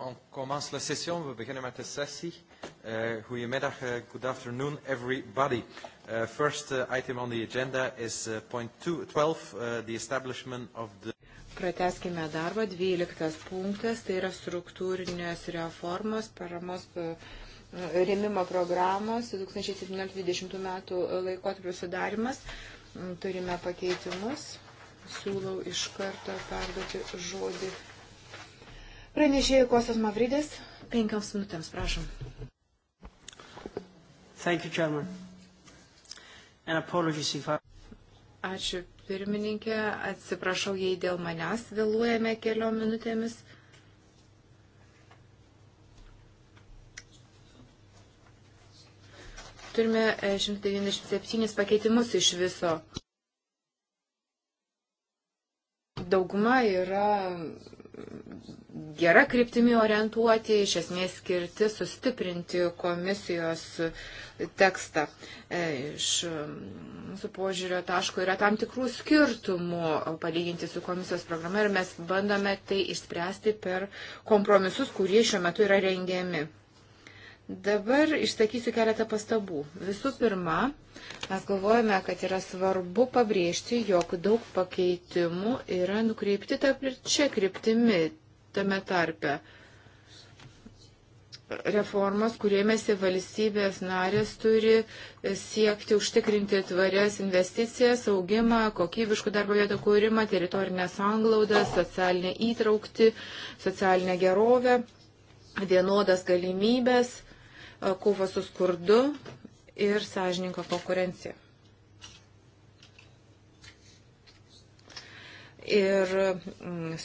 on commence la session. We beginnen met de sessie. Uh, goedemiddag, uh, good afternoon, everybody. Uh, first uh, item on the agenda is uh, point two, 12, uh, the establishment of the... Prateskime darbą. 12 punktas, tai yra struktūrinės reformos, paramos... Uh, uh rėmimo programos 2017-2020 metų uh, laikotarpio sudarimas. Mm, turime pakeitimus. Siūlau iš karto perduoti žodį Pranešėjai Kostas Mavridis, penkioms minutėms, prašom. Thank you, Chairman. And apologies if I... Ačiū, pirmininkė. Atsiprašau, jei dėl manęs vėluojame keliom minutėmis. Turime 197 e, pakeitimus iš viso. Dauguma yra gera kryptimi orientuoti, iš esmės skirti sustiprinti komisijos tekstą. E, iš mūsų požiūrio taško yra tam tikrų skirtumų palyginti su komisijos programa ir mes bandome tai išspręsti per kompromisus, kurie šiuo metu yra rengiami. Dabar išsakysiu keletą pastabų. Visų pirma, mes galvojame, kad yra svarbu pabrėžti, jog daug pakeitimų yra nukreipti tą čia kryptimi tame tarpe. Reformas, kuriemėsi valstybės narės turi siekti užtikrinti tvarias investicijas, augimą, kokybiškų darbo vietų kūrimą, teritorinę sanglaudą, socialinę įtraukti, socialinę gerovę, vienodas galimybės E, kovą su skurdu ir sąžininką konkurenciją. ir mm,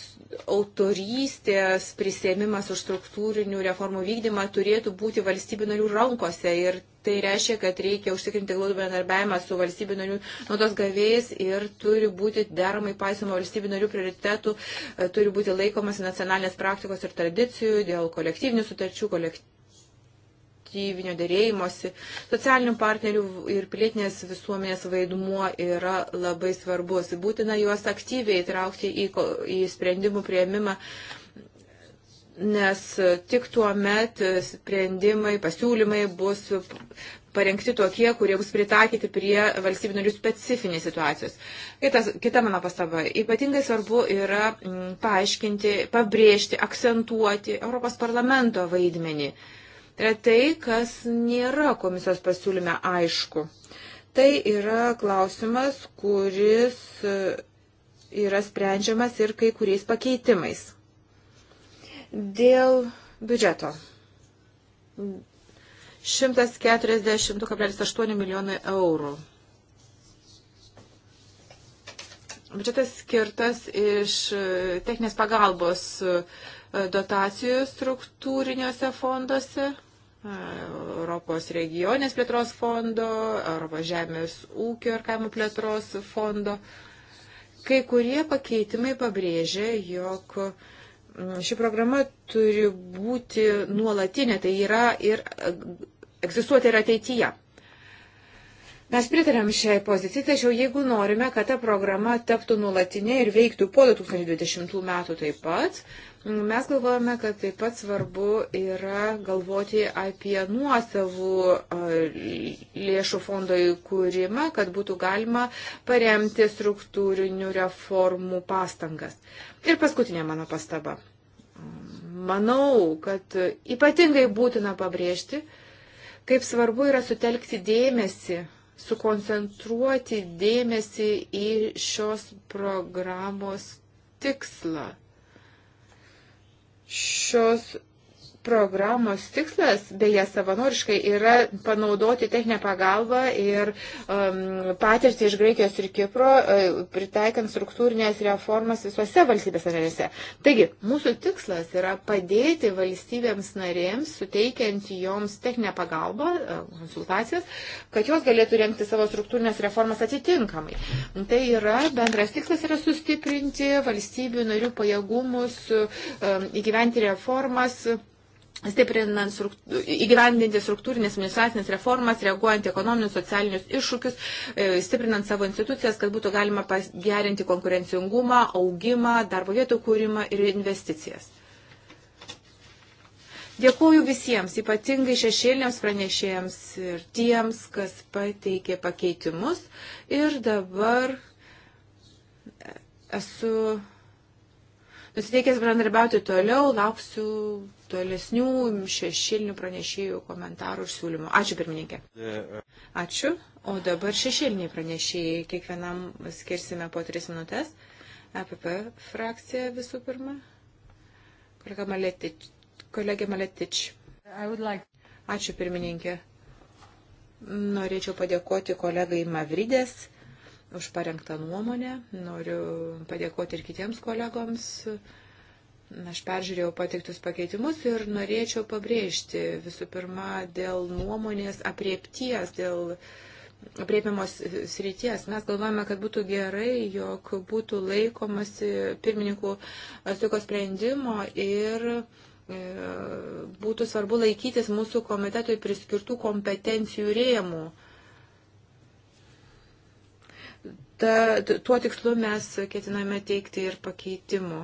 autorystės prisėmimas už struktūrinių reformų vykdymą turėtų būti valstybių narių rankose. Ir tai reiškia, kad reikia užtikrinti glaudų bendarbiavimą su valstybių narių naudos gavėjais ir turi būti deramai paisoma valstybių narių prioritetų, e, turi būti laikomas nacionalinės praktikos ir tradicijų dėl kolektyvinių sutarčių, kolektyvinių kolektyvinio dėrėjimosi, socialinių partnerių ir pilietinės visuomenės vaidmuo yra labai svarbus. Būtina juos aktyviai įtraukti į, į sprendimų prieimimą nes tik tuo met sprendimai, pasiūlymai bus parengti tokie, kurie bus pritaikyti prie valstybių narių specifinės situacijos. Kitas, kita mano pastaba. Ypatingai svarbu yra mm, paaiškinti, pabrėžti, akcentuoti Europos parlamento vaidmenį. Uh, Tai yra tai, kas nėra komisijos pasiūlyme aišku. Tai yra klausimas, kuris e, yra sprendžiamas ir kai kuriais pakeitimais. Dėl biudžeto. 142,8 milijonai eurų. Biudžetas skirtas iš e, techninės pagalbos e, dotacijų struktūriniuose fonduose Europos regionės plėtros fondo, Europos žemės ūkio ir kaimų plėtros fondo. Kai kurie pakeitimai pabrėžia, jog mm, ši programa turi būti nuolatinė, tai yra ir egzistuoti ir ateityje. Mes pritarėm šiai pozicijai, tačiau jeigu norime, kad ta programa taptų nuolatinė ir veiktų po 2020 metų taip pat, Nu, mes galvojame, kad taip pat svarbu yra galvoti apie nuosavų lėšų fondo įkūrimą, kad būtų galima paremti struktūrinių reformų pastangas. Ir paskutinė mano pastaba. Manau, kad ypatingai būtina pabrėžti, kaip svarbu yra sutelkti dėmesį, sukoncentruoti dėmesį į šios programos tikslą šios programos tikslas, beje, savanoriškai yra panaudoti techninę pagalbą ir um, patirtį iš Graikijos ir Kipro, uh, pritaikant struktūrinės reformas visose valstybės narėse. Taigi, mūsų tikslas yra padėti valstybėms narėms, suteikiant joms techninę pagalbą, uh, konsultacijas, kad jos galėtų renkti savo struktūrinės reformas atitinkamai. Tai yra, bendras tikslas yra sustiprinti valstybių narių pajėgumus, uh, įgyventi reformas. Uh, stiprinant struktūr, įgyvendinti struktūrinės administracinės reformas, reaguojant ekonominius, socialinius iššūkius, e, stiprinant savo institucijas, kad būtų galima pagerinti konkurencingumą, augimą, darbo vietų kūrimą ir investicijas. Dėkuoju visiems, ypatingai šešėliams pranešėjams ir tiems, kas pateikė pakeitimus. Ir dabar esu Nusiteikęs bendradarbiauti toliau, lauksiu tolesnių šešilinių pranešėjų komentarų ir siūlymų. Ačiū, pirmininkė. Ačiū. O dabar šešiliniai pranešėjai. Kiekvienam skirsime po tris minutės. APP e frakcija visų pirma. Kolega Maletič. Kolegė Maletič. Like... Ačiū, pirmininkė. Norėčiau padėkoti kolegai Mavrydės už parengtą nuomonę. Noriu padėkoti ir kitiems kolegoms. Aš peržiūrėjau pateiktus pakeitimus ir norėčiau pabrėžti visų pirma dėl nuomonės apriepties, dėl apriepiamos srities. Mes galvojame, kad būtų gerai, jog būtų laikomasi pirmininkų suko sprendimo ir e, būtų svarbu laikytis mūsų komitetui priskirtų kompetencijų rėmų. ta, tuo tikslu mes ketiname teikti ir pakeitimų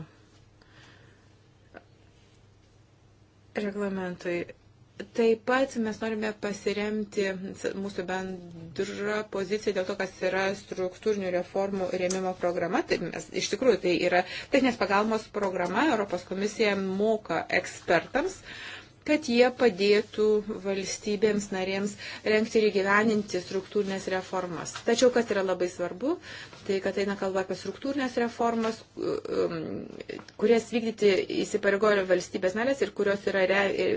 reglamentui. Taip pat mes norime pasiremti mūsų bendrą poziciją dėl to, kas yra struktūrinių reformų rėmimo programa. Tai mes, iš tikrųjų, tai yra techninės pagalbos programa, Europos komisija moka ekspertams. Uh, kad jie padėtų valstybėms narėms renkti ir įgyveninti struktūrinės reformas. Tačiau kas yra labai svarbu, tai kad eina kalba apie struktūrinės reformas, um, kurias vykdyti įsipareigojo valstybės narės ir kurios yra re, e,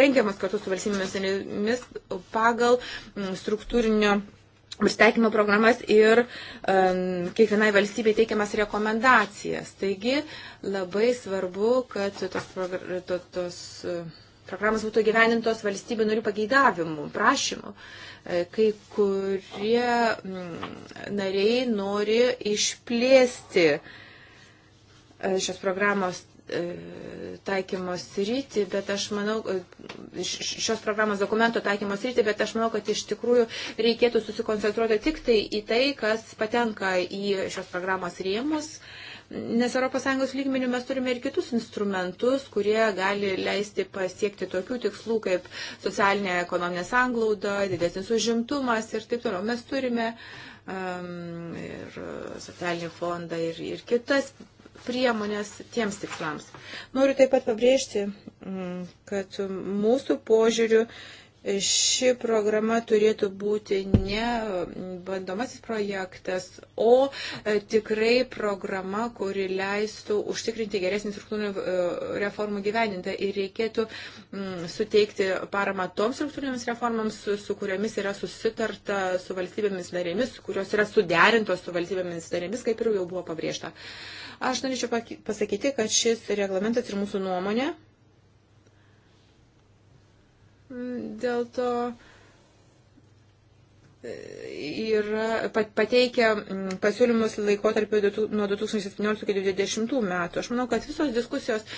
rengiamas kartu su valstybėmis narėmis pagal struktūrinio pristaikymo programas ir um, kiekvienai valstybei teikiamas rekomendacijas. Taigi labai svarbu, kad tos, progr to, tos e, programos būtų gyvenintos valstybių narių pageidavimų, prašymų. E, kai kurie nariai nori išplėsti e, šios programos E, taikymos rytį, bet aš manau, e, šios programos dokumento taikymos rytį, bet aš manau, kad iš tikrųjų reikėtų susikoncentruoti tik tai į tai, kas patenka į šios programos rėmus. Nes ES lygmenių mes turime ir kitus instrumentus, kurie gali leisti pasiekti tokių tikslų kaip socialinė ekonominė sanglauda, didesnis užimtumas ir taip toliau. Mes turime uh, ir socialinį fondą ir, ir kitas priemonės tiems tikslams. Noriu taip pat pabrėžti, mm, kad mūsų požiūriu ši programa turėtų būti ne bandomasis projektas, o e, tikrai programa, kuri leistų užtikrinti geresnį struktūrinių e, reformų gyvenintą ir reikėtų mm, suteikti paramą toms struktūrinėms reformams, su, su kuriomis yra susitarta su valstybėmis narėmis, kurios yra suderintos su valstybėmis narėmis, kaip ir jau buvo pabrėžta. Aš norėčiau pasakyti, kad šis reglamentas ir mūsų nuomonė dėl to e, yra pateikę mm, pasiūlymus laikotarpio nuo 2017 iki 2020 metų. Aš manau, kad visos diskusijos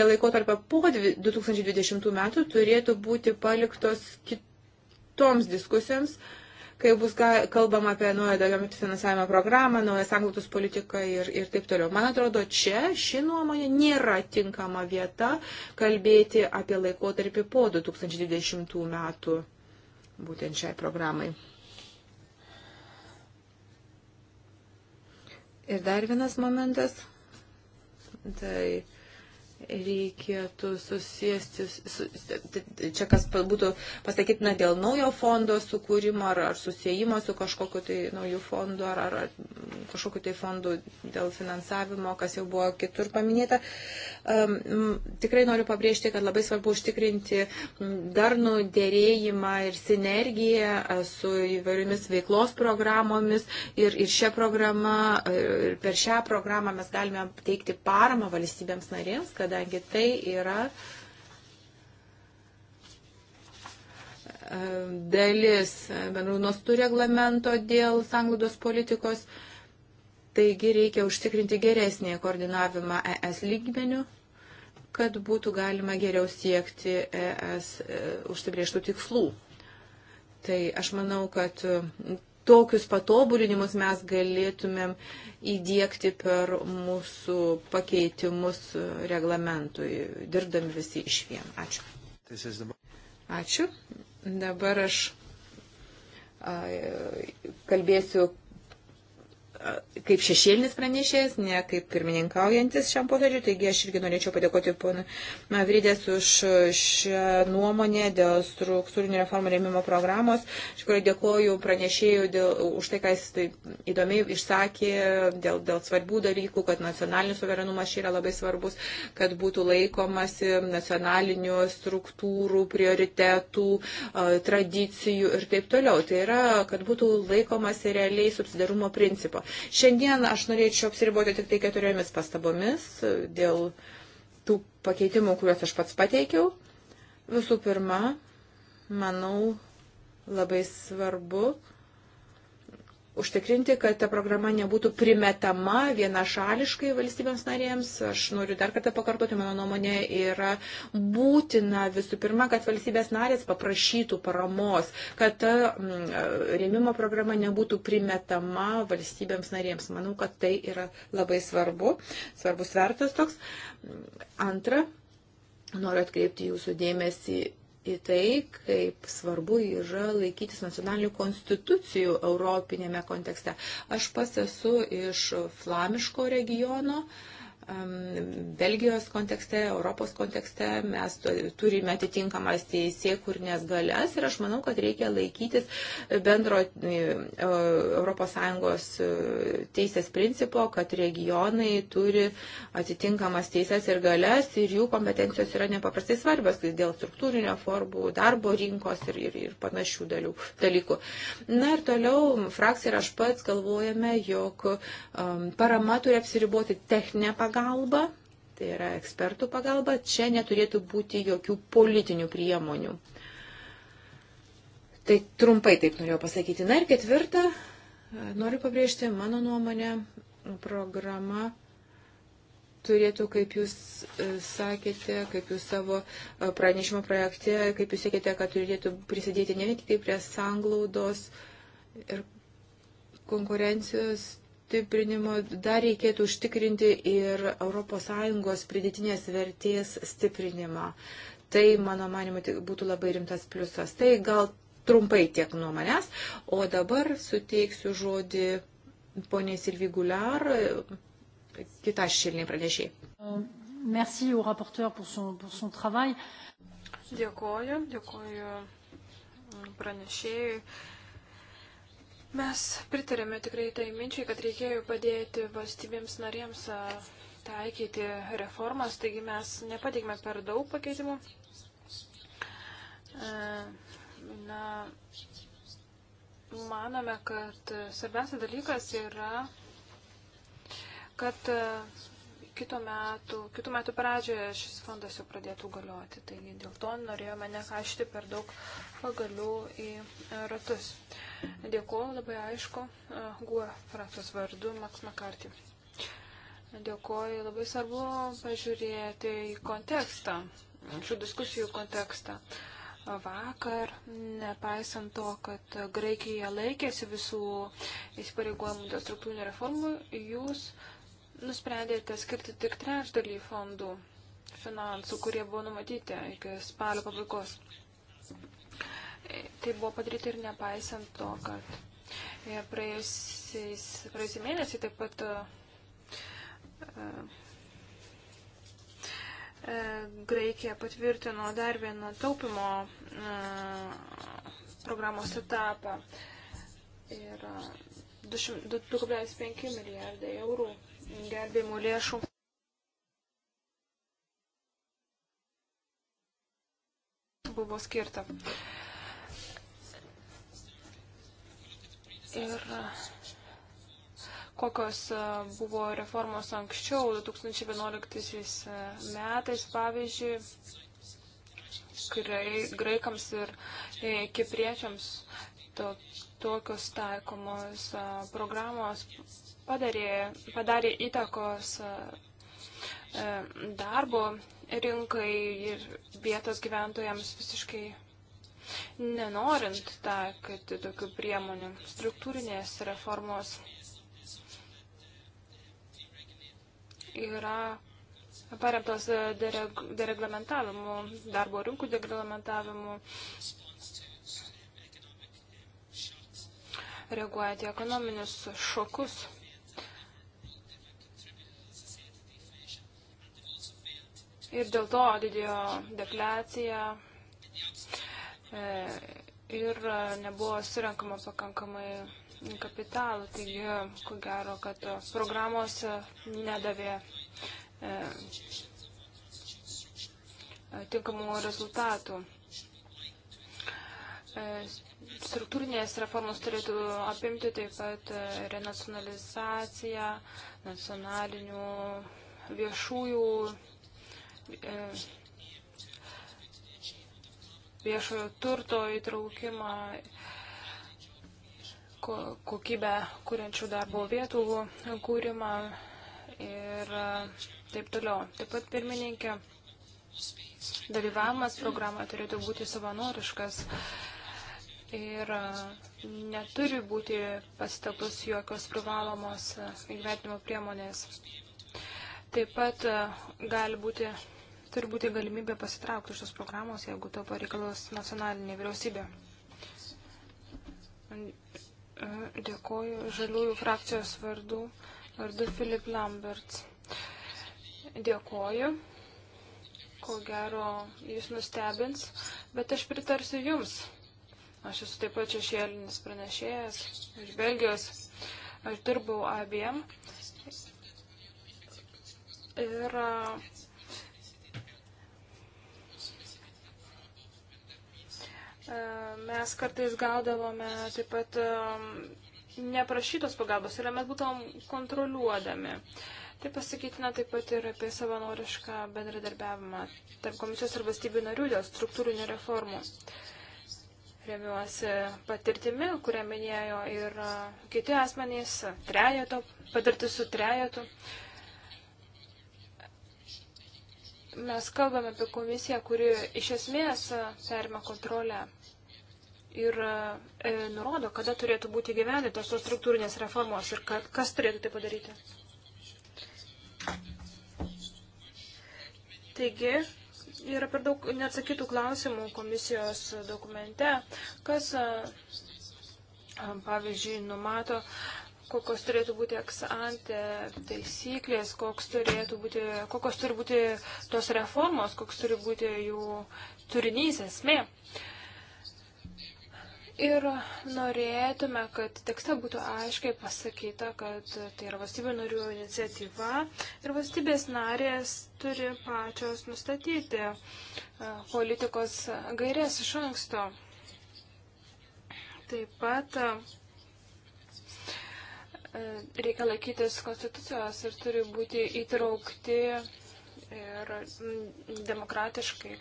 dėl laikotarpio po 2020 metų turėtų būti paliktos kitoms diskusijoms, uh, kai bus kalbama apie naują dalyvimą finansavimo programą, naują sanglautus politiką ir, ir taip toliau. Man atrodo, čia ši nuomonė nėra tinkama vieta kalbėti apie laikotarpį po 2020 metų būtent šiai programai. Ir dar vienas momentas. Tai reikėtų susijęsti, su, čia kas būtų pasakytina dėl naujo fondo sukūrimo ar, ar susijimo su kažkokiu tai naujų fondu ar, ar, ar kažkokiu tai fondu dėl finansavimo, kas jau buvo kitur paminėta tikrai noriu pabrėžti, kad labai svarbu užtikrinti darnų dėrėjimą ir sinergiją e, su įvairiomis veiklos programomis ir, ir šią programą, e, ir per šią programą mes galime teikti paramą valstybėms narėms, kadangi tai yra e, dalis bendrų nuostų reglamento dėl sanglaudos politikos. Taigi reikia užtikrinti geresnį koordinavimą ES lygmenių kad būtų galima geriau siekti ES e, užsibrieštų tikslų. Tai aš manau, kad e, tokius patobulinimus mes galėtumėm įdėkti per mūsų pakeitimus e, reglamentui, dirbdami visi iš vien. Ačiū. Ačiū. Dabar aš kalbėsiu kaip šešėlinis pranešėjas, ne kaip pirmininkaujantis šiam posėdžiui. Taigi aš irgi norėčiau padėkoti ponui Mavridės už šią nuomonę dėl struktūrinio reformų rėmimo programos. Iš tikrųjų dėkoju pranešėjų dėl, už tai, ką jis taip įdomiai išsakė dėl, dėl svarbių dalykų, kad nacionalinis suverenumas čia yra labai svarbus, kad būtų laikomasi nacionalinių struktūrų, prioritetų, tradicijų ir taip toliau. Tai yra, kad būtų laikomasi realiai subsidarumo principo. Šiandien aš norėčiau apsiriboti tik tai keturiomis pastabomis e, dėl tų pakeitimų, kuriuos aš pats pateikiau. Visų pirma, manau, labai svarbu užtikrinti, kad ta programa nebūtų primetama vienašališkai valstybėms narėms. Aš noriu dar kartą pakartoti, mano nuomonė yra būtina visų pirma, kad valstybės narės paprašytų paramos, kad ta mm, rėmimo programa nebūtų primetama valstybėms narėms. Manau, kad tai yra labai svarbu, svarbus vertas toks. Antra, noriu atkreipti jūsų dėmesį į tai, kaip svarbu yra laikytis nacionalinių konstitucijų europinėme kontekste. Aš pas esu iš Flamiško regiono. Uh, Belgijos kontekste, Europos kontekste mes turime atitinkamas teisėkurnės galias ir aš manau, kad reikia laikytis bendro ES e, e, teisės principo, kad regionai turi atitinkamas teisės ir galias ir jų kompetencijos yra nepaprastai svarbios dėl struktūrinio formų, darbo rinkos ir, ir, ir panašių dalių, dalykų. Na ir toliau frakcija ir aš pats galvojame, jog um, parama turi apsiriboti techninę pagalbą pagalba, tai yra ekspertų pagalba, čia neturėtų būti jokių politinių priemonių. Tai trumpai taip norėjau pasakyti. Na ir ketvirta, noriu pabrėžti, mano nuomonė, programa turėtų, kaip jūs e, sakėte, kaip jūs savo e, pranešimo projekte, kaip jūs sakėte, kad turėtų prisidėti ne tik tai prie sanglaudos ir konkurencijos stiprinimo dar reikėtų užtikrinti ir ES pridėtinės vertės stiprinimą. Tai, mano manimo, būtų labai rimtas pliusas. Tai gal trumpai tiek nuo manęs, o dabar suteiksiu žodį poniai Silviguliar, kitą šilniai pranešiai. Euh, merci au rapporteur pour son, pour son travail. Dėkoju, dėkoju pranešėjui Mes pritarėme tikrai tai minčiai, kad reikėjo padėti valstybėms narėms taikyti reformas, taigi mes nepateikime per daug pakeitimų. Na, manome, kad svarbiausia dalykas yra, kad kitų metų, kitų metų pradžioje šis fondas jau pradėtų galioti. Taigi dėl to norėjome nekašti per daug pagalių į ratus. Uh, Dėkuoju labai aišku, GUE frakcijos vardu Maks Makartį. Dėkuoju, labai svarbu pažiūrėti į kontekstą, šių diskusijų kontekstą. Vakar, nepaisant to, kad Graikija laikėsi visų įsipareigojimų dėl struktūrinių reformų, jūs nusprendėte skirti tik trečdalį fondų finansų, kurie buvo numatyti iki spalio pabaigos. Tai buvo padaryta ir nepaisant to, kad e, praėjusį mėnesį taip pat e, e, Graikija patvirtino dar vieną taupimo programos etapą ir 2,5 milijardai eurų gerbėjimų lėšų. buvo skirta. ir kokios buvo reformos anksčiau, 2011 metais, pavyzdžiui, graikams ir e, kipriečiams to, tokios taikomos programos padarė, padarė įtakos darbo rinkai ir vietos gyventojams visiškai nenorint taikyti tokių priemonių struktūrinės reformos. Yra paremtos dereg dereglamentavimu, darbo rinkų dereglamentavimu, reaguojant į ekonominius šokus. Ir dėl to didėjo defliacija, E, ir e, nebuvo surinkama pakankamai kapitalų, taigi, e, ko gero, kad programos nedavė tinkamų rezultatų. Struktūrinės reformos turėtų apimti taip pat renacionalizaciją nacionalinių viešųjų viešojo turto įtraukimą, kokybę kuriančių darbo vietų kūrimą ir taip toliau. Taip pat pirmininkė, dalyvavimas programoje turėtų būti savanoriškas ir neturi būti pasitelktos jokios privalomos įgyvenimo priemonės. Taip pat gali būti turi būti galimybė pasitraukti iš tos programos, jeigu to pareikalos nacionalinė vyriausybė. E, dėkoju žaliųjų frakcijos vardu, vardu Filip Lamberts. Dėkoju. Ko gero, jūs nustebins, bet aš pritarsiu jums. Aš esu taip pat šešėlinis pranešėjas iš Belgijos. Aš dirbau abiem. Ir E, mes kartais gaudavome taip pat e, neprašytos pagalbos ir mes būtum kontroliuodami. Tai pasakytina taip pat ir apie savanorišką bendradarbiavimą tarp komisijos ir valstybių narių dėl struktūrinių reformų. Remiuosi patirtimi, kurią minėjo ir e, kiti asmenys, trejato, patirtis su trejatu. Mes kalbame apie komisiją, kuri iš esmės perima kontrolę ir e, nurodo, kada turėtų būti gyvenintos tos struktūrinės reformos ir kad, kas turėtų tai padaryti. Taigi, yra per daug neatsakytų klausimų komisijos dokumente, kas, e, pavyzdžiui, numato, kokios turėtų būti eksante taisyklės, koks turėtų būti, kokios turi būti tos reformos, koks turi būti jų turinys esmė. Uh, Ir norėtume, kad tekste būtų aiškiai pasakyta, kad tai yra valstybių narių iniciatyva ir valstybės narės turi pačios nustatyti e, politikos gairės iš anksto. Taip pat e, reikia laikytis konstitucijos ir turi būti įtraukti ir demokratiškai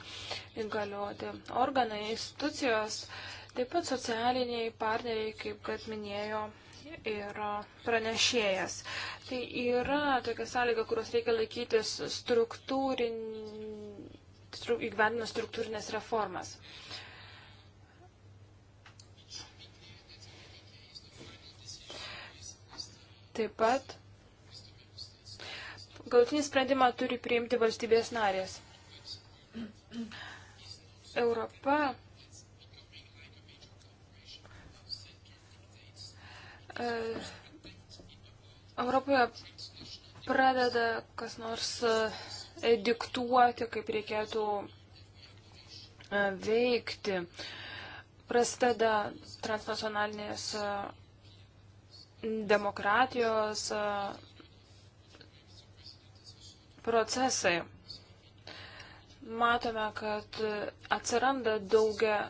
įgalioti organai, institucijos. Uh, Taip pat socialiniai partneriai, kaip kad minėjo ir pranešėjas. Tai yra tokia sąlyga, kurios reikia laikytis struktūrin... stru... įgyvendinus struktūrinės reformas. Taip pat galutinį sprendimą turi priimti valstybės narės. Europa Europoje pradeda kas nors e, diktuoti, kaip reikėtų e, veikti. Prasideda transnacionalinės e, demokratijos procesai. Matome, kad atsiranda daugia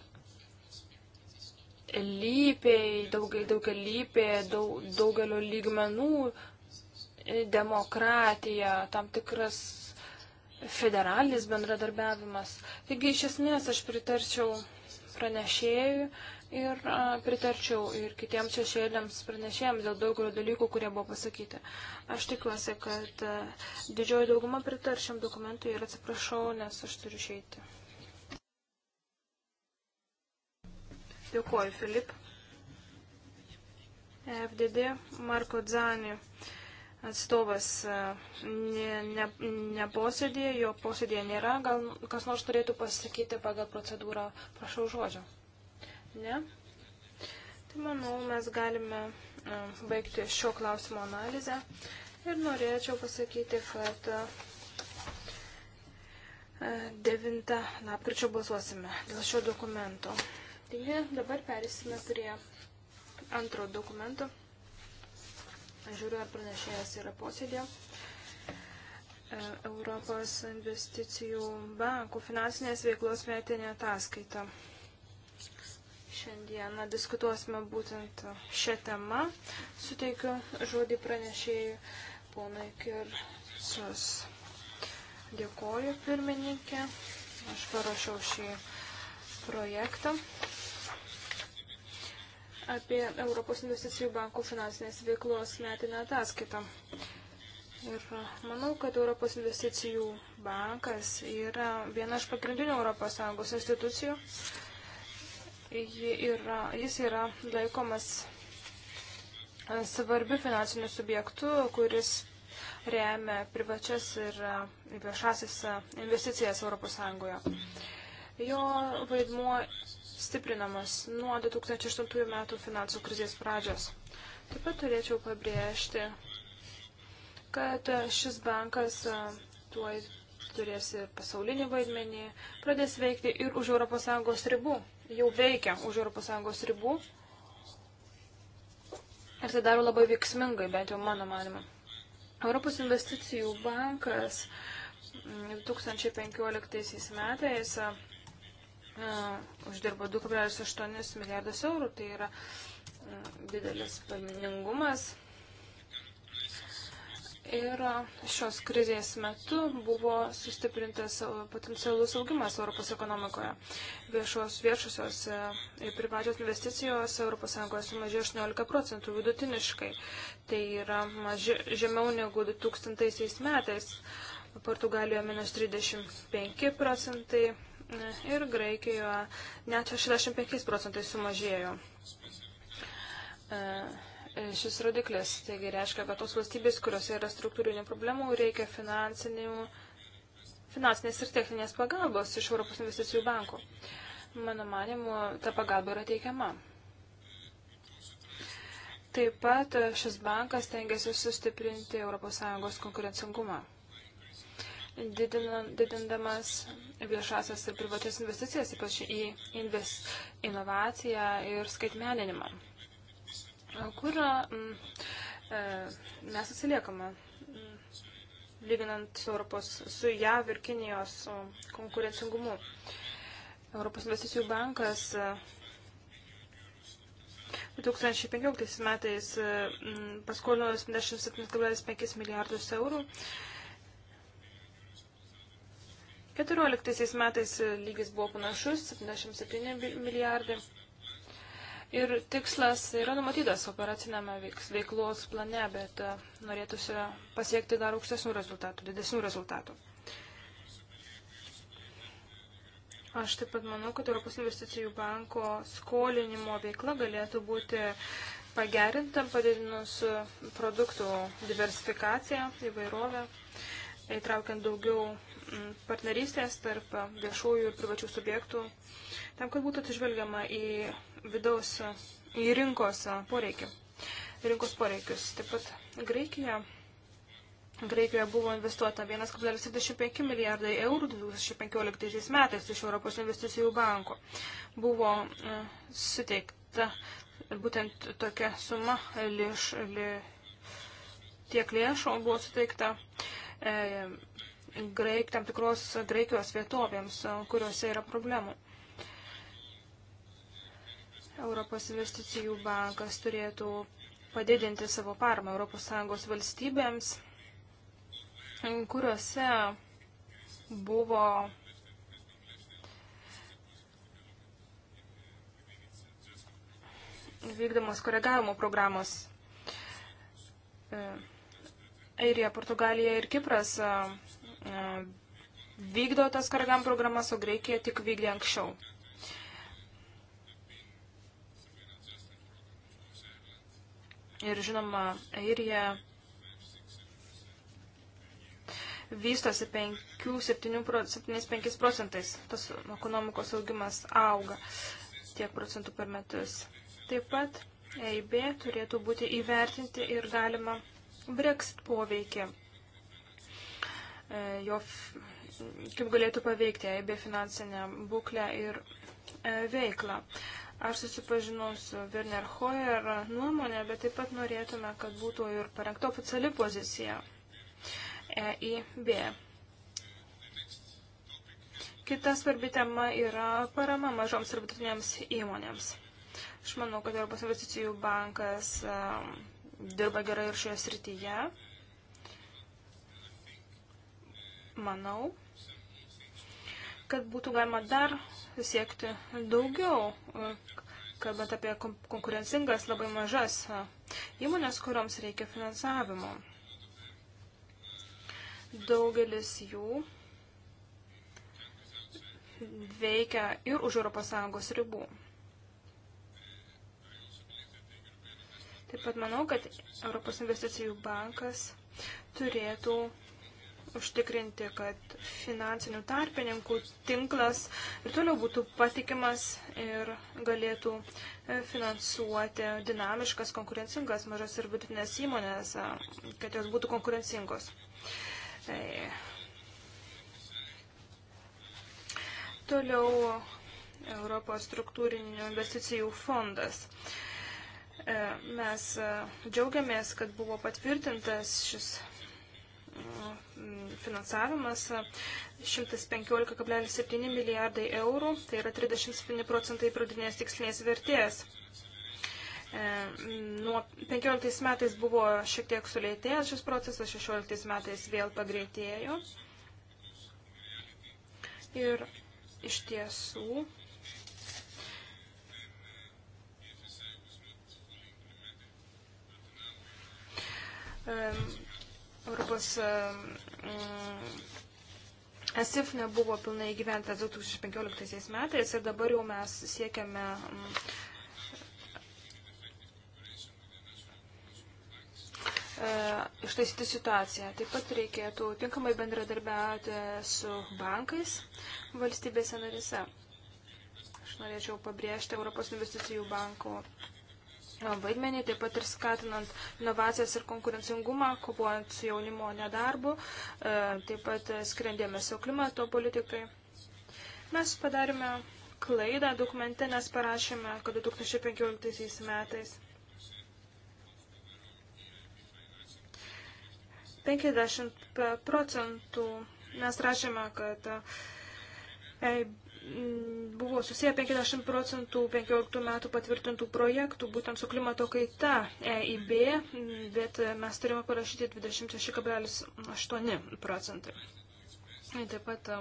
lypiai, daug, daugialypė, daug, daugelio lygmenų e, demokratija, tam tikras federalinis bendradarbiavimas. Taigi iš esmės aš pritarčiau pranešėjui ir a, pritarčiau ir kitiems šešėliams pranešėjams dėl daugelio dalykų, kurie buvo pasakyti. Aš tikiuosi, kad a, didžioji dauguma pritaršiam dokumentui ir atsiprašau, nes aš turiu išeiti. Dėkuoju, Filip. FDD Marko Dzani atstovas neposėdėje, ne, ne jo posėdėje nėra. Gal kas nors turėtų pasakyti pagal procedūrą, prašau žodžio. Ne? Tai manau, mes galime e, baigti šio klausimo analizę. Ir norėčiau pasakyti, kad 9 e, lapkričio balsuosime dėl šio dokumento. Taigi dabar perėsime prie antro dokumento. Žiūriu, ar pranešėjas yra posėdė. E, Europos investicijų bankų finansinės veiklos metinė ataskaita. Šiandieną diskutuosime būtent šią temą. Suteikiu žodį pranešėjui ponai Kirsus. Dėkoju pirmininkė. Aš parašiau šį projektą apie Europos investicijų bankų finansinės veiklos metinę ataskaitą. Ir manau, kad Europos investicijų bankas yra viena iš pagrindinių ES institucijų. Ji yra, jis yra laikomas e, svarbiu finansiniu subjektu, kuris remia privačias ir e, viešasis e, investicijas ES. Jo vaidmuo stiprinamas nuo 2008 metų finansų krizės pradžios. Taip pat turėčiau pabrėžti, kad šis bankas tuo turės ir pasaulinį vaidmenį, pradės veikti ir už ES ribų. Jau veikia už ES ribų. Ir tai daro labai veiksmingai, bent jau mano manimu. Europos investicijų bankas 2015 metais E, uždirba 2,8 milijardus eurų, tai yra e, didelis pelningumas. Ir šios krizės metu buvo sustiprintas e, potencialus augimas Europos ekonomikoje. Viešos, viešosios ir privačios investicijos ES sumažėjo 18 procentų vidutiniškai. Tai yra maži, žemiau negu 2000 metais. Portugalijoje minus 35 procentai, ir Graikijoje net 65 procentai sumažėjo e, šis rodiklis. Taigi reiškia, kad tos valstybės, kuriuose yra struktūrinių problemų, reikia finansinės ir techninės pagalbos iš Europos investicijų banko. Mano manimu, ta pagalba yra teikiama. Taip pat šis bankas tengiasi sustiprinti ES konkurencingumą didindamas viešasias ir privačias investicijas, ypač į invest, inovaciją ir skaitmeninimą, kur mm, e, mes atsiliekame mm, lyginant su, Europos, su JAV ir Kinijos konkurencingumu. Europos investicijų bankas 2015 e, metais e, mm, paskolino 77,5 milijardus eurų 14 metais lygis buvo panašus, 77 milijardai. Ir tikslas yra numatytas operacinėme veiklos plane, bet e, norėtųsi pasiekti dar aukštesnių rezultatų, didesnių rezultatų. Aš taip pat manau, kad Europos investicijų banko skolinimo veikla galėtų būti pagerinta, padidinus produktų diversifikaciją, įvairovę, įtraukiant daugiau partnerystės tarp viešųjų ir privačių subjektų, tam, kad būtų atsižvelgiama į vidaus, į rinkos poreikį, rinkos poreikius. Taip pat Graikija. Graikijoje buvo investuota 1,75 milijardai eurų 2015 metais iš Europos investicijų banko. Buvo e, suteikta būtent tokia suma lėš, lė, tiek lėšų buvo suteikta e, graik, tam tikros Graikijos vietovėms, e, kuriuose yra problemų. Europos investicijų bankas turėtų padidinti savo parmą ES valstybėms, kuriuose buvo vykdomos koregavimo programos. E, Airija, Portugalija ir Kipras e, E, vykdo tas kargam programas, o Graikija tik vykdė anksčiau. Ir žinoma, Airija vystosi 5-7-5 procentais. Tas ekonomikos augimas auga tiek procentų per metus. Taip pat EIB turėtų būti įvertinti ir galima Brexit poveikį. E, jo, kaip galėtų paveikti EIB finansinę būklę ir e, veiklą. Aš susipažinau su Werner Hoyer nuomonė, bet taip pat norėtume, kad būtų ir parengta oficiali pozicija EIB. Kita svarbi tema yra parama mažoms ir vidutinėms įmonėms. Aš manau, kad Europos investicijų bankas e, dirba gerai ir šioje srityje. manau, kad būtų galima dar siekti daugiau, kalbant apie konkurencingas labai mažas įmonės, kuriuoms reikia finansavimo. Daugelis jų veikia ir už ES ribų. Taip pat manau, kad Europos investicijų bankas turėtų užtikrinti, kad finansinių tarpininkų tinklas ir toliau būtų patikimas ir galėtų e, finansuoti dinamiškas, konkurencingas mažas ir vidutinės įmonės, e, kad jos būtų konkurencingos. Tai. Toliau Europos struktūrinių investicijų fondas. Mes džiaugiamės, kad buvo patvirtintas šis finansavimas 115,7 milijardai eurų, tai yra 37 procentai pradinės tikslinės vertės. E, nuo 15 metais buvo šiek tiek sulėtėjęs šis procesas, 16 metais vėl pagreitėjo. Ir iš tiesų Europos SIF nebuvo pilnai gyventas 2015 metais ir dabar jau mes siekiame e, ištaisyti situaciją. Taip pat reikėtų tinkamai bendradarbiauti su bankais valstybėse narise. Aš norėčiau pabrėžti Europos investicijų banko vaidmenį, taip pat ir skatinant inovacijas ir konkurencingumą, kovojant su jaunimo nedarbu, e, taip pat skrendėmės su klimato politikai. Mes padarėme klaidą dokumente, nes parašėme, kad 2015 metais 50 procentų mes rašėme, kad e, Mm, buvo susiję 50 procentų 15 metų patvirtintų projektų būtent su klimato kaita EIB, mm, bet e, mes turime parašyti 26,8 procentai. Taip pat e,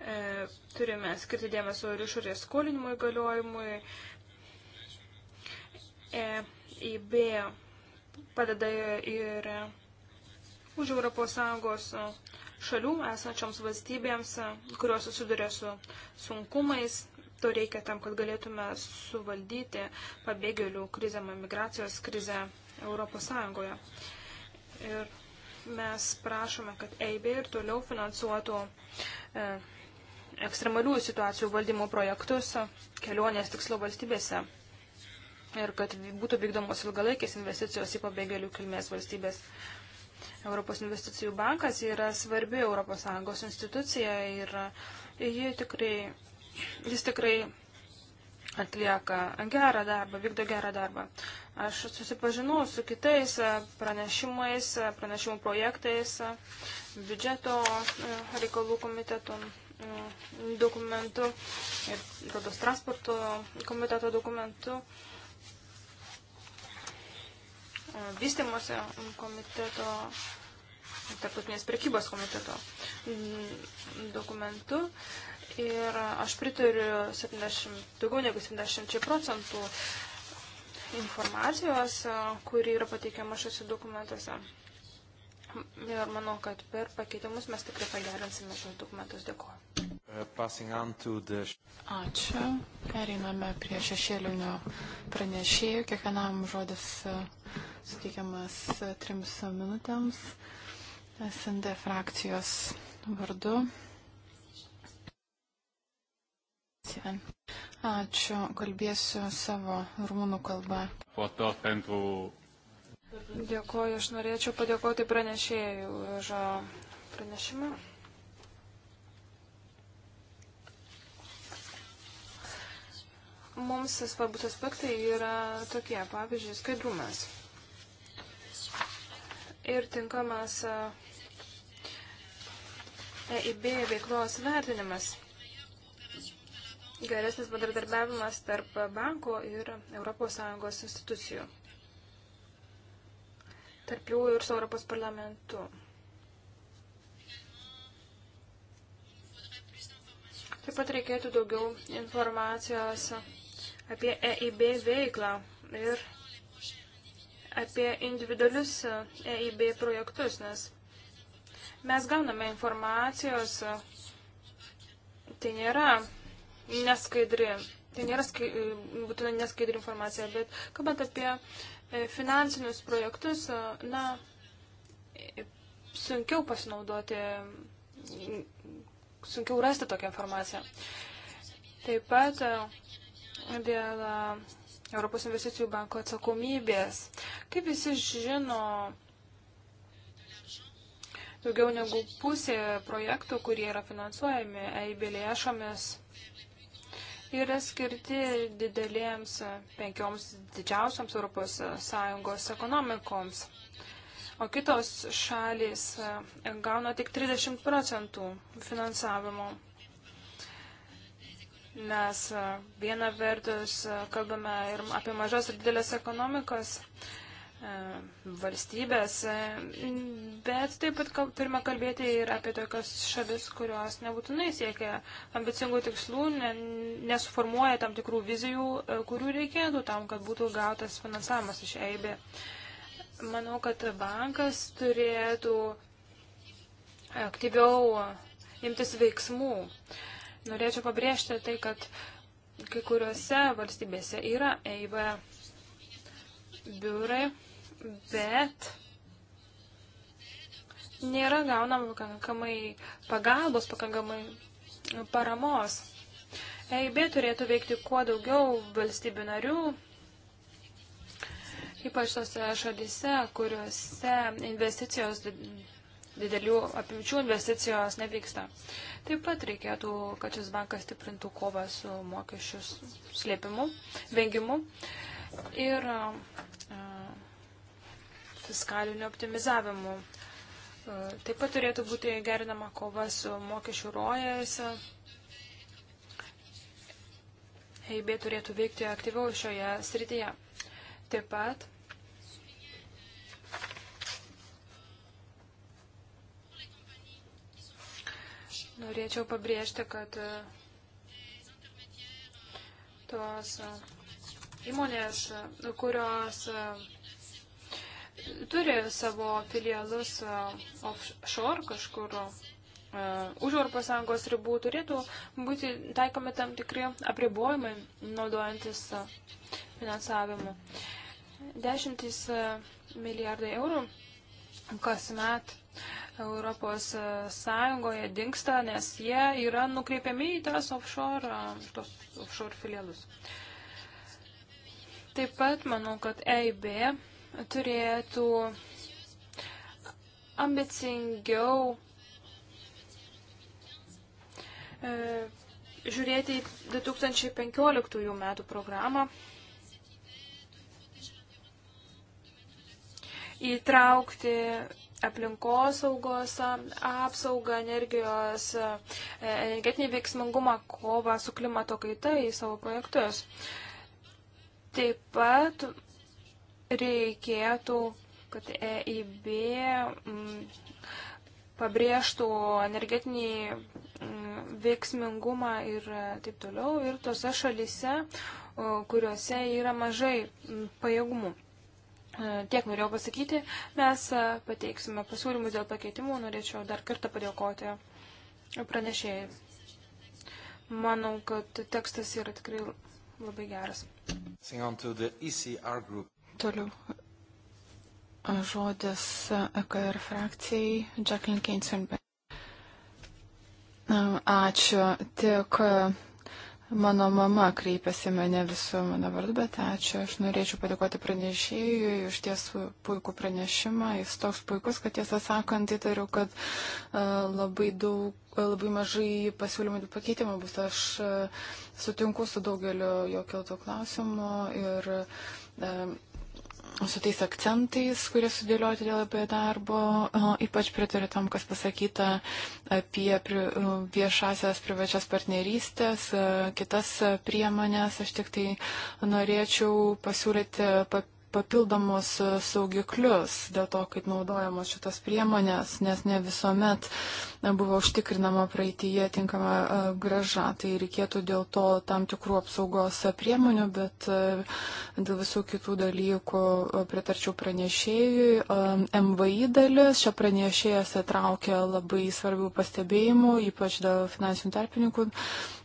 e, turime skirti dėmesio ir išorės skolinimo įgaliojimui. EIB padeda ir už Europos Sąjungos šalių esančioms valstybėms, kurios susiduria su sunkumais. To reikia tam, kad galėtume suvaldyti pabėgėlių krizę, migracijos krizę Europos Sąjungoje. Ir mes prašome, kad EIB ir toliau finansuotų e, ekstremalių situacijų valdymo projektus e, kelionės tikslo valstybėse ir kad būtų vykdomos ilgalaikės investicijos į pabėgėlių kilmės valstybės. E, Europos investicijų bankas yra svarbi ES institucija ir ji tikrai, jis tikrai atlieka gerą darbą, vykdo gerą darbą. Aš susipažinau su kitais pranešimais, pranešimų projektais, biudžeto e, reikalų komiteto e, dokumentu ir rodos transporto komiteto dokumentu vystimuose komiteto, tarptautinės prekybos komiteto dokumentu. Ir aš pritariu 70, daugiau negu 70 procentų informacijos, kuri yra pateikiama šiuose dokumentuose. Ir manau, kad per pakeitimus mes tikrai pagerinsime šios dokumentus. Dėkuoju. The... Ačiū. Pereiname prie šešėlinio pranešėjų. Kiekvienam žodis e, suteikiamas e, trims minutėms. SND frakcijos vardu. Ačiū. Kalbėsiu savo rumunų kalbą. Dėkuoju. Aš norėčiau padėkoti pranešėjų už pranešimą. mums svarbus aspektai yra tokie, pavyzdžiui, skaidrumas ir tinkamas EIB e, veiklos vertinimas, geresnis bendradarbiavimas tarp banko ir ES institucijų, tarp jų ir su Europos parlamentu. Taip pat reikėtų daugiau informacijos apie EIB veiklą ir apie individualius EIB e projektus, nes mes gauname informacijos, tai nėra neskaidri, tai nėra skai, būtinai neskaidri informacija, bet kalbant apie e, finansinius projektus, na, sunkiau pasinaudoti, sunkiau rasti tokią informaciją. Taip pat dėl Europos investicijų banko atsakomybės. Kaip visi žino, daugiau negu pusė projektų, kurie yra finansuojami EIB lėšomis, e yra skirti didelėms penkioms didžiausiams ES ekonomikoms o kitos šalys gauna tik 30 procentų finansavimo nes viena vertus kalbame ir apie mažos ir didelės ekonomikos valstybės, bet taip pat turime kalbėti ir apie tokias šalis, kurios nebūtinai siekia ambicingų tikslų, ne, nesuformuoja tam tikrų vizijų, kurių reikėtų tam, kad būtų gautas finansavimas iš EIB. Manau, kad bankas turėtų aktyviau imtis veiksmų. Uh, Norėčiau pabrėžti tai, kad kai kuriuose valstybėse yra EIB biurai, bet nėra gaunama pakankamai pagalbos, pakankamai paramos. EIB turėtų veikti kuo daugiau valstybių narių, ypač tose šalyse, kuriuose investicijos didelių apimčių investicijos nevyksta. Taip pat reikėtų, kad šis bankas stiprintų kovą su mokesčių slėpimu, vengimu ir fiskaliniu optimizavimu. Taip pat turėtų būti gerinama kova su mokesčių rojais. EIB turėtų veikti aktyviau šioje srityje. Taip pat Norėčiau pabrėžti, kad e, tos e, įmonės, e, kurios turi savo filialus offshore kažkur už ES ribų, turėtų būti taikomi tam tikri apribojimai naudojantis finansavimu. Dešimtys milijardai eurų kasmet Europos e, Sąjungoje dinksta, nes jie yra nukreipiami į tas offshore, e, tos offshore filialus. Taip pat manau, kad EIB turėtų ambicingiau e, žiūrėti į 2015 metų programą, įtraukti aplinkosaugos apsaugą, energijos, e, energetinį veiksmingumą, kovą su klimato kaita į savo projektus. Taip pat reikėtų, kad EIB pabrėžtų energetinį veiksmingumą ir taip toliau ir tose šalise, kuriuose yra mažai pajėgumų. Tiek norėjau pasakyti, mes e, pateiksime pasiūlymus dėl pakeitimų, norėčiau dar kartą padėkoti pranešėjai. Manau, kad tekstas yra tikrai labai geras. E Toliau. Žodis EKR frakcijai Jacqueline Keinsenberg. Ačiū. Tik Mano mama kreipėsi mane visų mano vardu, bet ačiū. Aš norėčiau padėkoti pranešėjui už tiesų puikų pranešimą. Jis toks puikus, kad tiesą sakant, įtariu, kad uh, labai daug, labai mažai pasiūlymų ir pakeitimų bus. Aš uh, sutinku su daugeliu jo kiltų klausimų ir uh, su tais akcentais, kurie sudėlioti dėl apie darbo, ypač pritariu tam, kas pasakyta apie viešasias privačias partnerystės, kitas priemonės. Aš tik tai norėčiau pasiūlyti papildomą papildomus e, saugiklius dėl to, kaip naudojamos šitos priemonės, nes ne visuomet e, buvo užtikrinama praeitįje tinkama e, graža. Tai reikėtų dėl to tam tikrų apsaugos priemonių, bet dėl visų kitų dalykų pritarčiau pranešėjui. MVI dalis, čia pranešėjas atraukė labai svarbių pastebėjimų, ypač dėl finansinių tarpininkų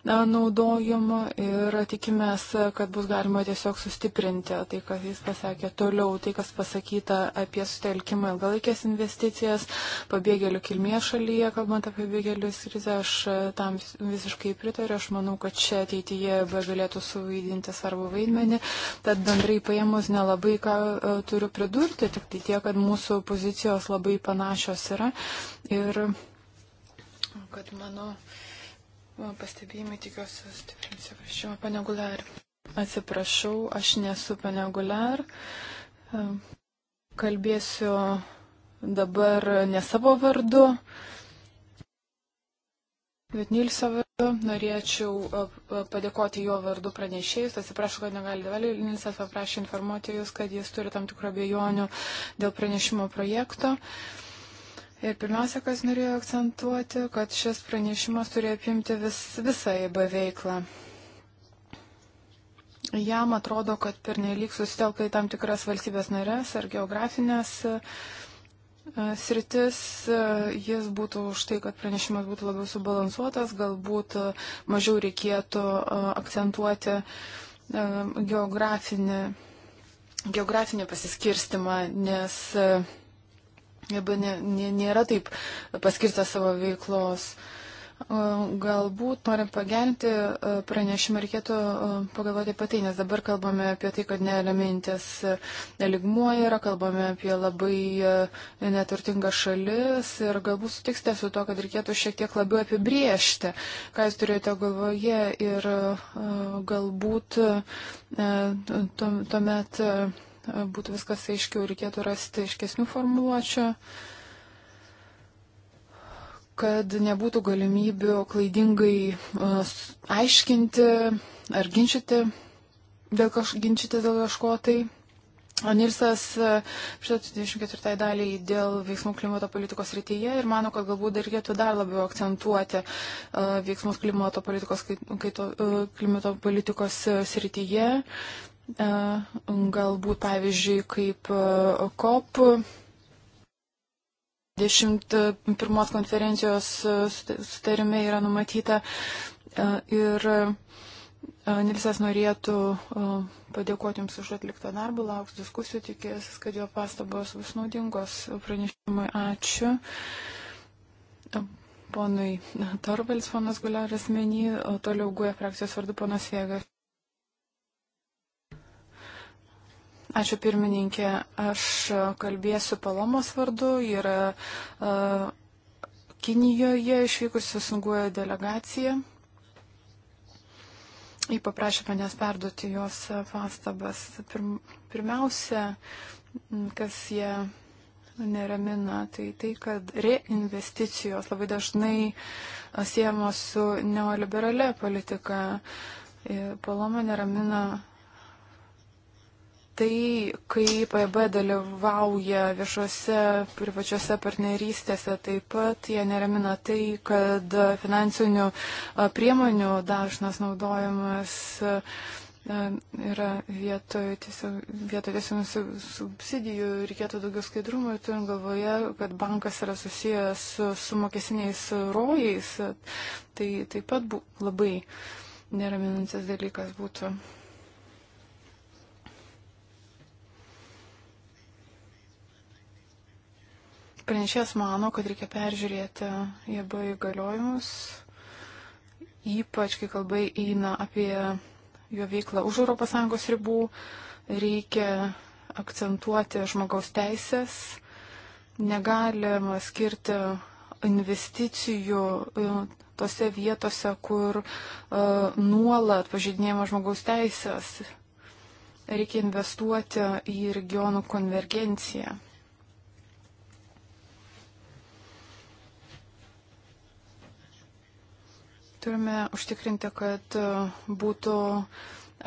E, naudojimo ir tikimės, kad bus galima tiesiog sustiprinti tai, kas jis pasakė toliau, tai, kas pasakyta apie sutelkimą ilgalaikės investicijas, pabėgėlių kilmės šalyje, kalbant apie pabėgėlius krizę, aš tam visiškai pritariu, aš manau, kad čia ateityje galėtų suvaidinti svarbu vaidmenį, tad bendrai paėmus nelabai ką e, turiu pridurti, tik tai tiek, kad mūsų pozicijos labai panašios yra. Ir kad mano Mano pastebėjimai tikiuosi stiprins aprašymą. Paneguliar. Atsiprašau, aš nesu paneguliar. Kalbėsiu dabar ne savo vardu, bet Nilso vardu. Norėčiau e, e, padėkoti jo vardu pranešėjus. Atsiprašau, kad negali dalyvauti. Nilsas paprašė informuoti jūs, kad jis turi tam tikrų abejonių dėl pranešimo projekto. Um, Ir pirmiausia, kas norėjau akcentuoti, kad šis pranešimas turi apimti vis, visą EIB veiklą. Jam atrodo, kad pernelyg susitelka į tam tikras valstybės narės ar geografinės e, sritis, e, jis būtų už tai, kad pranešimas būtų labiau subalansuotas, galbūt e, mažiau reikėtų akcentuoti geografinį, geografinį pasiskirstimą, nes nėra taip paskirta savo veiklos. Galbūt, norint pagerinti e, pranešimą, reikėtų e, pagalvoti apie tai, nes dabar kalbame apie tai, kad neremintis neligmuo yra, kalbame apie labai e, neturtingas šalis ir galbūt sutiksite su to, kad reikėtų šiek tiek labiau apibriežti, ką jūs turėjote galvoje ir galbūt tuomet. Tu, būtų viskas aiškiau, reikėtų rasti aiškesnių formuluočių, kad nebūtų galimybių klaidingai aiškinti ar ginčyti dėl, kaž, ginčyti dėl kažko tai. Nilsas šitą 24 dalį dėl veiksmų klimato politikos rytyje ir mano, kad galbūt dar reikėtų dar labiau akcentuoti veiksmus klimato politikos, kaito, klimato politikos srityje, E, galbūt pavyzdžiui kaip e, COP 21 konferencijos e, sutarime yra numatyta ir Nilsas norėtų padėkoti Jums už atliktą darbą, lauks diskusijų, tikėsis, kad jo pastabos bus naudingos pranešimui. Ačiū. Ponui Torvalis, ponas Guliaras Menį, toliau guoja frakcijos vardu ponas Jėgas. Ačiū pirmininkė. Aš kalbėsiu Palomos vardu ir uh, Kinijoje išvykusi sunguoja delegacija. Jį paprašė manęs perduoti jos pastabas. Pirm, pirmiausia, kas jie neramina, tai tai, kad reinvesticijos labai dažnai siejamos su neoliberalia politika. Paloma neramina tai, kai PB e dalyvauja viešuose privačiuose partnerystėse, taip pat jie neramina tai, kad finansinių e, priemonių dažnas naudojimas e, yra vietoje tiesiog, vietoje tiesiog subsidijų, reikėtų daugiau skaidrumo ir turim galvoje, kad bankas yra susijęs su, su mokesiniais rojais, tai taip pat bu, labai neraminantis dalykas būtų. Pranešės mano, kad reikia peržiūrėti jėba e įgaliojimus, ypač kai kalbai eina apie jo veiklą už ES ribų, reikia akcentuoti žmogaus teisės, negalima skirti investicijų e, tose vietose, kur uh, nuolat pažydinėjama žmogaus teisės. Reikia investuoti į regionų konvergenciją. Turime užtikrinti, kad e, būtų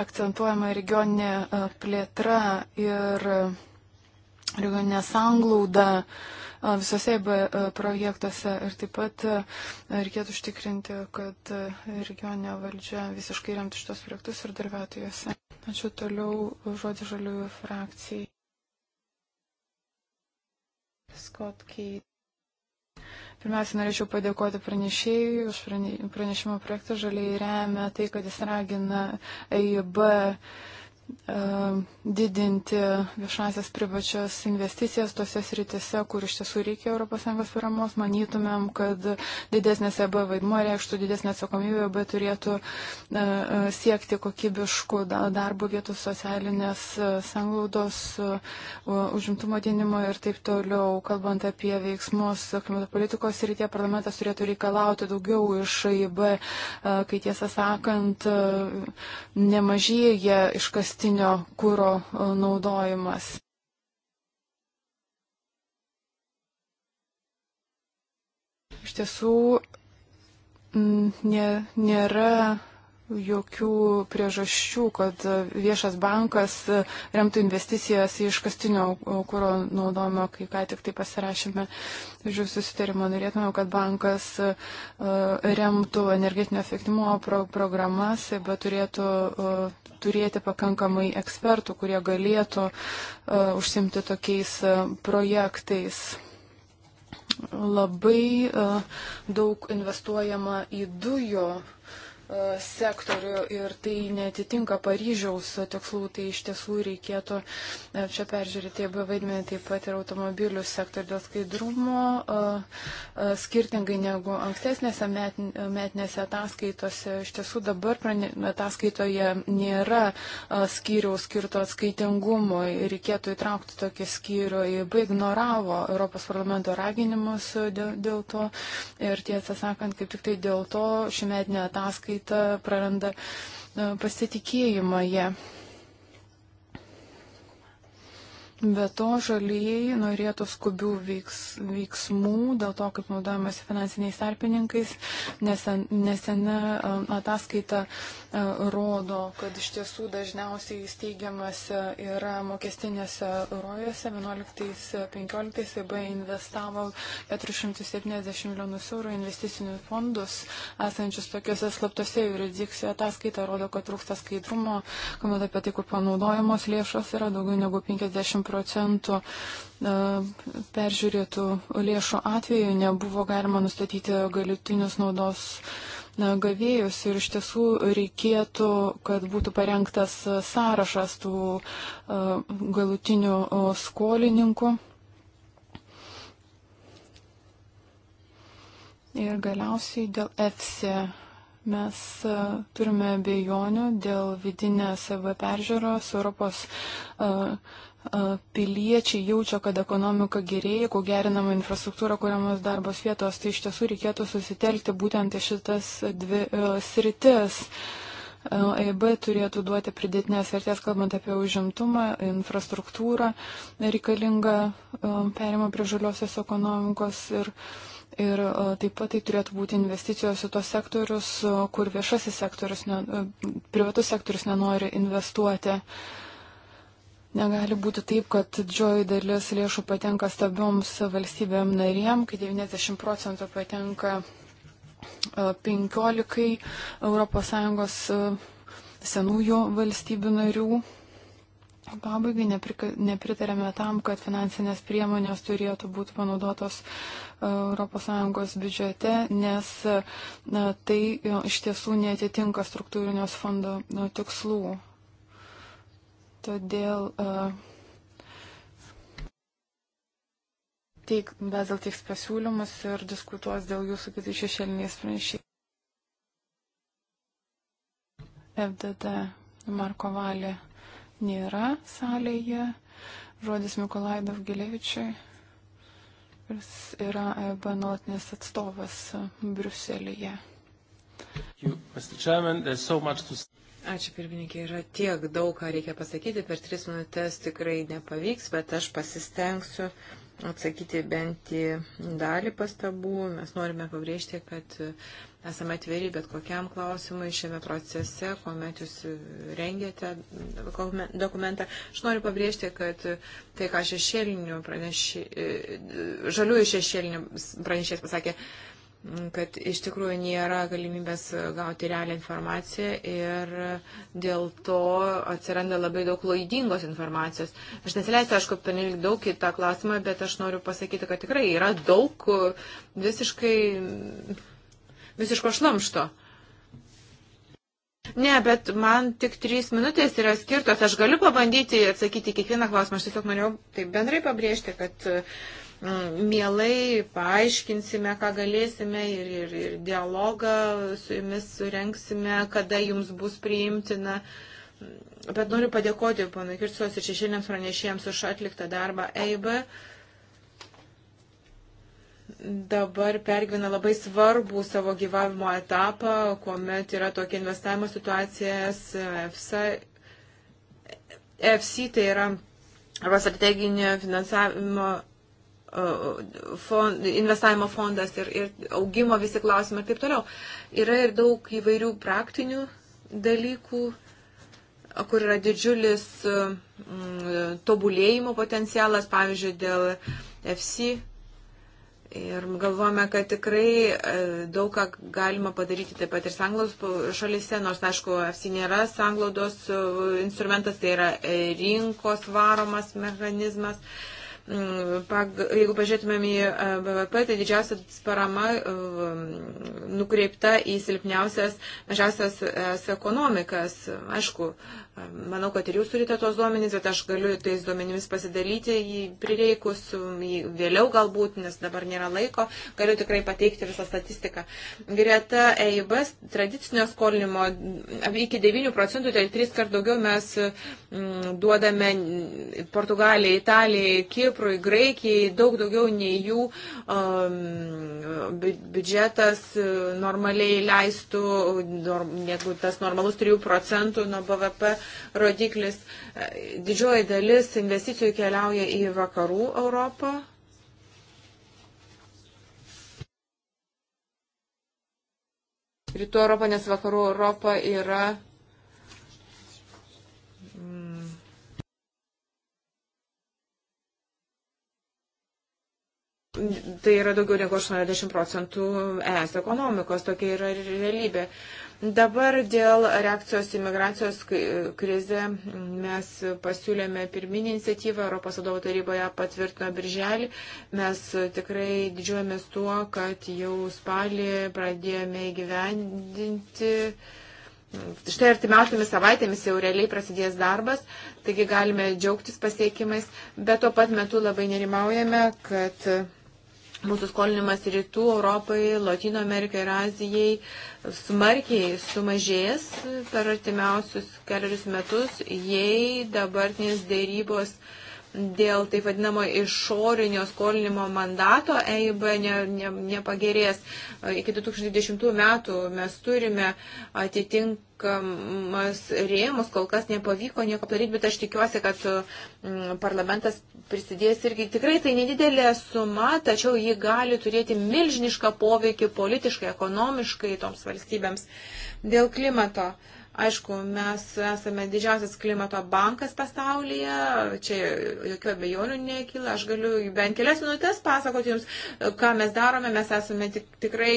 akcentuojama regioninė e, plėtra ir regioninė sanglauda e, visose projektuose. Ir taip pat reikėtų užtikrinti, kad regioninė valdžia visiškai remtų šitos projektus ir dalyvautų juose. Ačiū toliau žodį žaliųjų frakcijai. Scott Kate. Pirmiausia, norėčiau padėkoti pranešėjui už pranešimo projektą. Žaliai remia tai, kad jis ragina EIB E, didinti viešasias privačias investicijas tose sritise, kur iš tiesų reikia ES paramos. Manytumėm, kad didesnės EB vaidmuo reikštų didesnė atsakomybė, bet turėtų e, e, siekti kokybiškų darbo vietų socialinės sanglaudos, užimtumo dinimo ir taip toliau. Kalbant apie veiksmus klimato politikos srityje, parlamentas turėtų reikalauti daugiau iš EB, kai tiesą sakant, nemažėja iškas iškastinio kūro e, naudojimas. Iš tiesų nė, nėra jokių priežasčių, kad viešas bankas remtų investicijas į iškastinio kūro naudojimą, kai ką tik tai pasirašėme žiūrėjų susitarimą. Norėtume, kad bankas e, remtų energetinio efektyvumo pro programas, bet turėtų e, turėti pakankamai ekspertų, kurie galėtų e, užsimti tokiais projektais labai daug investuojama į dujo sektorių ir tai netitinka Paryžiaus tikslų, tai iš tiesų reikėtų e, čia peržiūrėti AB vaidmenį taip pat ir automobilių sektorių dėl skaidrumo, e, e, skirtingai negu ankstesnėse metinėse ataskaitose. Iš tiesų dabar ataskaitoje nėra skyriaus skirto atskaitingumui, reikėtų įtraukti tokį skyrių, AB ignoravo Europos parlamento raginimus dėl, dėl to ir tiesą sakant, kaip tik tai dėl to šimetinė ataskaita kita praranda e, pasitikėjimą jie. Ja. Be to, žalieji norėtų skubių veiks, veiksmų dėl to, kaip naudojamas finansiniais tarpininkais, nes nesena e, ataskaita e, rodo, kad iš tiesų dažniausiai įsteigiamas yra mokestinėse rojose. 11-15 e, EB investavo 470 milijonus eurų investicinių fondus esančius tokiuose slaptose jurisdikcijose. Ataskaita rodo, kad trūksta skaidrumo, kuomet apie tai, kur panaudojamos lėšos yra daugiau negu 50 procentų procentų e, peržiūrėtų lėšų atveju nebuvo galima nustatyti galutinius naudos e, gavėjus ir iš tiesų reikėtų, kad būtų parengtas sąrašas tų e, galutinių skolininkų. Ir galiausiai dėl EFSI Mes turime bejonių dėl vidinės EV peržiūros Europos uh, piliečiai jaučia, kad ekonomika gerėja, kuo gerinama infrastruktūra, kuriamas darbos vietos, tai iš tiesų reikėtų susitelkti būtent į šitas dvi uh, sritis. EIB turėtų duoti pridėtinės vertės, kalbant apie užimtumą, infrastruktūrą reikalingą perimo prie žaliosios ekonomikos ir, ir taip pat tai turėtų būti investicijos į tos sektorius, kur viešasis sektorius, ne, privatus sektorius nenori investuoti. Uh, Negali būti taip, kad didžioji dalis lėšų patenka stabioms valstybėm narėm, kai 90 procentų patenka 15 e, ES e, senųjų valstybių narių. Pabaigai nepritarėme tam, kad finansinės priemonės turėtų būti panaudotos ES biudžete, nes e, na, tai iš tiesų netitinka struktūrinės fondo tikslų. Todėl e, teik, Bezel teiks pasiūlymus ir diskutuos dėl jūsų kitais šešėliniais pranešiais. FDD Marko Valė nėra salėje. Žodis Mikolai Davgilevičiui, kuris yra EB nuolatinės atstovas Briuselėje. You, Chairman, so to... Ačiū pirmininkė, yra tiek daug, ką reikia pasakyti, per tris minutės tikrai nepavyks, bet aš pasistengsiu atsakyti bent į dalį pastabų. Mes norime pabrėžti, kad esame atviri bet kokiam klausimui šiame procese, kuomet jūs rengėte dokumentą. Aš noriu pabrėžti, kad tai, ką šešėlinių pranešė, žaliųjų šešėlinių pranešės pasakė, kad iš tikrųjų nėra galimybės gauti realią informaciją ir dėl to atsiranda labai daug klaidingos informacijos. Aš nesileisiu, aišku, penelik daug į tą klausimą, bet aš noriu pasakyti, kad tikrai yra daug visiškai, visiško šlamšto. Ne, bet man tik trys minutės yra skirtos. Aš galiu pabandyti atsakyti kiekvieną klausimą. Aš tiesiog norėjau tai bendrai pabrėžti, kad uh, Mielai paaiškinsime, ką galėsime ir, ir, ir dialogą su jumis surenksime, kada jums bus priimtina. Bet noriu padėkoti panai Kirsos ir šešėlėms pranešėjams už atliktą darbą EIB dabar pergyvena labai svarbų savo gyvavimo etapą, kuomet yra tokia investavimo situacija FC, FC tai yra arba strateginio finansavimo fond, investavimo fondas ir, ir augimo visi klausimai ir taip toliau. Yra ir daug įvairių praktinių dalykų, kur yra didžiulis mm, tobulėjimo potencialas, pavyzdžiui, dėl FC. Ir galvojame, kad tikrai e, daug ką galima padaryti taip pat ir sanglaus šalise, nors, aišku, FC nėra sanglaudos e, instrumentas, tai yra e, rinkos varomas mechanizmas. Uh, Jeigu pažiūrėtumėm į e, BVP, tai didžiausia parama e, nukreipta į silpniausias, mažiausias e, ekonomikas. Aišku, Manau, kad ir jūs turite tos duomenys, bet aš galiu tais duomenimis pasidalyti į prireikus, į vėliau galbūt, nes dabar nėra laiko, galiu tikrai pateikti visą statistiką. Greta EIB tradicinio skolinimo iki 9 procentų, tai 3 kart daugiau mes mm, duodame Portugalijai, Italijai, Kiprui, Graikijai, daug daugiau nei jų um, biudžetas e, normaliai leistų, negu tas normalus 3 procentų nuo BVP rodiklis. Didžioji dalis investicijų keliauja į vakarų Europą. Rytų Europą, nes vakarų Europa yra mm, Tai yra daugiau negu 80 procentų ES ekonomikos, tokia yra realybė. Dabar dėl reakcijos į migracijos krizę mes pasiūlėme pirminį iniciatyvą, Europos vadovų taryboje patvirtino birželį. Mes tikrai didžiuojamės tuo, kad jau spalį pradėjome įgyvendinti. Štai artimiausiamis savaitėmis jau realiai prasidės darbas, taigi galime džiaugtis pasiekimais, bet tuo pat metu labai nerimaujame, kad mūsų skolinimas rytų Europai, Latino Amerikai ir Azijai smarkiai sumažės per artimiausius keliarius metus, jei dabartinės dėrybos uh, dėl taip vadinamo išorinio skolinimo mandato EIB ne, ne, nepagerės. Iki 2020 metų mes turime atitinkamas rėmus, kol kas nepavyko nieko padaryti, bet aš tikiuosi, kad mm, parlamentas prisidės irgi tikrai tai nedidelė suma, tačiau ji gali turėti milžinišką poveikį politiškai, ekonomiškai toms valstybėms dėl klimato. Uh, Aišku, mes esame didžiausias klimato bankas pasaulyje, čia jokių abejonių nekyla, aš galiu bent kelias minutės pasakoti jums, ką mes darome, mes esame tik, tikrai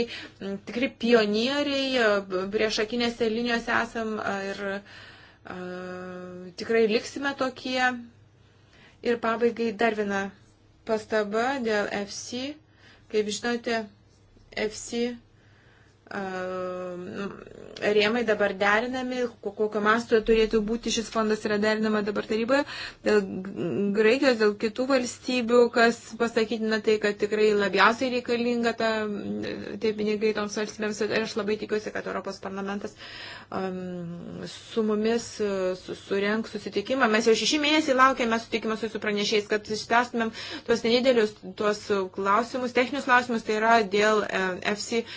tikri pionieriai, priešakinėse linijose esam ir a, tikrai liksime tokie. Ir pabaigai dar viena pastaba dėl FC. Kaip žinote, FC Ehm, rėmai dabar derinami, kokio masto turėtų būti šis fondas yra derinama dabar taryboje, dėl Graikijos, dėl kitų valstybių, kas pasakytina tai, kad tikrai labiausiai reikalinga ta, tie pinigai toms valstybėms ir aš labai tikiuosi, kad Europos parlamentas um, su mumis e, su, surenk susitikimą. Mes jau šeši mėnesiai laukėme susitikimą su jūsų pranešėjais, kad ištestumėm tuos nedidelius, tuos klausimus, techninius klausimus, tai yra dėl e, FC e,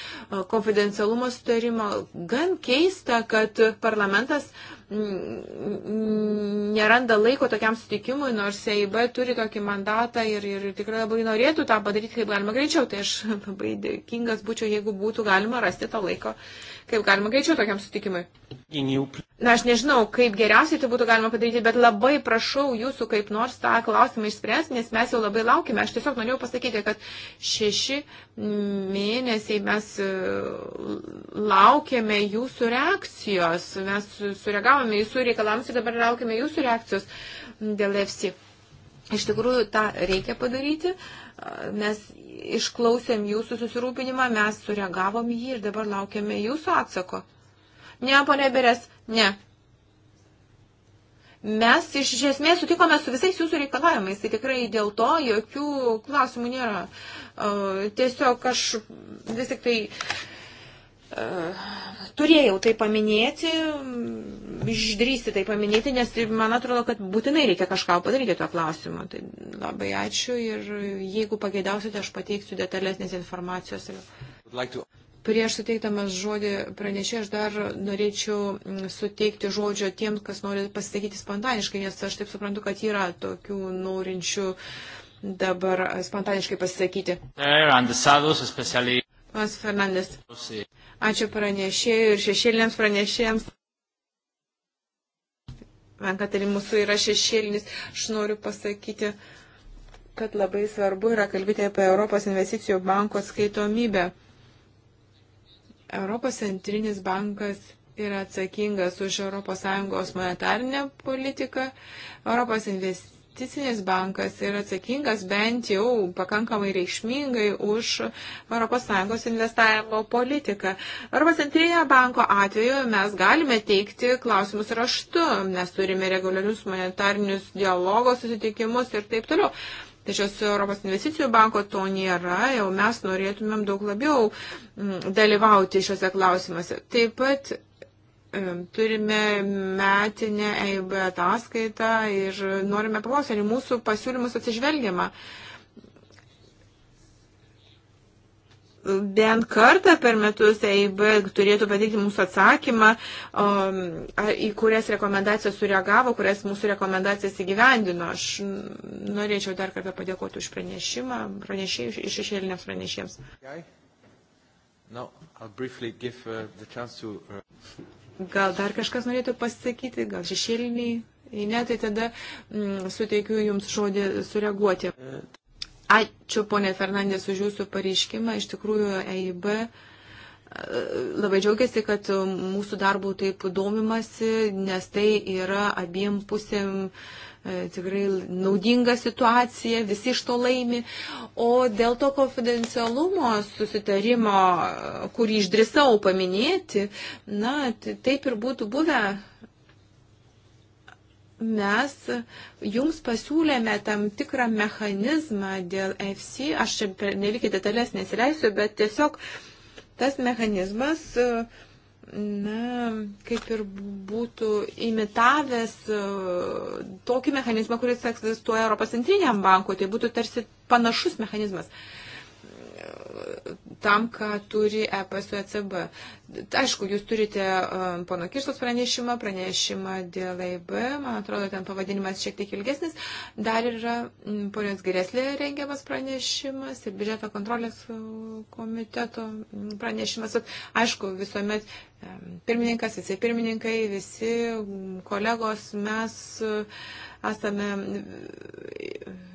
konfidencialumo konfidencialumo sutarimo. Gan keista, kad parlamentas neranda laiko tokiam sutikimui, nors EIB turi tokį mandatą ir, ir tikrai labai norėtų tą padaryti kaip galima greičiau. Tai aš labai dėkingas būčiau, jeigu būtų galima rasti to laiko kaip galima greičiau tokiam sutikimui. Na, aš nežinau, kaip geriausiai tai būtų galima padaryti, bet labai prašau jūsų kaip nors tą klausimą išspręsti, nes mes jau labai laukime. Aš tiesiog norėjau pasakyti, kad šeši mėnesiai mes e, laukėme jūsų reakcijos. Mes sureagavome jūsų reikalavimus ir dabar laukime jūsų reakcijos dėl EFSI. Iš tikrųjų, tą reikia padaryti. Uh, Mes išklausėm jūsų susirūpinimą, mes sureagavom jį ir dabar laukiame jūsų atsako. Ne, ponė Berės, ne. Mes iš esmės sutikome su visais jūsų reikalavimais, tai tikrai dėl to jokių klausimų nėra. Tiesiog aš vis tik tai turėjau tai paminėti, išdrysti tai paminėti, nes man atrodo, kad būtinai reikia kažką padaryti tuo klausimu. Tai labai ačiū ir jeigu pageidausite, aš pateiksiu detalesnės informacijos. Prieš suteikdamas žodį pranešė, aš dar norėčiau suteikti žodžio tiems, kas nori pasisakyti spontaniškai, nes aš taip suprantu, kad yra tokių norinčių dabar spontaniškai pasisakyti. Pas Fernandes. Ačiū pranešėjui ir šešėliniams pranešėjams. Man, kad tai mūsų yra šešėlinis, aš noriu pasakyti, kad labai svarbu yra kalbėti apie Europos investicijų banko skaitomybę. Europos centrinis bankas yra atsakingas už ES monetarinę politiką, Europos investicijų investicinis bankas yra atsakingas bent jau pakankamai reikšmingai už ES investavimo politiką. Europos centrinėje banko atveju mes galime teikti klausimus raštu, mes turime reguliarius monetarinius dialogos susitikimus ir taip toliau. Tačiau su Europos investicijų banko to nėra, jau mes norėtumėm daug labiau mm, dalyvauti šiuose klausimuose. Taip pat turime metinę EIB ataskaitą ir norime paklausti, ar mūsų pasiūlymus atsižvelgiama. Bent kartą per metus EIB turėtų pateikti mūsų atsakymą, į kurias rekomendacijas sureagavo, kurias mūsų rekomendacijas įgyvendino. Aš norėčiau dar kartą padėkoti už pranešimą, pranešėjus, iš išėlinės pranešėjams. Okay. Now, I'll briefly give uh, the chance to... Uh... Gal dar kažkas norėtų pasisakyti, gal šešėliniai, jei ne, tai tada mm, suteikiu Jums žodį sureaguoti. Ačiū, ponė Fernandės, už Jūsų pareiškimą. Iš tikrųjų, EIB e, labai džiaugiasi, kad mūsų darbų taip domimasi, nes tai yra abiem pusėm. Uh, E, tikrai naudinga situacija, visi iš to laimi. O dėl to konfidencialumo susitarimo, kurį išdrisau paminėti, na, taip ir būtų buvę. Mes jums pasiūlėme tam tikrą mechanizmą dėl FC, aš čia nevykiai detalės nesileisiu, bet tiesiog tas mechanizmas uh, na, kaip ir būtų imitavęs e, tokį mechanizmą, kuris egzistuoja Europos centriniam bankui. Tai būtų tarsi panašus mechanizmas. Uh, tam, ką turi EPSU ECB. Aišku, jūs turite um, pono Kirštos pranešimą, pranešimą dėl EIB, man atrodo, ten pavadinimas šiek tiek ilgesnis. Dar yra um, ponios Gereslė rengiamas pranešimas ir biudžeto kontrolės komiteto mm, pranešimas. Aišku, visuomet um, pirmininkas, visi pirmininkai, visi kolegos, mes e, esame. Um,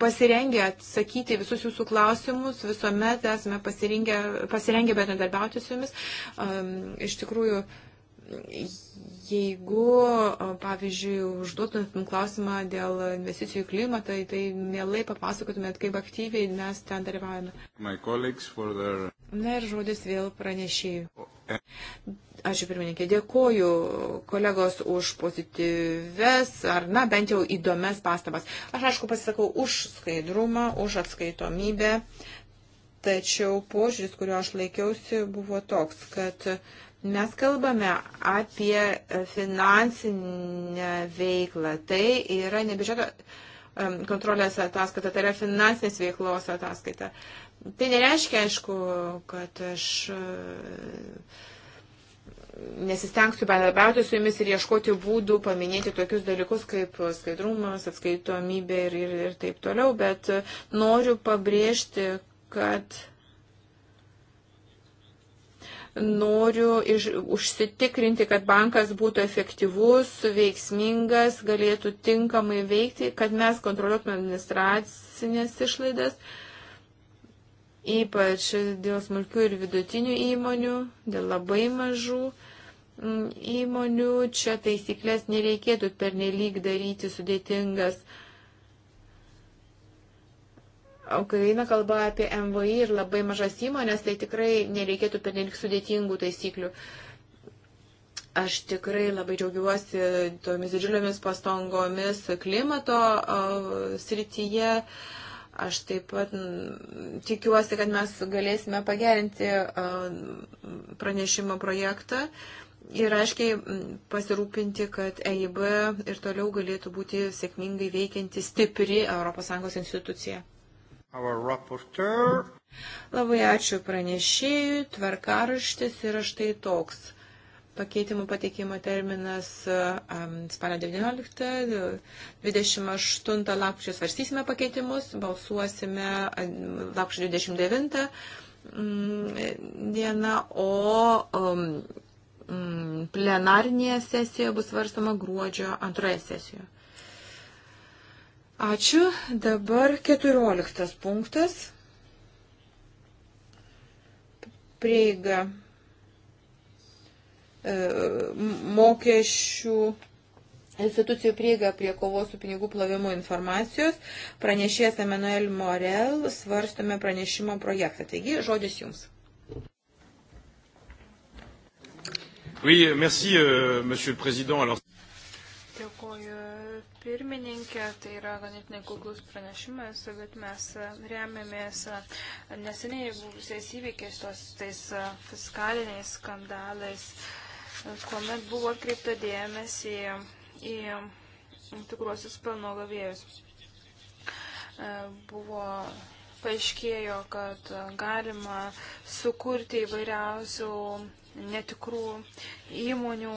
pasirengę atsakyti visus jūsų klausimus, visuomet esame pasirengę, pasirengę bendradarbiauti su jumis. Um, iš tikrųjų, jeigu, um, pavyzdžiui, užduotumėm klausimą dėl investicijų į klimatą, tai mielai papasakotumėt, kaip aktyviai mes ten dalyvaujame. Their... Na ir žodis vėl pranešėjų. Ačiū pirmininkė, dėkoju kolegos už pozityves ar, na, bent jau įdomias pastabas. Aš, aišku, pasisakau už skaidrumą, už atskaitomybę, tačiau požiūris, kurio aš laikiausi, buvo toks, kad mes kalbame apie finansinę veiklą. Tai yra ne biudžeto kontrolės ataskaita, tai yra finansinės veiklos ataskaita. Tai nereiškia, aišku, kad aš. Uh, nesistengsiu bendrabiauti su jumis ir ieškoti būdų paminėti tokius dalykus kaip skaidrumas, atskaitomybė ir, ir, ir taip toliau, bet noriu pabrėžti, kad noriu iš, užsitikrinti, kad bankas būtų efektyvus, veiksmingas, galėtų tinkamai veikti, kad mes kontroliuotume administracinės išlaidas, ypač dėl smulkių ir vidutinių įmonių, dėl labai mažų įmonių, čia taisyklės nereikėtų pernelyg daryti sudėtingas. O kai eina kalba apie MVI ir labai mažas įmonės, tai tikrai nereikėtų pernelyg sudėtingų taisyklių. Aš tikrai labai džiaugiuosi tomis didžiuliomis pastangomis klimato srityje. Aš taip pat tikiuosi, kad mes galėsime pagerinti pranešimo projektą. Uh, ir aiškiai pasirūpinti, kad EIB ir toliau galėtų būti sėkmingai veikianti stipri ES institucija. Labai ačiū pranešėjui, tvarkaraštis yra štai toks. Pakeitimų pateikimo terminas spalio 19, 28 lapkričio svarstysime pakeitimus, balsuosime lapkričio 29 mm, diena, o um, Mm, plenarinėje sesijoje bus svarstama gruodžio antroje sesijoje. Ačiū. Dabar keturioliktas punktas. Prieiga e, mokesčių institucijų prieiga prie kovos su pinigų plovimu informacijos. Pranešėjas Emanuel Morel svarstome pranešimo projektą. Taigi, žodis jums. Oui, merci, euh, Monsieur le Président. Alors... Dėkuoju pirmininkė, tai yra ganėtinai kuklus pranešimas, bet mes remiamės neseniai buvusiais įvykiais tos tais e, fiskaliniais skandalais, kuomet buvo atkreipta dėmesį į, į tikruosius pelnogavėjus. E, buvo paaiškėjo, kad galima sukurti įvairiausių netikrų įmonių,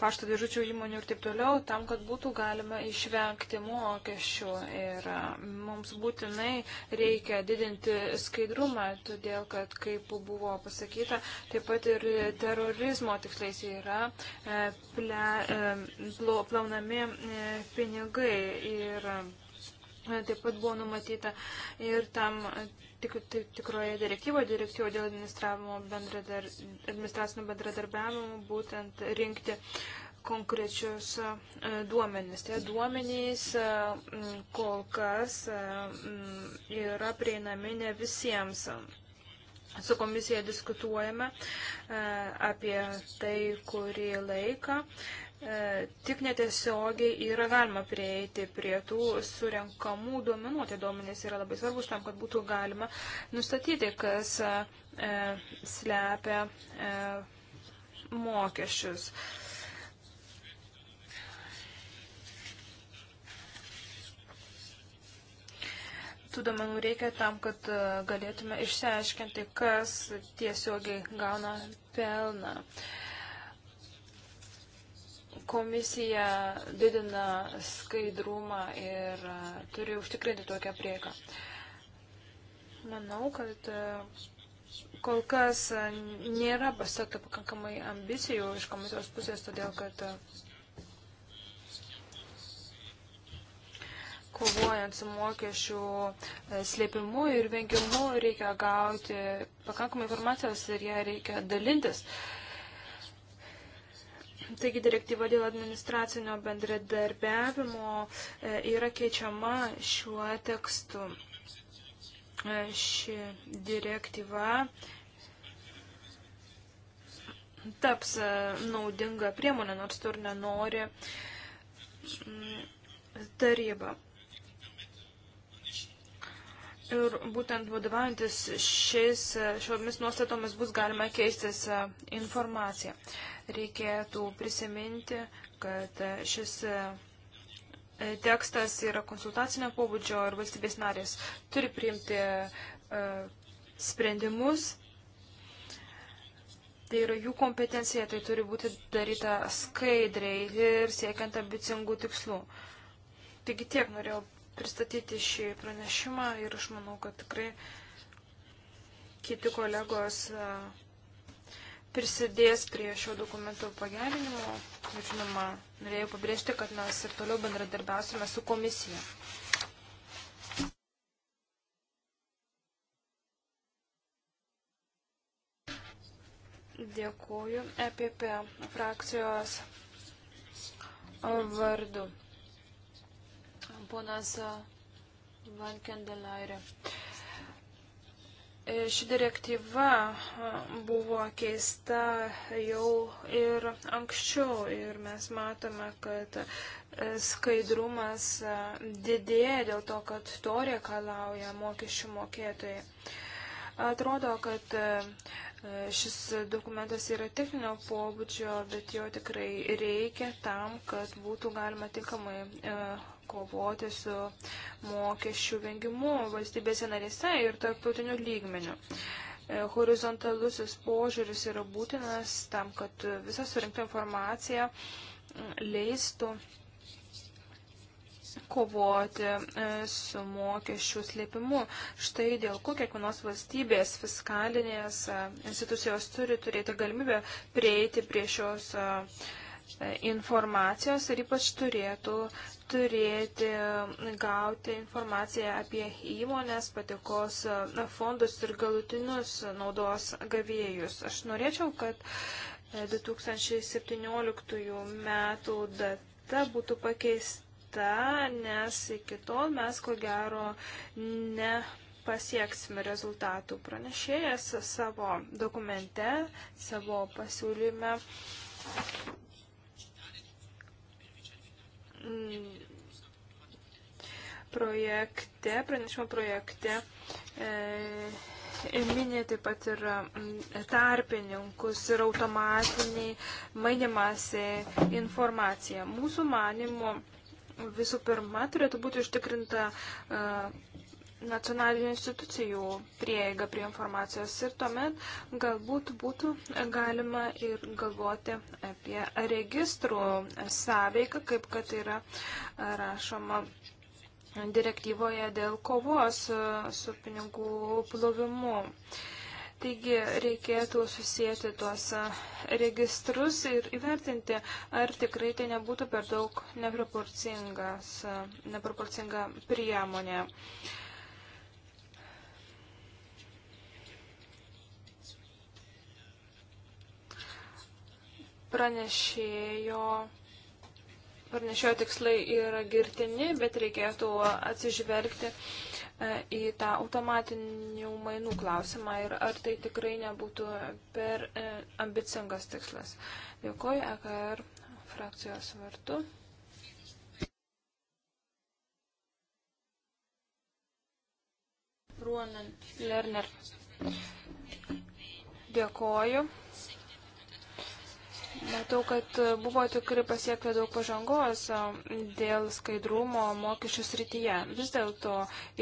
pašto dėžučių įmonių ir taip toliau, tam, kad būtų galima išvengti mokesčių. Ir e, mums būtinai reikia didinti skaidrumą, todėl kad, kaip buvo pasakyta, taip pat ir terorizmo tikslais yra e, ple, e, pla, plaunami pinigai. Ir taip pat buvo numatyta ir tam tik, tik, tikroje direktyvoje, direktyvoje dėl bendradar, administracinio bendradarbiavimo, būtent rinkti konkrečius e, duomenys. Tie duomenys e, kol kas e, yra prieinami ne visiems. Su komisija diskutuojame apie tai, kurį laiką. E, tik netiesiogiai yra galima prieiti prie tų surenkamų duomenų. Tie duomenys yra labai svarbus tam, kad būtų galima nustatyti, kas e, slepia e, mokesčius. Tų duomenų reikia tam, kad e, galėtume išsiaiškinti, kas tiesiogiai gauna pelną. E, Komisija didina skaidrumą ir e, turi užtikrinti tokią prieigą. Manau, kad e, kol kas e, nėra pasiekta pakankamai ambicijų iš komisijos pusės, todėl kad kovojant su mokesčių slėpimu ir vengimu reikia gauti pakankamai informacijos ir ją reikia dalintis. Uh, Taigi direktyva dėl administracinio bendradarbiavimo e, yra keičiama šiuo tekstu. E, ši direktyva taps e, naudinga priemonė, nors tur nenori taryba. Ir būtent vadovaujantis šiais, šiomis nuostatomis bus galima keistis e, informaciją. Reikėtų prisiminti, kad šis e, tekstas yra konsultacinio pobūdžio ir valstybės narės turi priimti e, sprendimus. Tai yra jų kompetencija, tai turi būti daryta skaidriai ir siekiant ambicingų tikslų. Taigi tiek norėjau pristatyti šį pranešimą ir aš manau, kad tikrai kiti kolegos e, prisidės prie šio dokumento pagerinimo. Ir žinoma, norėjau pabrėžti, kad mes ir toliau bendradarbiausime su komisija. Dėkuoju EPP frakcijos vardu ponas Van Kendelairė. E, ši direktyva buvo keista jau ir anksčiau ir mes matome, kad skaidrumas didėja dėl to, kad to reikalauja mokesčių mokėtojai. Atrodo, kad šis dokumentas yra techninio pobūdžio, bet jo tikrai reikia tam, kad būtų galima tinkamai kovoti su mokesčių vengimu valstybėse narėse ir tarptautiniu lygmeniu. E, horizontalusis požiūris yra būtinas tam, kad visa surinkta informacija leistų kovoti e, su mokesčių slėpimu. Štai dėl ko kiekvienos valstybės fiskalinės e, institucijos turi turėti galimybę prieiti prie šios uh, informacijos ir ypač turėtų turėti gauti informaciją apie įmonės patikos fondus ir galutinius naudos gavėjus. Aš norėčiau, kad 2017 e, metų data būtų pakeista, nes iki tol mes ko gero ne pasieksime rezultatų. Pranešėjas savo dokumente, savo pasiūlyme projekte, pranešimo projekte e, minė taip pat ir tarpininkus ir automatiniai mainimasi informacija. Mūsų manimo visų pirma turėtų būti užtikrinta e, nacionalinių institucijų prieiga prie informacijos ir tuomet galbūt būtų galima ir galvoti apie registrų sąveiką, kaip kad yra rašoma direktyvoje dėl kovos su pinigų plovimu. Taigi reikėtų susijęti tuos registrus ir įvertinti, ar tikrai tai nebūtų per daug neproporcinga priemonė. pranešėjo, pranešėjo tikslai yra girtini, bet reikėtų atsižvelgti e, į tą automatinių mainų klausimą ir ar tai tikrai nebūtų per e, ambicingas tikslas. Dėkuoju EKR frakcijos vartu. Ruonan Lerner. Dėkoju. Matau, kad buvo tikrai pasiekta daug pažangos dėl skaidrumo mokesčių srityje. Vis dėlto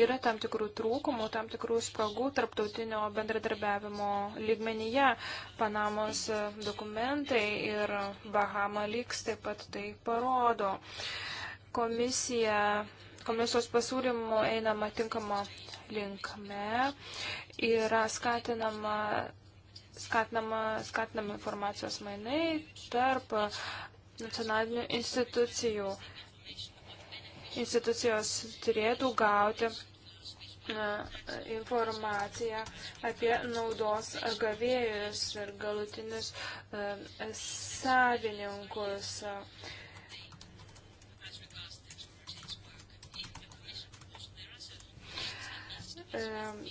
yra tam tikrų trūkumų, tam tikrų spragų tarptautinio bendradarbiavimo lygmenyje. Panamos dokumentai ir Bahama lygs taip pat tai parodo. Komisija, komisijos pasiūlymų einama tinkama linkme yra skatinama skatinama, skatinama informacijos mainai tarp nacionalinių institucijų. Institucijos turėtų gauti informaciją apie naudos gavėjus ir galutinius e, savininkus. Um,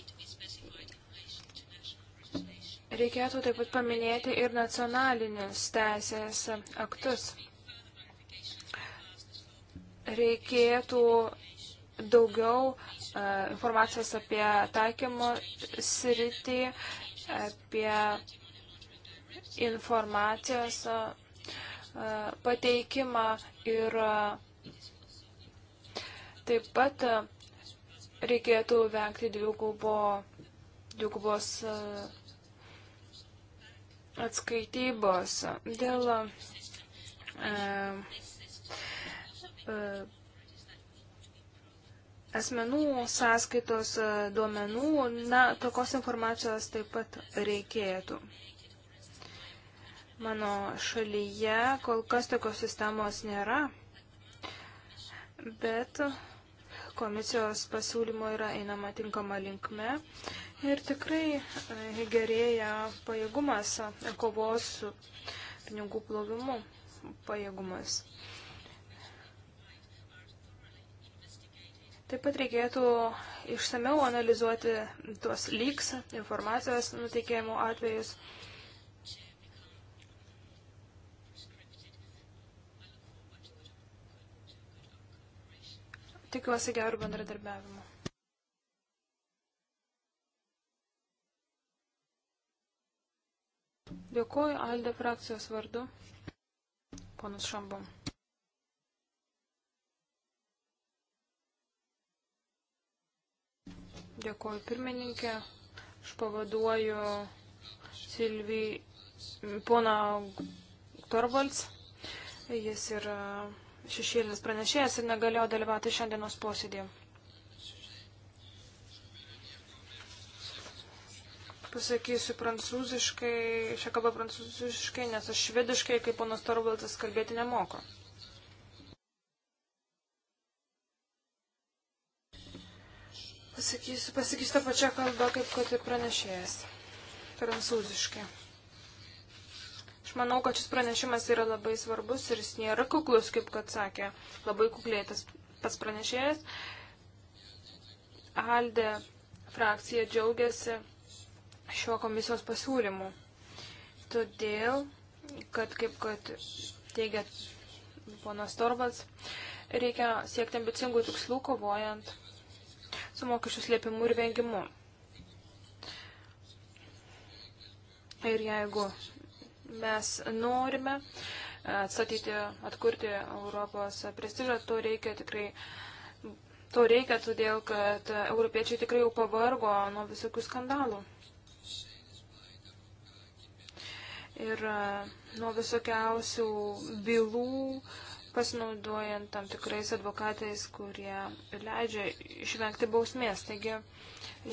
Reikėtų taip pat paminėti ir nacionalinius teisės aktus. Reikėtų daugiau uh, informacijos apie taikymo sritį, apie informacijos uh, pateikimą ir uh, taip pat reikėtų vengti dvigubo, dvigubos. Uh, atskaitybos, dėl e, e, asmenų sąskaitos e, duomenų, na, tokios informacijos taip pat reikėtų. Mano šalyje kol kas tokios sistemos nėra, bet komisijos pasiūlymo yra einama tinkama linkme. E, Ir tikrai e, gerėja pajėgumas kovos su pinigų plovimu pajėgumas. Taip pat reikėtų išsameu analizuoti tuos lygs, informacijos nuteikėjimo atvejus. Tikiuosi gerų bendradarbiavimo. Dėkuoju Alde frakcijos vardu. Ponas Šambom. Dėkuoju pirmininkė. Aš pavaduoju Silvi, pona Torvalds. Jis yra šešėlinis pranešėjas ir negalėjo dalyvauti šiandienos posėdėje. pasakysiu prancūziškai, šią kalbą prancūziškai, nes aš švediškai, kaip ponas Torvaldas, kalbėti nemoku. Pasakysiu, pasakysiu tą pačią kalbą, kaip kad ir pranešėjas. Prancūziškai. Aš manau, kad šis pranešimas yra labai svarbus ir jis nėra kuklus, kaip kad sakė, labai kuklėtas pats pranešėjas. Alde frakcija džiaugiasi šiuo komisijos pasiūlymu. Todėl, kad kaip kad teigia ponas Torbats, reikia siekti ambicingų tikslų kovojant su mokesčių slėpimu ir vengimu. Ir jeigu mes norime atstatyti, atkurti Europos prestižą, to reikia tikrai. To reikia todėl, kad europiečiai tikrai jau pavargo nuo visokių skandalų. ir e, nuo visokiausių bylų, pasinaudojant tam tikrais advokatais, kurie leidžia išvengti bausmės. Taigi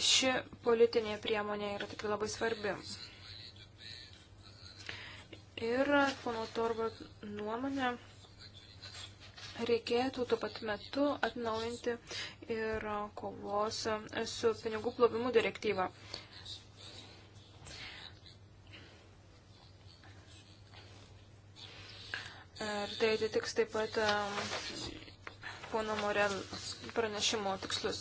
ši politinė priemonė yra tikrai labai svarbi. Ir pono Torvo nuomonė reikėtų tuo pat metu atnaujinti ir kovos su pinigų plovimu direktyvą. Ir tai atitiks taip pat um, pono Morel pranešimo tikslus.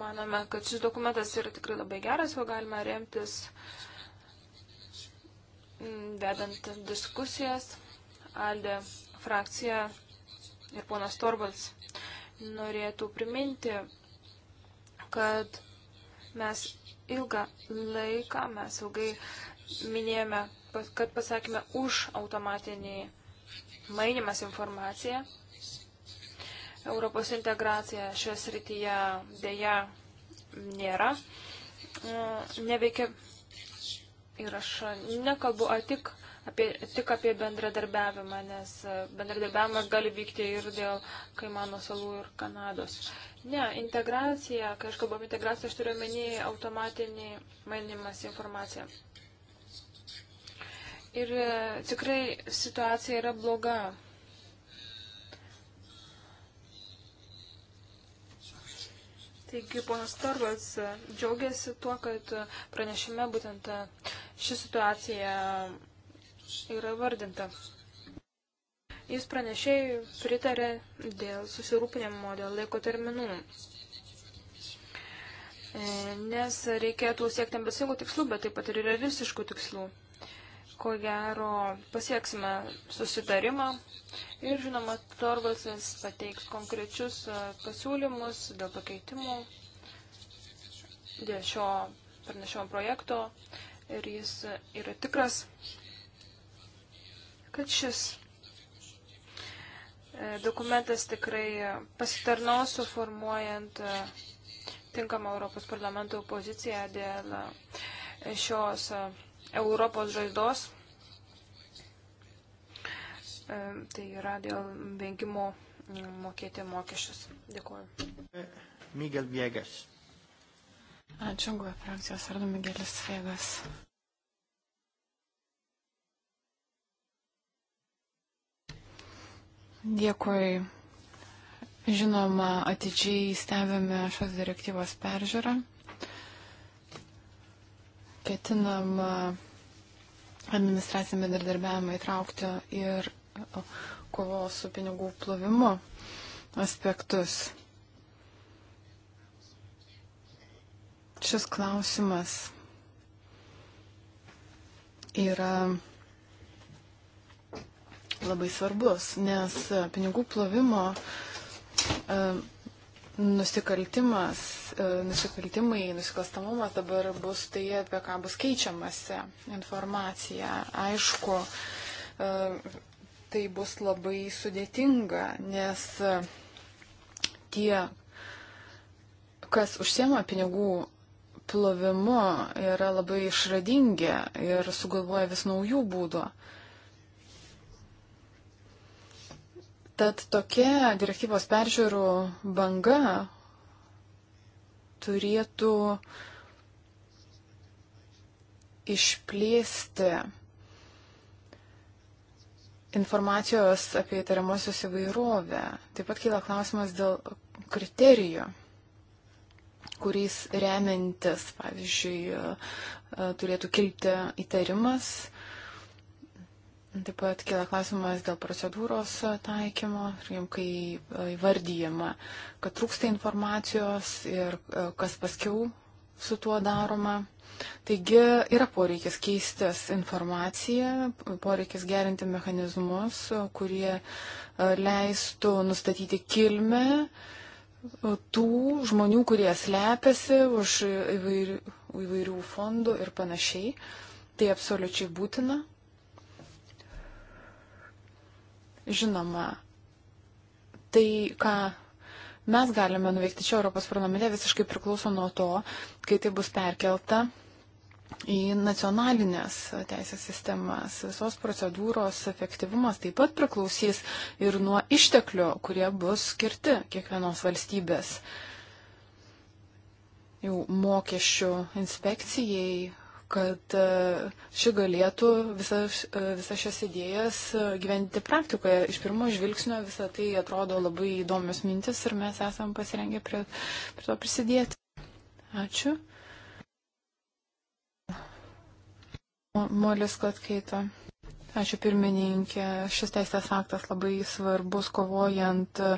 Manome, kad šis dokumentas yra tikrai labai geras, jo galima remtis vedant diskusijas. Alde frakcija ir ponas Torvalds norėtų priminti, kad mes ilgą laiką, mes ilgai minėjome, kad pasakėme už automatinį mainimas informacija. Europos integracija šioje srityje dėja nėra, mm, neveikia ir aš nekalbu a, tik, apie, tik apie bendradarbiavimą, nes e, bendradarbiavimas gali vykti ir dėl Kaimano salų ir Kanados. Ne, integracija, kai aš kalbu apie integraciją, aš turiu menį automatinį mainimas informaciją. Ir e, tikrai situacija yra bloga. Taigi, ponas Torvas e, džiaugiasi tuo, kad e, pranešime būtent ši situacija yra vardinta. Jis pranešėjai pritarė dėl susirūpinimo, dėl laiko terminų. Nes reikėtų siekti ambasingų tikslų, bet taip pat ir realistiškų tikslų ko gero pasieksime susitarimą ir, žinoma, Torvalsas pateiks konkrečius e, pasiūlymus dėl pakeitimų, dėl šio pranešimo projekto ir jis yra tikras, kad šis e, dokumentas tikrai pasitarnaus suformuojant e, tinkamą Europos parlamento poziciją dėl šios Europos žaizdos. E, tai yra dėl vengimo mm, mokėti mokesčius. Dėkuoju. E, Miguel Viegas. Ačiū, Guoja frakcijos vardu Miguelis Viegas. Dėkui. Žinoma, atidžiai stebime šios direktyvos peržiūrą ketinam administracinį bendradarbiavimą įtraukti ir kovos su pinigų plovimu aspektus. Šis klausimas yra labai svarbus, nes pinigų plovimo e, nusikaltimas, e, nusikaltimai, nusikalstamumas dabar bus tai, apie ką bus keičiamasi informacija. Aišku, e, tai bus labai sudėtinga, nes e, tie, kas užsiema pinigų plovimu, yra labai išradingi ir sugalvoja vis naujų būdų. Tad tokia direktyvos peržiūrų banga turėtų išplėsti informacijos apie įtariamosios įvairovę. Taip pat kyla klausimas dėl kriterijų, kuriais remiantis, pavyzdžiui, turėtų kilti įtarimas Taip pat kila klausimas dėl procedūros e, taikymo, jau kai e, įvardyjama, kad trūksta informacijos ir e, kas paskiau su tuo daroma. Taigi yra poreikis keistis informaciją, poreikis gerinti mechanizmus, kurie leistų nustatyti kilmę tų žmonių, kurie slepiasi už įvairių, įvairių fondų ir panašiai. Tai absoliučiai būtina. Žinoma, tai, ką mes galime nuveikti čia Europos parlamente, visiškai priklauso nuo to, kai tai bus perkelta į nacionalinės teisės sistemas. Visos procedūros efektyvumas taip pat priklausys ir nuo išteklių, kurie bus skirti kiekvienos valstybės. Jau mokesčių inspekcijai kad e, ši galėtų e, visas visa šias idėjas e, gyventi praktikoje. Iš pirmo žvilgsnio visą tai atrodo labai įdomios mintis ir mes esam pasirengę prie, prie to prisidėti. Ačiū. Molis Kotkeito. Ačiū pirmininkė. Šis teisės aktas labai svarbus kovojant e,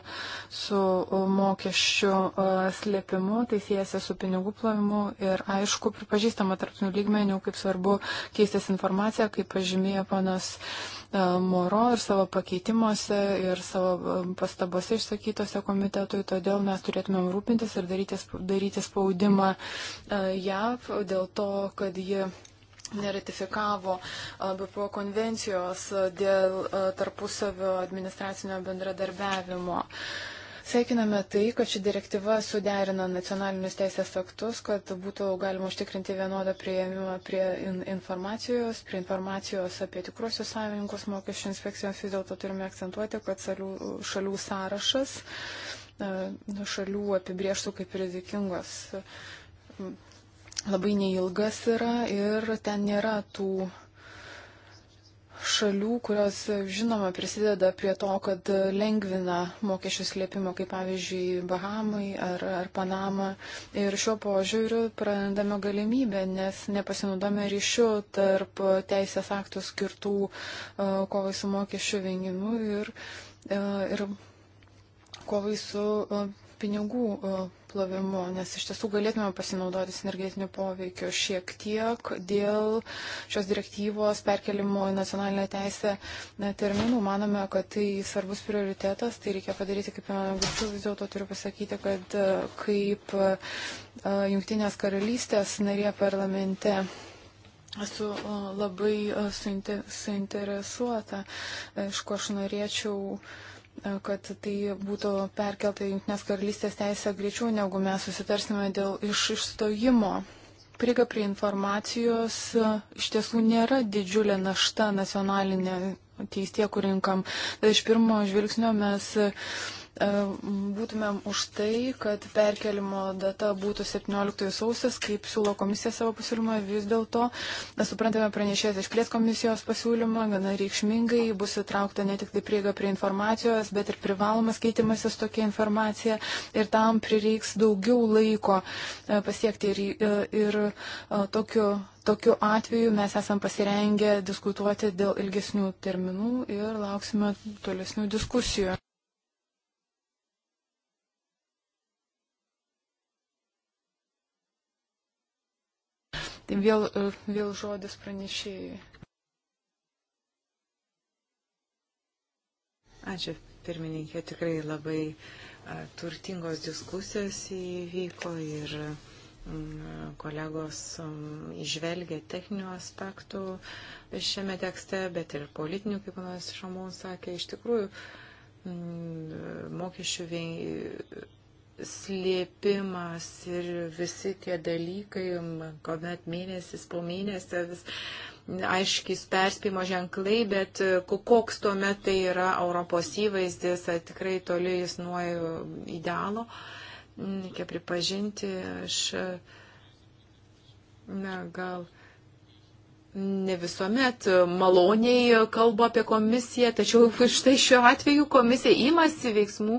su e, mokesčių e, slėpimu, tai siejasi su pinigų plovimu ir aišku, pripažįstama tarptinių lygmenių, kaip svarbu keistis informaciją, kaip pažymėjo panas Moro ir savo pakeitimuose ir savo pastabose išsakytose komitetui. Todėl mes turėtumėm rūpintis ir daryti, daryti spaudimą JAV dėl to, kad ji. Jie neratifikavo BPO konvencijos dėl tarpusavio administracinio bendradarbiavimo. Sveikiname tai, kad ši direktyva suderina nacionalinius teisės aktus, kad būtų galima užtikrinti vienodą prieimimą prie in informacijos, prie informacijos apie tikruosius savininkus mokesčių inspekcijoms. Vis dėlto turime akcentuoti, kad šalių, šalių sąrašas šalių apibrieštų kaip rizikingos labai neilgas yra ir ten nėra tų šalių, kurios žinoma prisideda prie to, kad lengvina mokesčių slėpimą, kaip pavyzdžiui Bahamai ar, ar Panama. Ir šiuo požiūriu prarandame galimybę, nes nepasinaudome ryšiu tarp teisės aktų skirtų e, kovai su mokesčių vengimu ir, e, ir kovai su e, pinigų e, plovimu, nes iš tiesų galėtume pasinaudoti sinergetiniu poveikiu šiek tiek dėl šios direktyvos perkelimo į nacionalinę teisę e, terminų. Manome, kad tai svarbus prioritetas, tai reikia padaryti kaip įmanoma greičiau. Vis dėlto turiu pasakyti, kad e, kaip Junktinės karalystės narė parlamente esu labai suinteresuota, iš ko aš norėčiau E, kad tai būtų perkelta Junktinės karalystės teisę greičiau, negu mes susitarsime dėl iš išstojimo. Prieiga prie informacijos e, iš tiesų nėra didžiulė našta nacionalinė teistė, kurinkam. Tai iš pirmo žvilgsnio mes E, būtumėm už tai, kad perkelimo data būtų 17 sausis, kaip siūlo komisija savo pasiūlymą, vis dėlto, suprantame, pranešėjas išplės komisijos pasiūlymą, gana reikšmingai bus įtraukta ne tik tai prieiga prie informacijos, bet ir privalomas keitimasis tokia informacija ir tam prireiks daugiau laiko e, pasiekti ir, e, ir tokiu tokiu atveju mes esam pasirengę diskutuoti dėl ilgesnių terminų ir lauksime tolesnių diskusijų. Tai vėl, e, vėl žodis pranešėjai. Ačiū, pirmininkė, tikrai labai a, e, turtingos diskusijos įvyko ir a, kolegos a, išvelgia techninių aspektų šiame tekste, bet ir politinių, kaip panas Šamon sakė, iš tikrųjų mokesčių vien slėpimas ir visi tie dalykai, kuomet mėnesis po mėnesio vis aiškiai perspėjimo ženklai, bet e, koks tuomet tai yra Europos įvaizdis, tikrai toli jis nuo e, idealo, reikia pripažinti, aš, e, na, gal ne visuomet maloniai kalba apie komisiją, tačiau štai šiuo atveju komisija imasi veiksmų,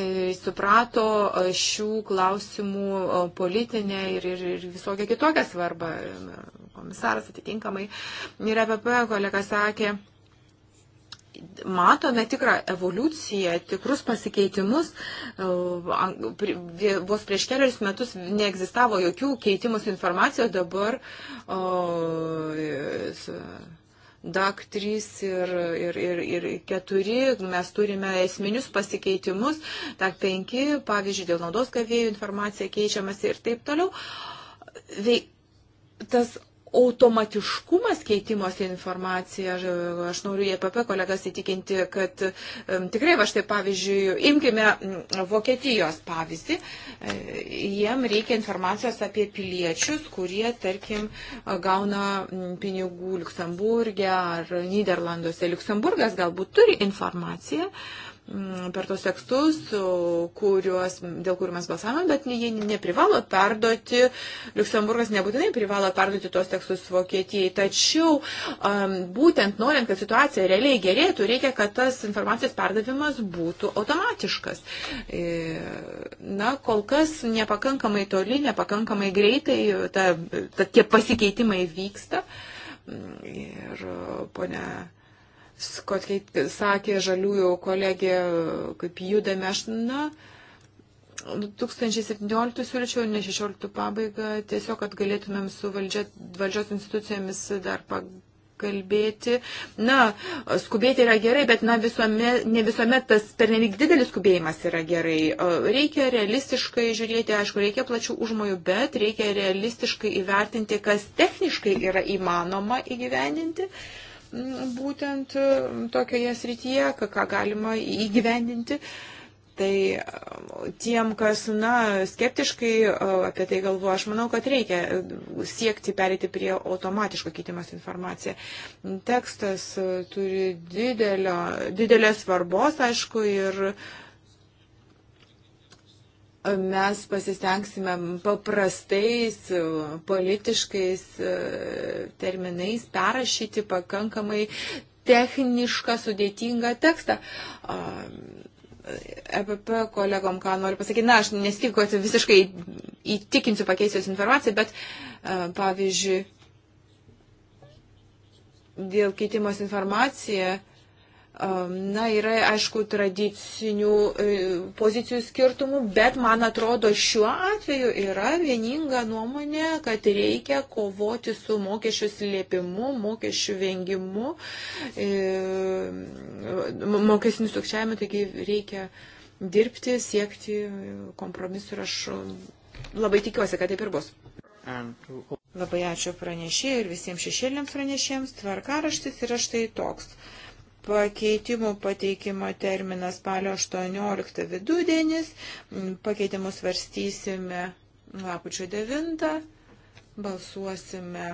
e, suprato e, šių klausimų e, politinę ir, ir, ir visokią kitokią svarbą. Komisaras atitinkamai ir apie kolega sakė, matome tikrą evoliuciją, tikrus pasikeitimus. E, vos prieš kelius metus neegzistavo jokių keitimus informacijos, dabar o, DAC 3 ir, ir, ir, ir 4 mes turime esminius pasikeitimus, DAC 5, pavyzdžiui, dėl naudos gavėjų informacija keičiamasi ir taip toliau. Veik, tas automatiškumas keitimosi informacija, aš noriu į EPP kolegas įtikinti, kad tikrai, va štai pavyzdžiui, imkime Vokietijos pavyzdį, e, jiem reikia informacijos apie piliečius, kurie, tarkim, gauna pinigų Luksemburgė ar Niderlanduose. Luksemburgas galbūt turi informaciją, Mm, per tos tekstus, kuriuos, dėl kurių mes balsavome, bet jie neprivalo perduoti, Luksemburgas nebūtinai privalo perduoti tos tekstus Vokietijai. Tačiau um, būtent norint, kad situacija realiai gerėtų, reikia, kad tas informacijos perdavimas būtų automatiškas. E, na, kol kas nepakankamai toli, nepakankamai greitai ta, ta, tie pasikeitimai vyksta. Mm, ir, ponia, kaip sakė žaliųjų kolegė, kaip judame, aš, na, 2017 siūlyčiau, ne 16 pabaigą, tiesiog, kad galėtumėm su valdžia, valdžios institucijomis dar pakalbėti. Na, skubėti yra gerai, bet na, visuome, ne visuomet tas pernelyg didelis skubėjimas yra gerai. Reikia realistiškai žiūrėti, aišku, reikia plačių užmojų, bet reikia realistiškai įvertinti, kas techniškai yra įmanoma įgyvendinti. Uh, būtent e, tokioje srityje, ką galima įgyvendinti. Tai e, tiem, kas, na, skeptiškai e, apie tai galvoja, aš manau, kad reikia siekti perėti prie automatiško keitimas informacija. Tekstas turi didelio, didelės svarbos, aišku, ir mes pasistengsime paprastais politiškais e, terminais perrašyti pakankamai technišką, sudėtingą tekstą. EPP kolegom, ką noriu pasakyti, na, aš nesitikiu, kad visiškai įtikinsiu pakeisius informaciją, bet e, pavyzdžiui, dėl keitimos informacija Na, yra, aišku, tradicinių e, pozicijų skirtumų, bet, man atrodo, šiuo atveju yra vieninga nuomonė, kad reikia kovoti su mokesčių slėpimu, mokesčių vengimu, e, mokesnių sukčiavimu, taigi reikia dirbti, siekti kompromisų ir aš labai tikiuosi, kad taip ir bus. Labai ačiū pranešėjai ir visiems šešėliams pranešėjams. Tvarkaraštis yra štai toks. Pakeitimų pateikimo terminas spalio 18 vidudienis. Mm, pakeitimus varstysime lapučio 9. Balsuosime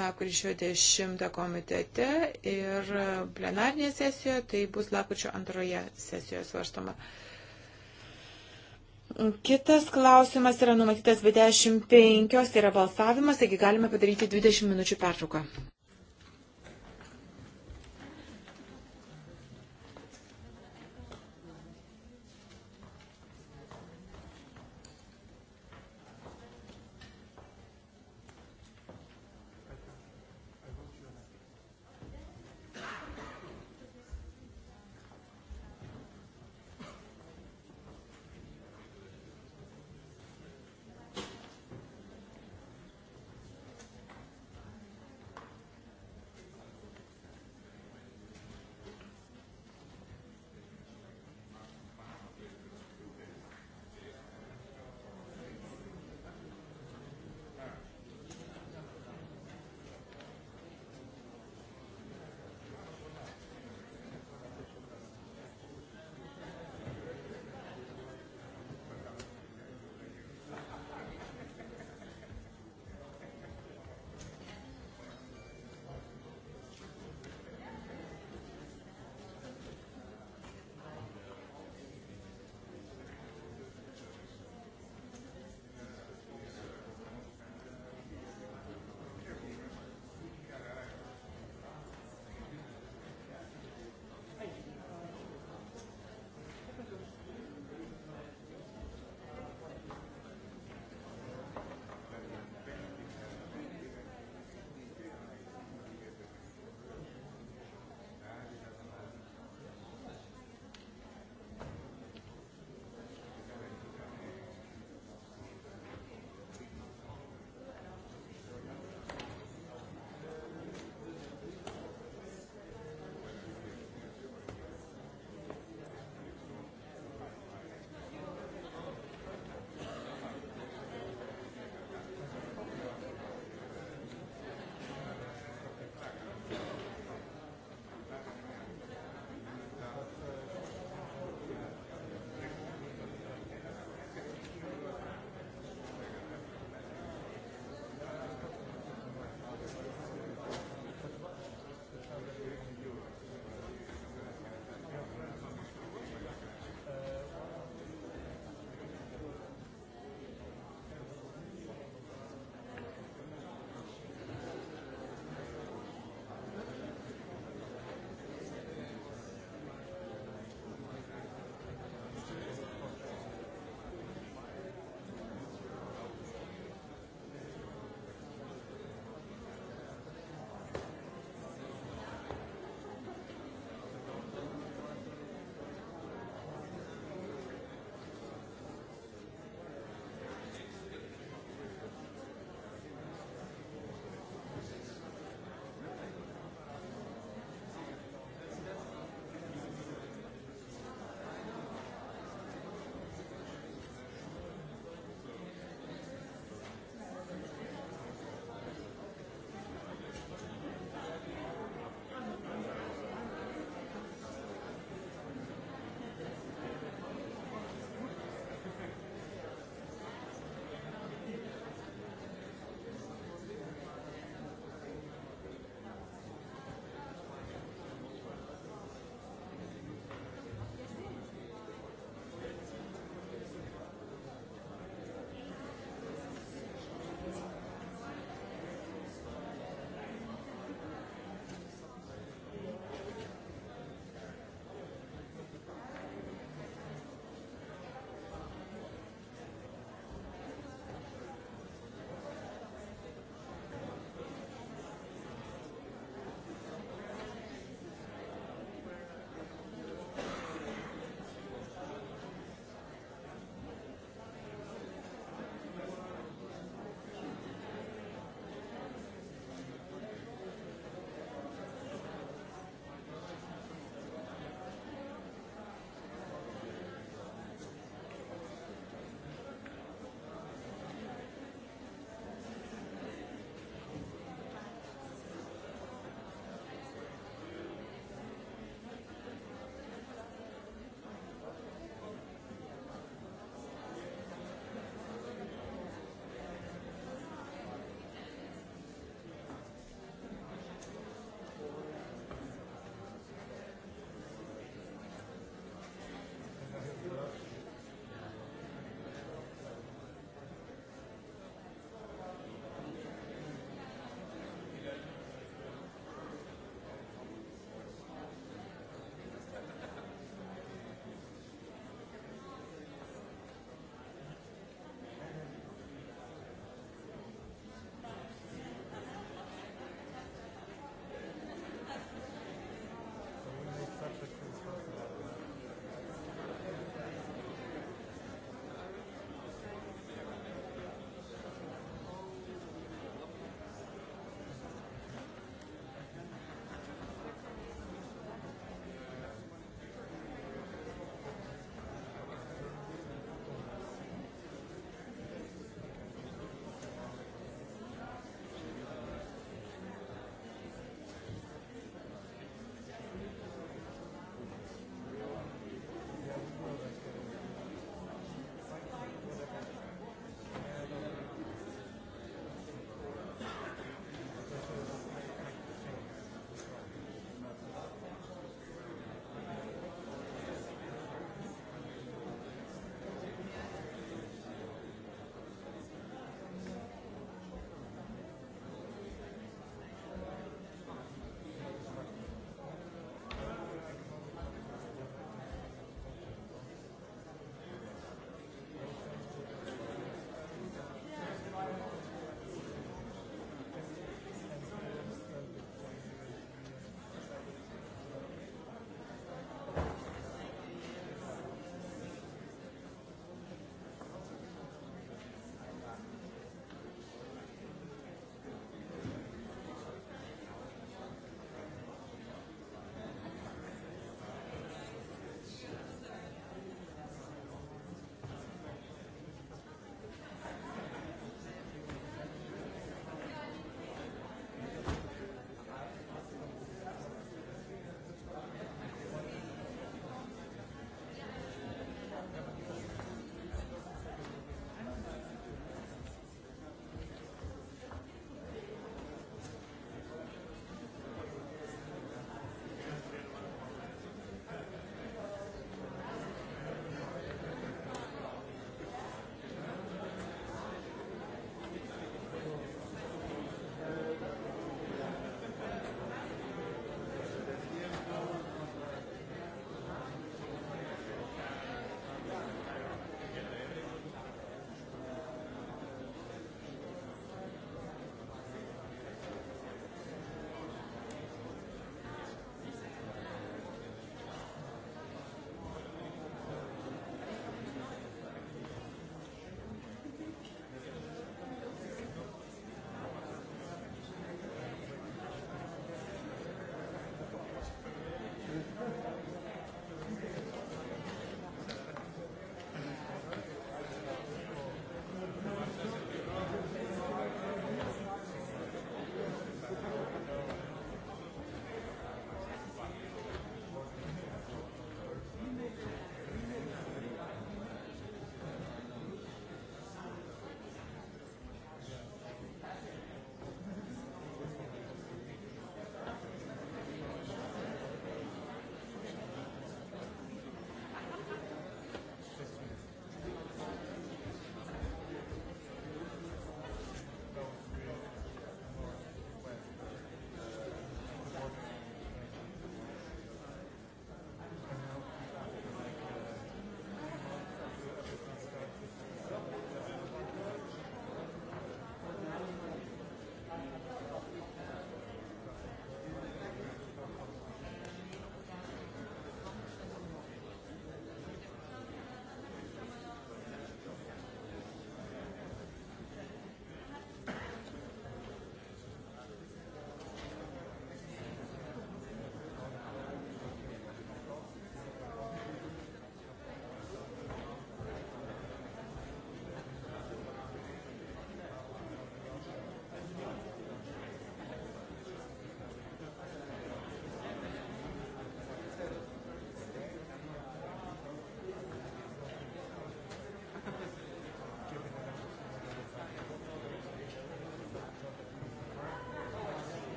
lapkričio 10 komitete ir plenarnėje sesijoje, tai bus lapkričio antroje sesijoje svarstoma. Kitas klausimas yra numatytas 25, tai yra balsavimas, taigi galime padaryti 20 minučių pertrauką.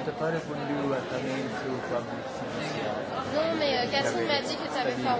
venuta a fare pure lui un trattamento qua Non, mais Catherine m'a dit que tu avais fait un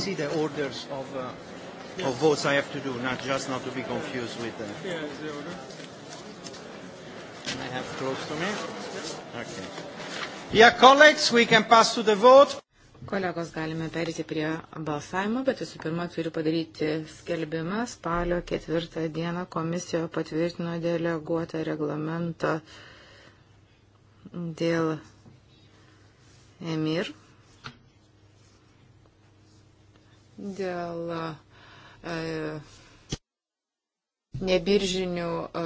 see the orders of, uh, yes. of votes I have to do, not just not to be confused with the... Uh, yeah, the order. And I have close to me? Okay. Yeah, colleagues, we can pass to the vote. Kolegos, galime perėti prie balsavimo, bet visų pirma turiu padaryti skelbimą. Spalio ketvirtą dieną komisija patvirtino deleguotą reglamentą dėl EMIR dėl e, nebiržinių e,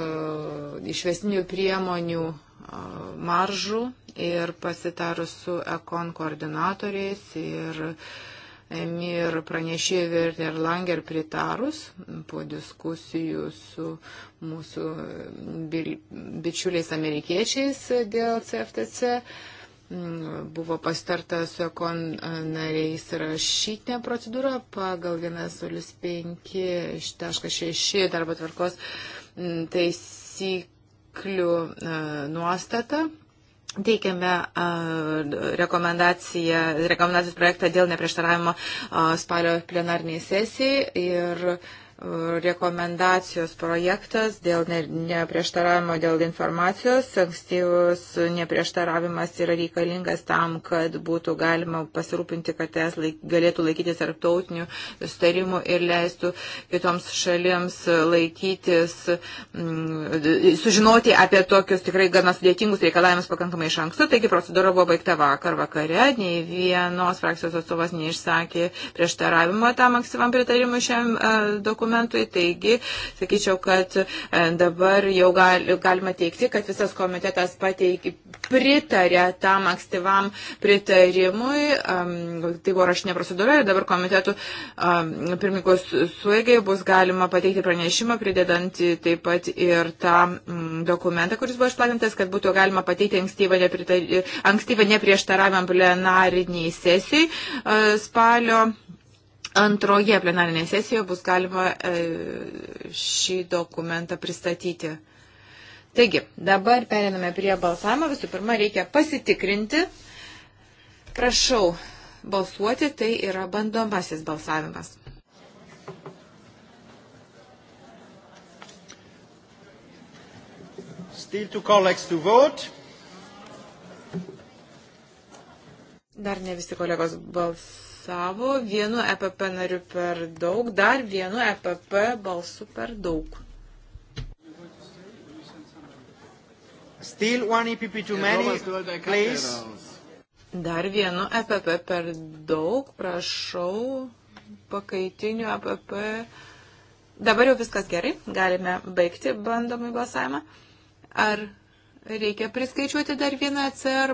išvesinių priemonių e, maržų ir pasitarus su ekon koordinatoriais ir Emir pranešė Werner Langer pritarus po diskusijų su mūsų bičiuliais amerikiečiais dėl CFTC. E, Mm, buvo pastarta su ekon nariais rašytinė procedūra pagal 1.5.6 darbo tvarkos mm, taisyklių nuostatą. Teikiame rekomendaciją, rekomendacijos projektą dėl neprieštaravimo spalio plenarniai sesijai ir uh, rekomendacijos projektas dėl neprieštaravimo dėl informacijos. Ankstyvus neprieštaravimas yra reikalingas tam, kad būtų galima pasirūpinti, kad es laik, galėtų laikytis tarptautinių sustarimų ir leistų kitoms šalims laikytis, m, mm, sužinoti apie tokius tikrai gana sudėtingus reikalavimus pakankamai iš anksto. Taigi procedūra buvo baigta vakar vakare, nei vienos frakcijos atstovas neišsakė prieštaravimo tam ankstyvam pritarimui šiam e, dokumentui dokumentui. Taigi, sakyčiau, kad e, dabar jau gal, galima teikti, kad visas komitetas pateikė, pritarė tam ankstyvam pritarimui. Tai buvo rašinė procedūra ir dabar komitetų pirmininkos suėgiai bus galima pateikti pranešimą, pridedant taip pat ir tą dokumentą, kuris buvo išplatintas, kad būtų galima pateikti ankstyvą, nepritar... ankstyvą neprieštaravimą plenariniai sesijai spalio antroje plenarinėje sesijoje bus galima e, šį dokumentą pristatyti. Taigi, dabar periname prie balsavimo. Visų pirma, reikia pasitikrinti. Prašau balsuoti, tai yra bandomasis balsavimas. Still two colleagues to vote. Dar ne visi kolegos balsuoja balsavo vienu EPP nariu per daug, dar vienu EPP balsu per daug. Still one EPP too many, please. Dar vienu EPP per daug, prašau, pakaitiniu EPP. Dabar jau viskas gerai, galime baigti bandomai balsavimą. Ar Reikia priskaičiuoti dar vieną ECR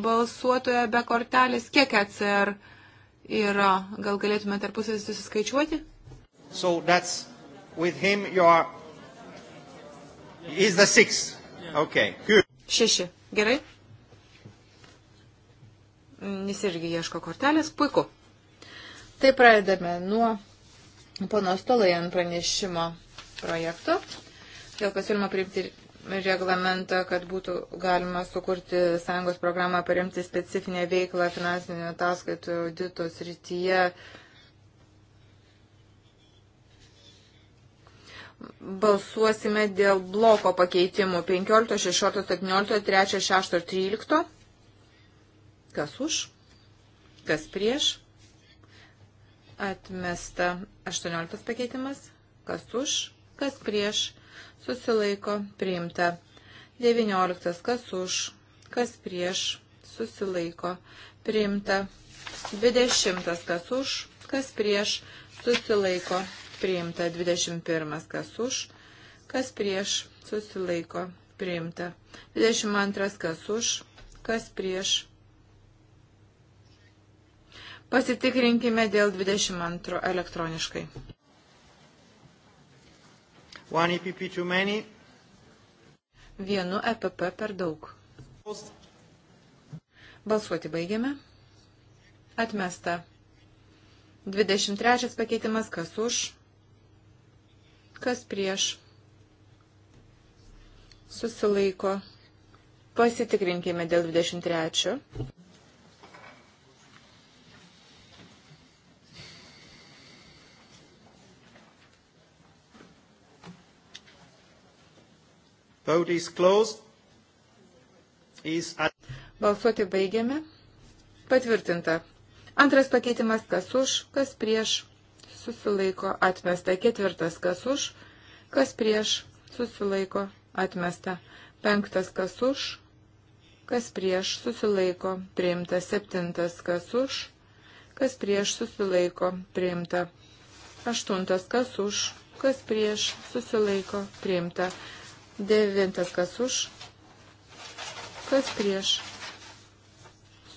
balsuotoją be kortelės. Kiek ECR balsuotojų? yra. Gal galėtume tarpusavį susiskaičiuoti? So that's with him you are. Is the six. Okay, good. Šeši. Gerai. Mm, jis irgi ieško kortelės. Puiku. Tai pradedame nuo pono Stolajan pranešimo projekto dėl pasiūlymo priimti reglamentą, kad būtų galima sukurti sąjungos programą paremti specifinę veiklą finansinių ataskaitų audito srityje. Balsuosime dėl bloko pakeitimų 15, 16, 17, 3, 6 ir 13. Kas už? Kas prieš? Atmesta 18 pakeitimas. Kas už? Kas prieš? susilaiko priimta. 19. Kas už, kas prieš, susilaiko priimta. 20. Kas už, kas prieš, susilaiko priimta. 21. Kas už, kas prieš, susilaiko priimta. 22. Kas už, kas prieš. Pasitikrinkime dėl 22 elektroniškai. One EPP too many. Vienu EPP per daug. Balsuoti baigiame. Atmesta. 23 pakeitimas kas už, kas prieš. Susilaiko. Pasitikrinkime dėl 23. Vote is closed. Is at... Balsuoti baigiame. Patvirtinta. Antras pakeitimas kas už, kas prieš. Susilaiko atmesta. Ketvirtas kas už, kas prieš. Susilaiko atmesta. Penktas kas už, kas prieš. Susilaiko priimta. Septintas kas už, kas prieš. Susilaiko priimta. Aštuntas kas už, kas prieš. Susilaiko priimta. Devintas kas už, kas prieš,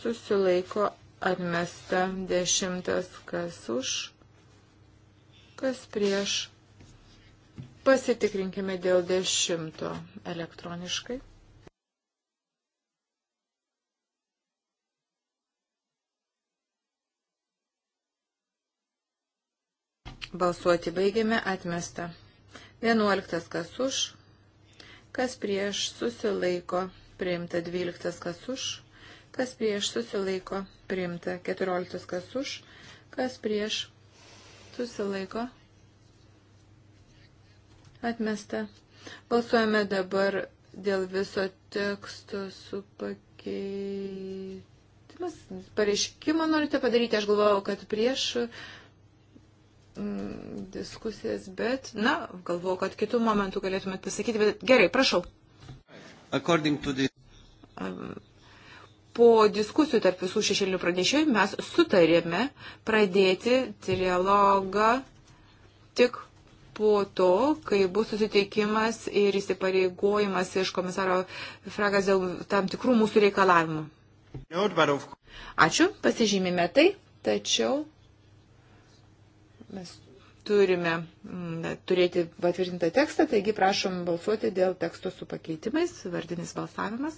susilaiko atmesta. Dešimtas kas už, kas prieš. Pasitikrinkime dėl dešimto elektroniškai. Balsuoti baigėme atmestą. 11 kas už, kas prieš susilaiko priimta 12 kas už, kas prieš susilaiko priimta 14 kas už, kas prieš susilaiko atmesta. Balsuojame dabar dėl viso teksto su pakeitimas. Pareiškimą norite padaryti, aš galvojau, kad prieš mm, diskusijas, bet, na, galvoju, kad kitų momentų galėtumėt pasakyti, bet gerai, prašau. The... Po diskusijų tarp visų šešėlių pranešėjų mes sutarėme pradėti trilogą tik po to, kai bus susitikimas ir įsipareigojimas iš komisaro Fragas dėl tam tikrų mūsų reikalavimų. Ačiū, pasižymime tai, tačiau Mes turime mm, turėti patvirtintą tekstą, taigi prašom balsuoti dėl teksto su pakeitimais, vardinis balsavimas.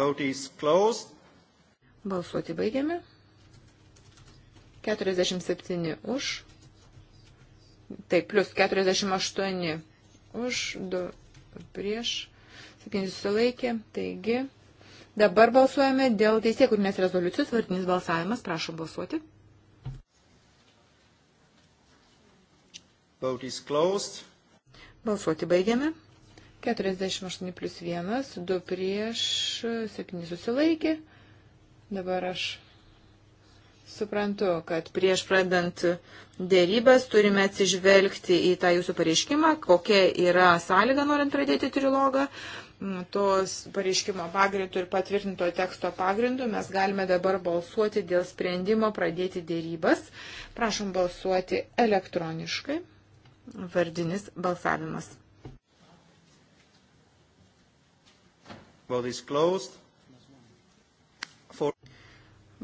Vote is closed. Balsuoti baigiame. 47 už. Taip, plus 48 už, 2 prieš, 7 susilaikė, taigi Dabar balsuojame dėl teisėkūrinės rezoliucijos vardinis balsavimas. Prašom balsuoti. Vote is closed. Balsuoti baigiame. 48 plus 1, 2 prieš, 7 susilaikė. Dabar aš suprantu, kad prieš pradant dėrybas turime atsižvelgti į tą jūsų pareiškimą, kokia yra sąlyga norint pradėti trilogą tos pareiškimo pagrindų ir patvirtinto teksto pagrindų mes galime dabar balsuoti dėl sprendimo pradėti dėrybas. Prašom balsuoti elektroniškai. Vardinis balsavimas. For...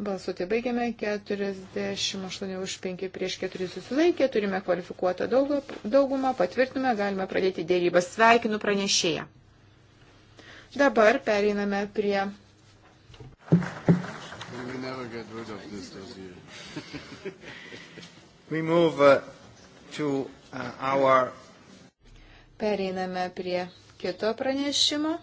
Balsuoti baigiame 48 už 5 prieš 4 susilaikę, turime kvalifikuotą daugumą, patvirtiname, galime pradėti dėrybas. Sveikinu pranešėją. Dabar pereiname prie. move, uh, to, uh, our... Pereiname prie kito pranešimo.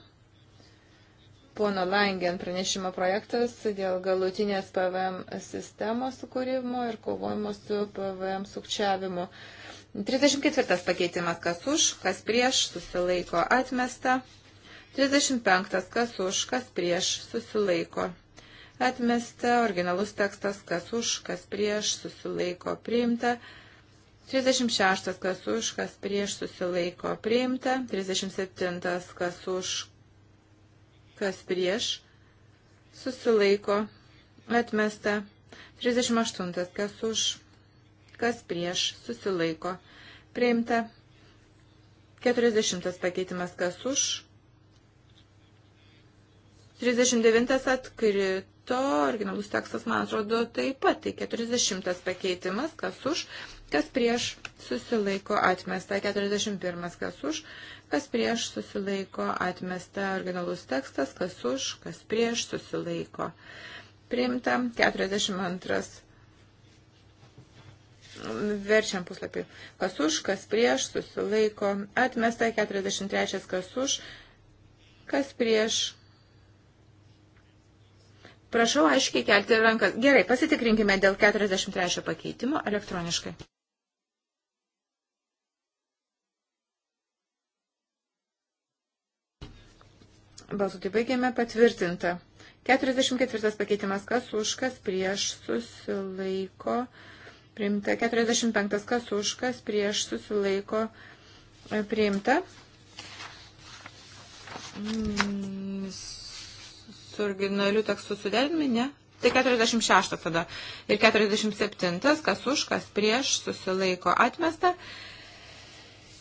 Pono Langen pranešimo projektas dėl galutinės PVM sistemos sukūrimo ir kovojimo su PVM sukčiavimu. 34 pakeitimas, kas už, kas prieš, susilaiko atmesta. 35. Kas už, kas prieš, susilaiko. Atmesta originalus tekstas, kas už, kas prieš, susilaiko, priimta. 36. Kas už, kas prieš, susilaiko, priimta. 37. Kas už, kas prieš, susilaiko, atmesta. 38. Kas už, kas prieš, susilaiko, priimta. 40. Pakeitimas, kas už, 39 atkrito, originalus tekstas, man atrodo, taip pat. Tai 40 pakeitimas, kas už, kas prieš susilaiko atmesta. 41 kas už, kas prieš susilaiko atmesta. Originalus tekstas, kas už, kas prieš susilaiko. Priimta 42. Verčiam puslapį. Kas už, kas prieš susilaiko. Atmesta 43. Kas už, kas prieš Prašau aiškiai kelti rankas. Gerai, pasitikrinkime dėl 43 pakeitimo elektroniškai. Balsų tai baigėme patvirtinta. 44 pakeitimas kas už, kas prieš susilaiko. Priimta. 45 kas už, kas prieš susilaiko. Priimta. Mm, su originaliu tekstu suderinami, ne? Tai 46 tada. Ir 47, kas už, kas prieš, susilaiko atmesta.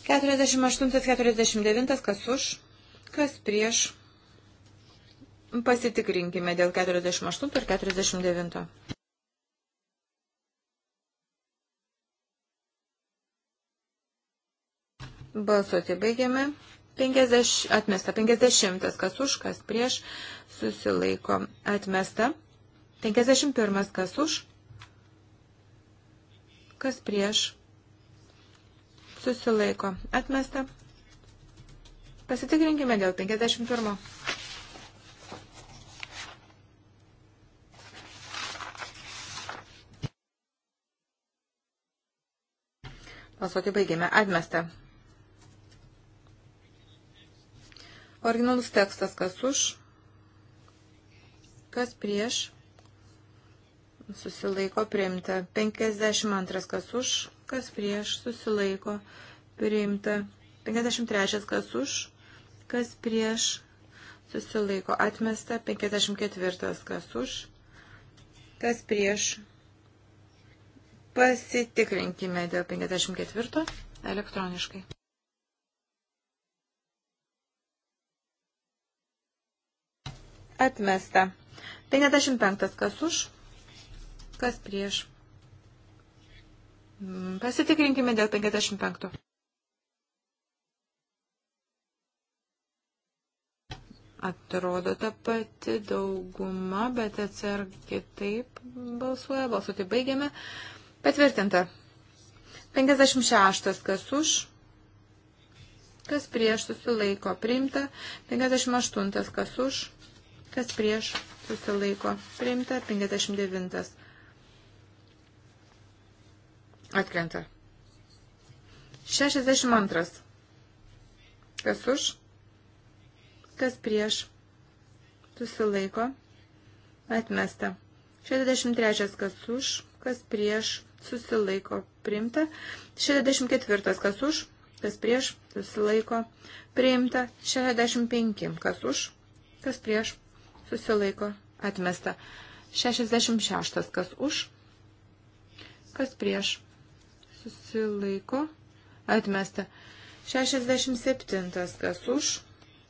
48, 49, kas už, kas prieš. Pasitikrinkime dėl 48 ir 49. Balsuoti baigiame. 50, atmesta 50, kas už, kas prieš, susilaiko atmesta. 51 kas už, kas prieš susilaiko atmesta. Pasitikrinkime dėl 51. Balsuoti baigėme. Atmesta. Originalus tekstas kas už, Kas prieš? Susilaiko priimta. 52. Kas už? Kas prieš? Susilaiko priimta. 53. Kas už? Kas prieš? Susilaiko atmesta. 54. Kas už? Kas prieš? Pasitikrinkime dėl 54 elektroniškai. Atmesta. 55. Kas už? Kas prieš? Mm, pasitikrinkime dėl 55. Atrodo ta pati dauguma, bet atsar kitaip balsuoja. Balsuoti baigiame. Patvirtinta. 56. Kas už? Kas prieš susilaiko? Priimta. 58. Kas už? Kas prieš susilaiko priimta, 59 atkrenta. 62 kas už, kas prieš, susilaiko atmesta. 63 kas už, kas prieš, susilaiko priimta. 64 kas už, kas prieš, susilaiko priimta. 65 kas už, kas prieš, susilaiko atmesta. 66 kas už, kas prieš susilaiko atmesta. 67 kas už,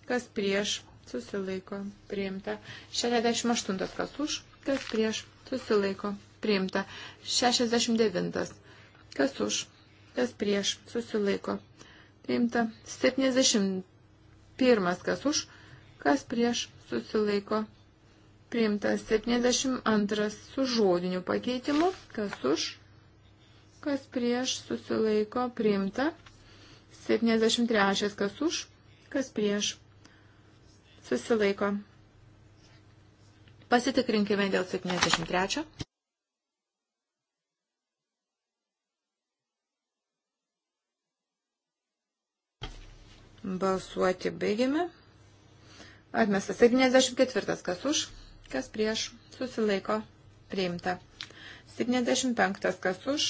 kas prieš susilaiko priimta. 68 kas už, kas prieš susilaiko priimta. 69 kas už, kas prieš susilaiko priimta. 71 kas už, kas prieš susilaiko priimtas 72 su žodiniu pakeitimu, kas už, kas prieš susilaiko priimta 73 kas už, kas prieš susilaiko. Pasitikrinkime dėl 73. Balsuoti baigiame. Atmestas 74. Kas už, kas prieš, susilaiko, priimta. 75. Kas už,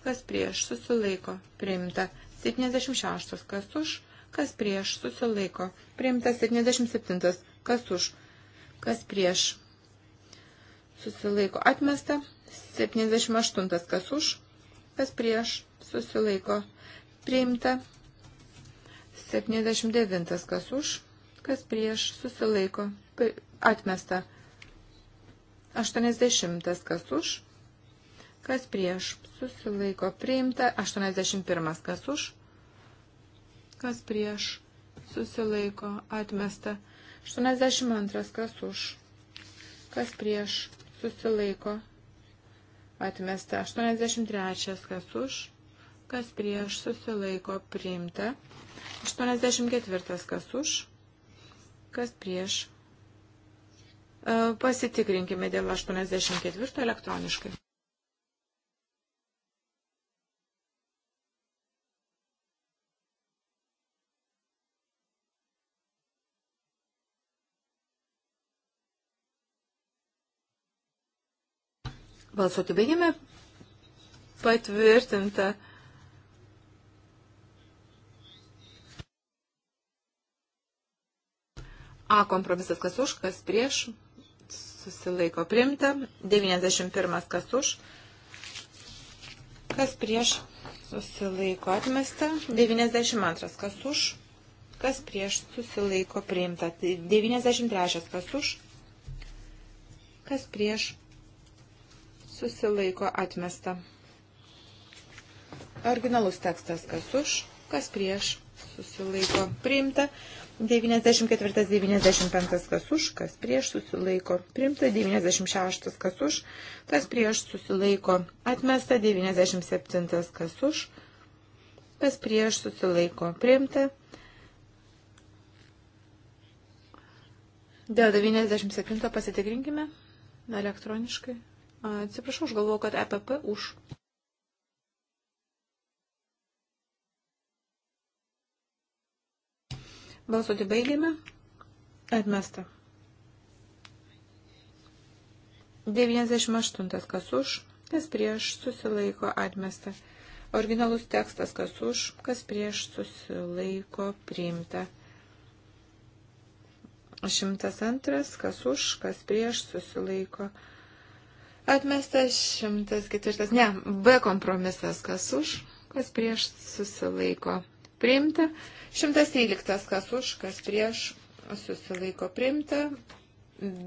kas prieš, susilaiko, priimta. 76. Kas už, kas prieš, susilaiko, priimta. 77. Kas už, kas prieš, susilaiko, atmesta. 78. Kas už, kas prieš, susilaiko, priimta. 79. Kas už, kas prieš susilaiko atmesta. 80 kas už, kas prieš susilaiko priimta. 81 kas už, kas prieš susilaiko atmesta. 82 kas už, kas prieš susilaiko atmesta. 83 kas už, kas prieš susilaiko priimta. 84 kas už kas prieš. E, pasitikrinkime dėl 84 elektroniškai. Balsuoti baigėme. Patvirtinta A kompromisas kas už, kas prieš, susilaiko primta. 91 kas už, kas prieš, susilaiko atmesta. 92 kas už, kas prieš, susilaiko primta. 93 kas už, kas prieš, susilaiko atmesta. Originalus tekstas kas už, kas prieš, susilaiko primta. 94-95 kas už, kas prieš susilaiko. Primta 96 kas už, kas prieš susilaiko. Atmesta 97 kas už, kas prieš susilaiko. Primta. Dėl 97 pasitikrinkime elektroniškai. Atsiprašau, aš galvoju, kad EPP už. Balsuoti baigiame. Atmesta. 98. Kas už, kas prieš, susilaiko atmesta. Originalus tekstas, kas už, kas prieš, susilaiko priimta. 102. Kas už, kas prieš, susilaiko atmesta. Atmestas šimtas ketvirtas. Ne, B kompromisas. Kas už, kas prieš susilaiko priimta. 113 kas už, kas prieš susilaiko priimta.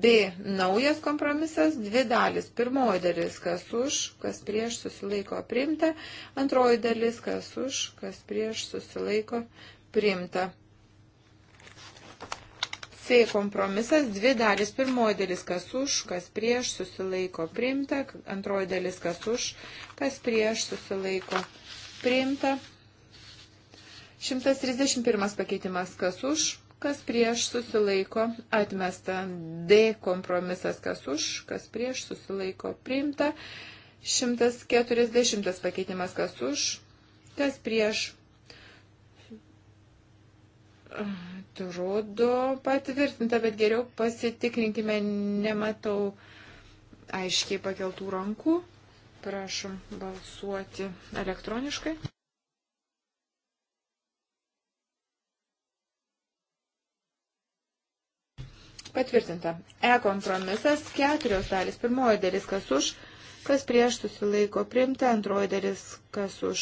B. Naujas kompromisas, dvi dalis. Pirmoji dalis, kas už, kas prieš susilaiko priimta. Antroji dalis, kas už, kas prieš susilaiko priimta. C kompromisas, dvi dalis, pirmoji dalis kas už, kas prieš, susilaiko priimta, antroji dalis kas už, kas prieš, susilaiko priimta. 131 pakeitimas kas už, kas prieš susilaiko, atmesta. D kompromisas kas už, kas prieš susilaiko, priimta. 140 pakeitimas kas už, kas prieš atrodo patvirtinta, bet geriau pasitikrinkime, nematau aiškiai pakeltų rankų. Prašom balsuoti elektroniškai. Patvirtinta. E kompromisas keturios dalis. Pirmoji dalis kas už, kas prieš susilaiko priimta. Antroji dalis kas už,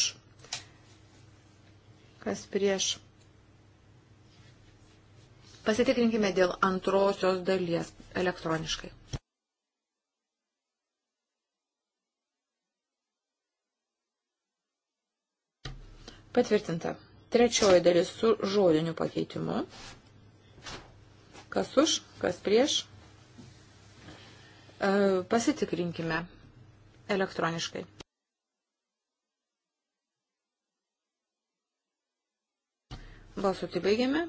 kas prieš. Pasitikrinkime dėl antrosios dalies elektroniškai. Patvirtinta. Trečioji dalis su žodiniu pakeitimu. Kas už, kas prieš. E, pasitikrinkime elektroniškai. Balsuoti baigiame.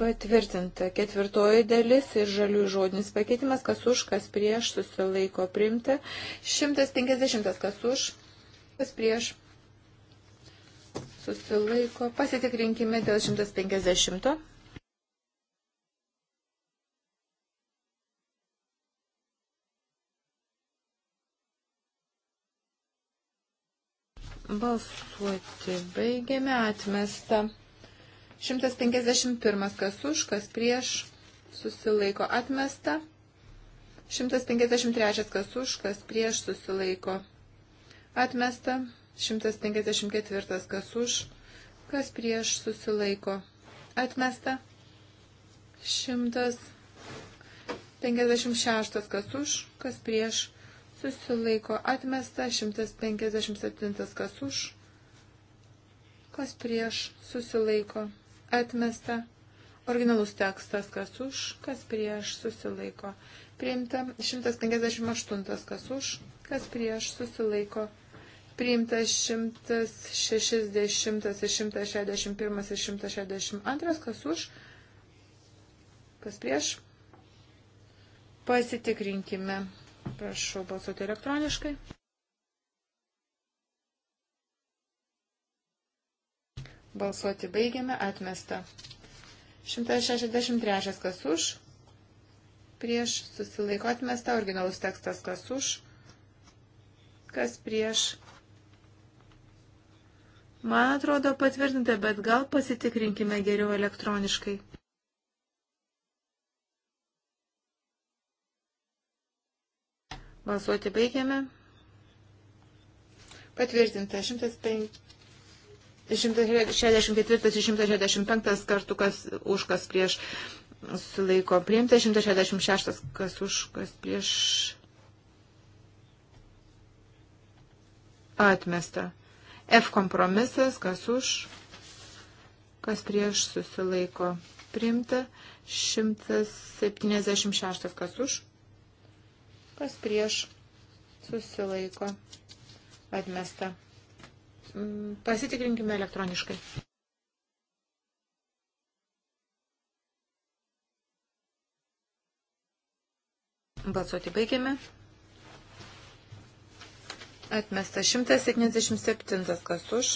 Patvirtinta ketvirtoji dalis ir žalių žodinis pakeitimas, kas už, kas prieš, susilaiko primta. 150 kas už, kas prieš, susilaiko. Pasitikrinkime dėl 150. Balsuoti baigiame atmestą. 151 kas už, kas prieš susilaiko atmesta. 153 kas už, kas prieš susilaiko atmesta. 154 kas už, kas prieš susilaiko atmesta. 156 kas už, kas prieš susilaiko atmesta, 157 kas už, kas prieš, susilaiko atmesta, originalus tekstas kas už, kas prieš, susilaiko priimta, 158 kas už, kas prieš, susilaiko priimta 160, 161 ir 162 kas už, kas prieš, pasitikrinkime. Prašau balsuoti elektroniškai. Balsuoti baigiame, atmesta. 163 kas už, prieš susilaiko atmesta, originalus tekstas kas už, kas prieš. Man atrodo patvirtinta, bet gal pasitikrinkime geriau elektroniškai. Balsuoti baigiame. Patvirtinta 164-165 kartų, kas už kas prieš sulaiko priimta, 166 kas už kas prieš atmesta. F kompromisas, kas už, kas prieš susilaiko priimta, 176 kas už kas prieš susilaiko atmesta. Mm, pasitikrinkime elektroniškai. Balsuoti baigiame. Atmesta 177 kas už.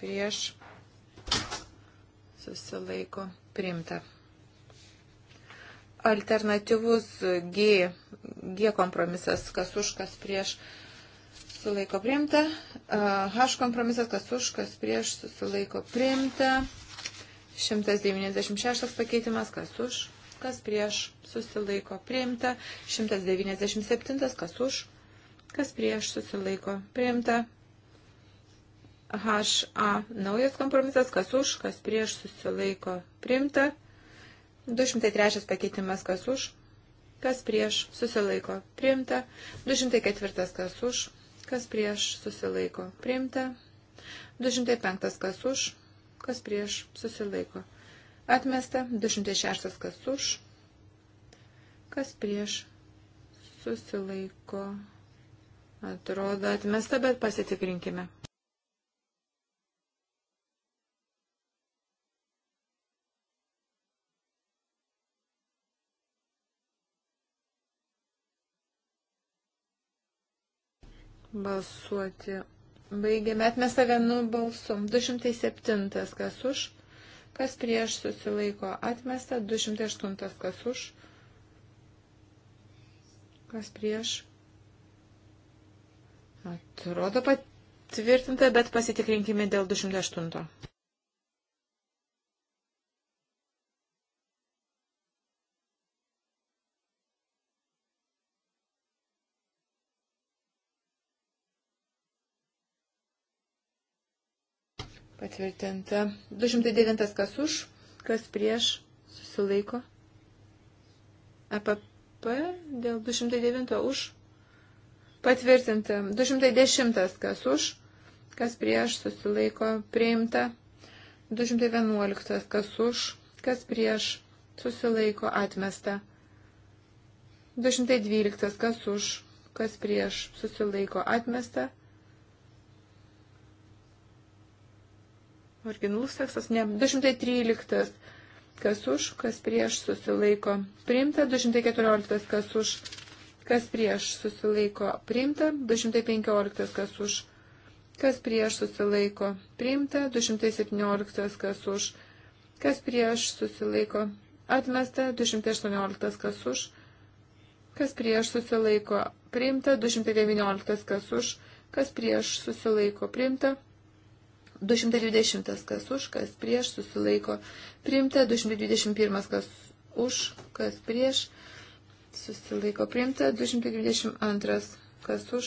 Prieš susilaiko primta. Alternatyvus G, G kompromisas, kas už, kas prieš sulaiko priimta. H kompromisas, kas už, kas prieš sulaiko priimta. 196 pakeitimas, kas už, kas prieš susilaiko priimta. 197, kas už, kas prieš susilaiko priimta. HA naujas kompromisas, kas už, kas prieš susilaiko priimta. 203 pakeitimas kas už, kas prieš susilaiko priimta, 204 kas už, kas prieš susilaiko priimta, 205 kas už, kas prieš susilaiko atmesta, 206 kas už, kas prieš susilaiko atrodo atmesta, bet pasitikrinkime. Balsuoti. Baigėme atmestą vienu balsu. 207. Kas už? Kas prieš susilaiko atmesta? 208. Kas už? Kas prieš? Atrodo patvirtinta, bet pasitikrinkime dėl 208. Patvirtinta. 209 kas už, kas prieš, susilaiko. EPP dėl 209 už. Patvirtinta. 210 kas už, kas prieš, susilaiko. Priimta. 211 kas už, kas prieš, susilaiko. Atmesta. 212 kas už, kas prieš, susilaiko. Atmesta. originalus tekstas, ne, 213, kas už, kas prieš susilaiko priimta, 214, kas už, kas prieš susilaiko priimta, 215, kas už, kas prieš susilaiko priimta, 217, kas už, kas prieš susilaiko atmesta, 218, kas už, kas prieš susilaiko priimta, 219, kas už, kas prieš susilaiko priimta, 220 kas už, kas prieš, susilaiko priimta, 221 kas už, kas prieš, susilaiko priimta, 222 kas už,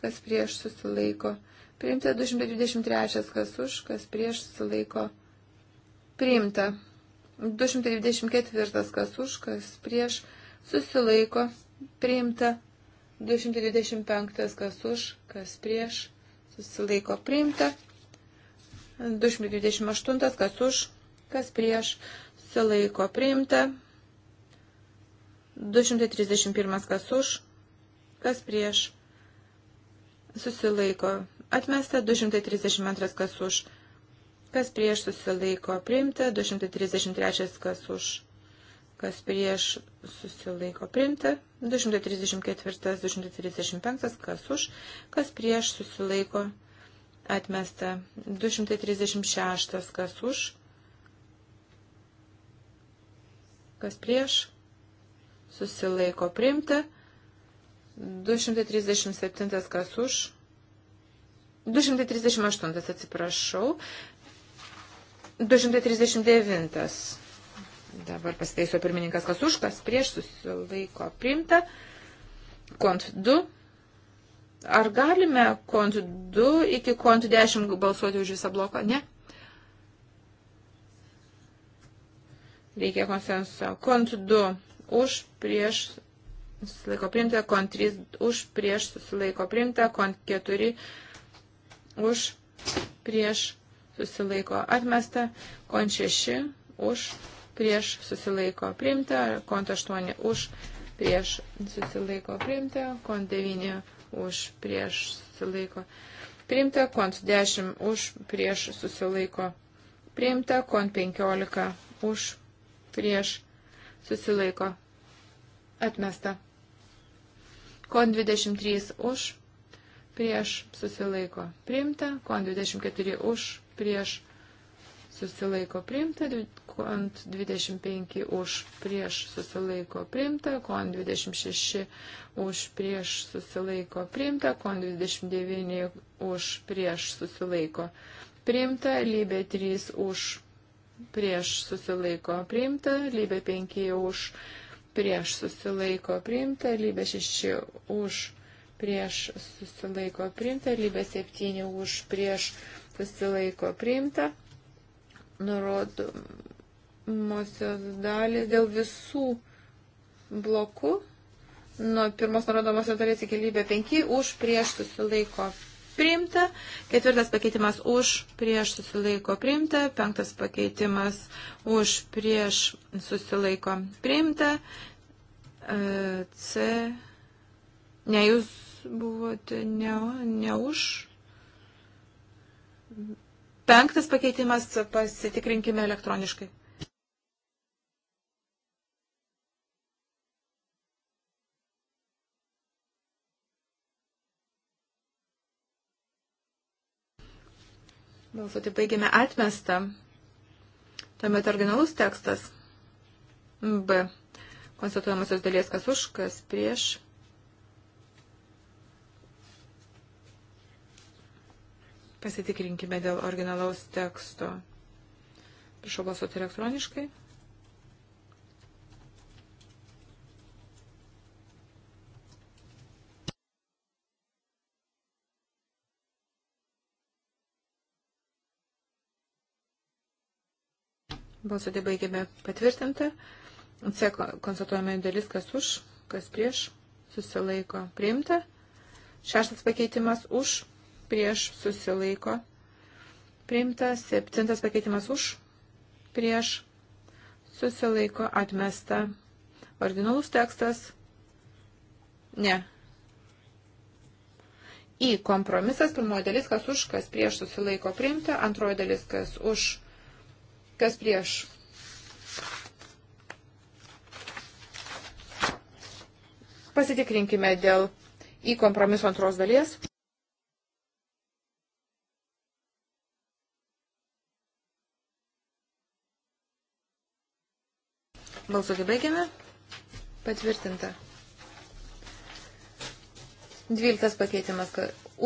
kas prieš, susilaiko priimta, 223 kas už, kas prieš, susilaiko priimta, 224 kas už, kas prieš, susilaiko priimta, 225 kas už, kas prieš, susilaiko priimta. 228, kas už, kas prieš, susilaiko priimta. 231, kas už, kas prieš, susilaiko atmesta. 232, kas už, kas prieš, susilaiko priimta. 233, kas už, kas prieš, susilaiko priimta. 234, 235, kas už, kas prieš, susilaiko priimta Atmesta. 236. Kas už? Kas prieš? Susilaiko priimta. 237. Kas už? 238. Atsiprašau. 239. Dabar pasitaiso pirmininkas, kas už, kas prieš, susilaiko priimta. Kont 2, Ar galime kont 2 iki kont 10 balsuoti už visą bloką? Ne. Reikia konsensuso. Kont 2 už prieš susilaiko priimta, kont 3 už prieš susilaiko priimta, kont 4 už prieš susilaiko atmesta, kont 6 už prieš susilaiko priimta, kont 8 už prieš susilaiko priimta, kont 9 už prieš susilaiko. Priimta kont 10 už prieš susilaiko. Priimta kont 15 už prieš susilaiko. Atmesta. Kon 23 už prieš susilaiko. Priimta. Kon 24 už prieš susilaiko priimta, kont 25 už prieš susilaiko priimta, kont 26 už prieš susilaiko priimta, kont 29 už prieš susilaiko priimta, lybė 3 už prieš susilaiko priimta, lybė 5 už prieš susilaiko priimta, lybė 6 už prieš susilaiko priimta, lybė 7 už prieš susilaiko priimta nurodomosios dalys dėl visų blokų. Nuo pirmos nurodomosios dalies iki lybė 5 už prieš susilaiko priimta. Ketvirtas pakeitimas už prieš susilaiko priimta. Penktas pakeitimas už prieš susilaiko priimta. E, C. Ne, jūs buvote ne, ne už. Penktas pakeitimas pasitikrinkime elektroniškai. Balsuoti baigėme atmestą. Tuomet originalus tekstas. B. Konstatuojamosios dalies kas už, kas prieš Pasitikrinkime dėl originalaus teksto. Prašau balsuoti elektroniškai. Balsuoti baigėme patvirtinti. C konstatuojame dalis, kas už, kas prieš, susilaiko priimta. Šeštas pakeitimas už prieš susilaiko priimta. Septintas pakeitimas už prieš susilaiko atmesta. Originalus tekstas. Ne. Į kompromisas pirmoji dalis, kas už, kas prieš susilaiko priimta, antroji dalis, kas už, kas prieš. Pasitikrinkime dėl į kompromiso antros dalies. Balsuoti baigiame. Patvirtinta. Dvyliktas pakeitimas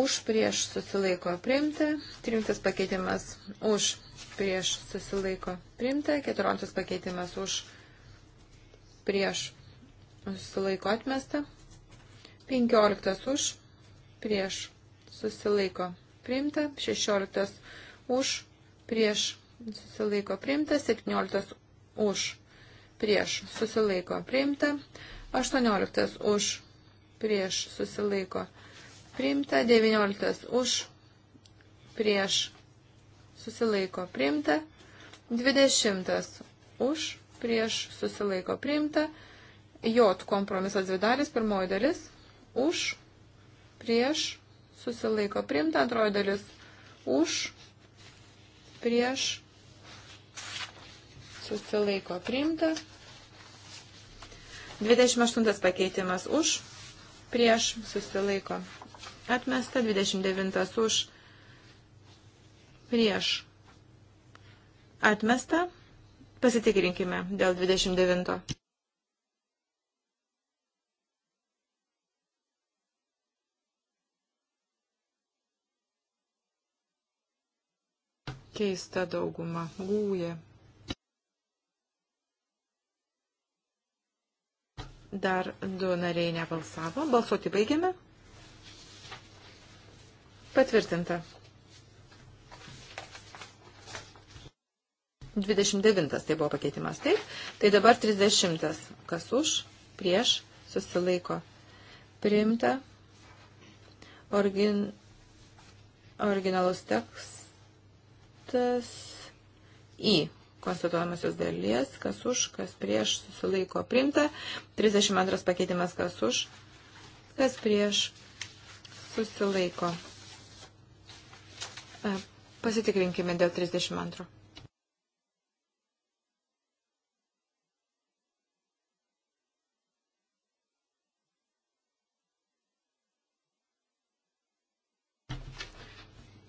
už prieš susilaiko priimta. Tryliktas pakeitimas už prieš susilaiko priimta. Keturioliktas pakeitimas už prieš susilaiko atmesta. Penkioliktas už prieš susilaiko priimta. Šešioliktas už prieš susilaiko priimta. Septynioliktas už prieš susilaiko priimta, 18 už prieš susilaiko priimta, 19 už prieš susilaiko priimta, 20 už prieš susilaiko priimta, J kompromisas dvi dalis, pirmoji dalis už prieš susilaiko priimta, antroji dalis už prieš susilaiko priimta. 28 pakeitimas už, prieš susilaiko atmesta, 29 už, prieš atmesta. Pasitikrinkime dėl 29. Keista dauguma gūja. Dar du nariai nebalsavo. Balsuoti baigiame. Patvirtinta. 29 tai buvo pakeitimas, taip. Tai dabar 30. Kas už, prieš, susilaiko. Priimta. Origin, originalus tekstas į konstatuojamosios dalies, kas už, kas prieš, susilaiko primta. 32 pakeitimas, kas už, kas prieš, susilaiko. E, pasitikrinkime dėl 32.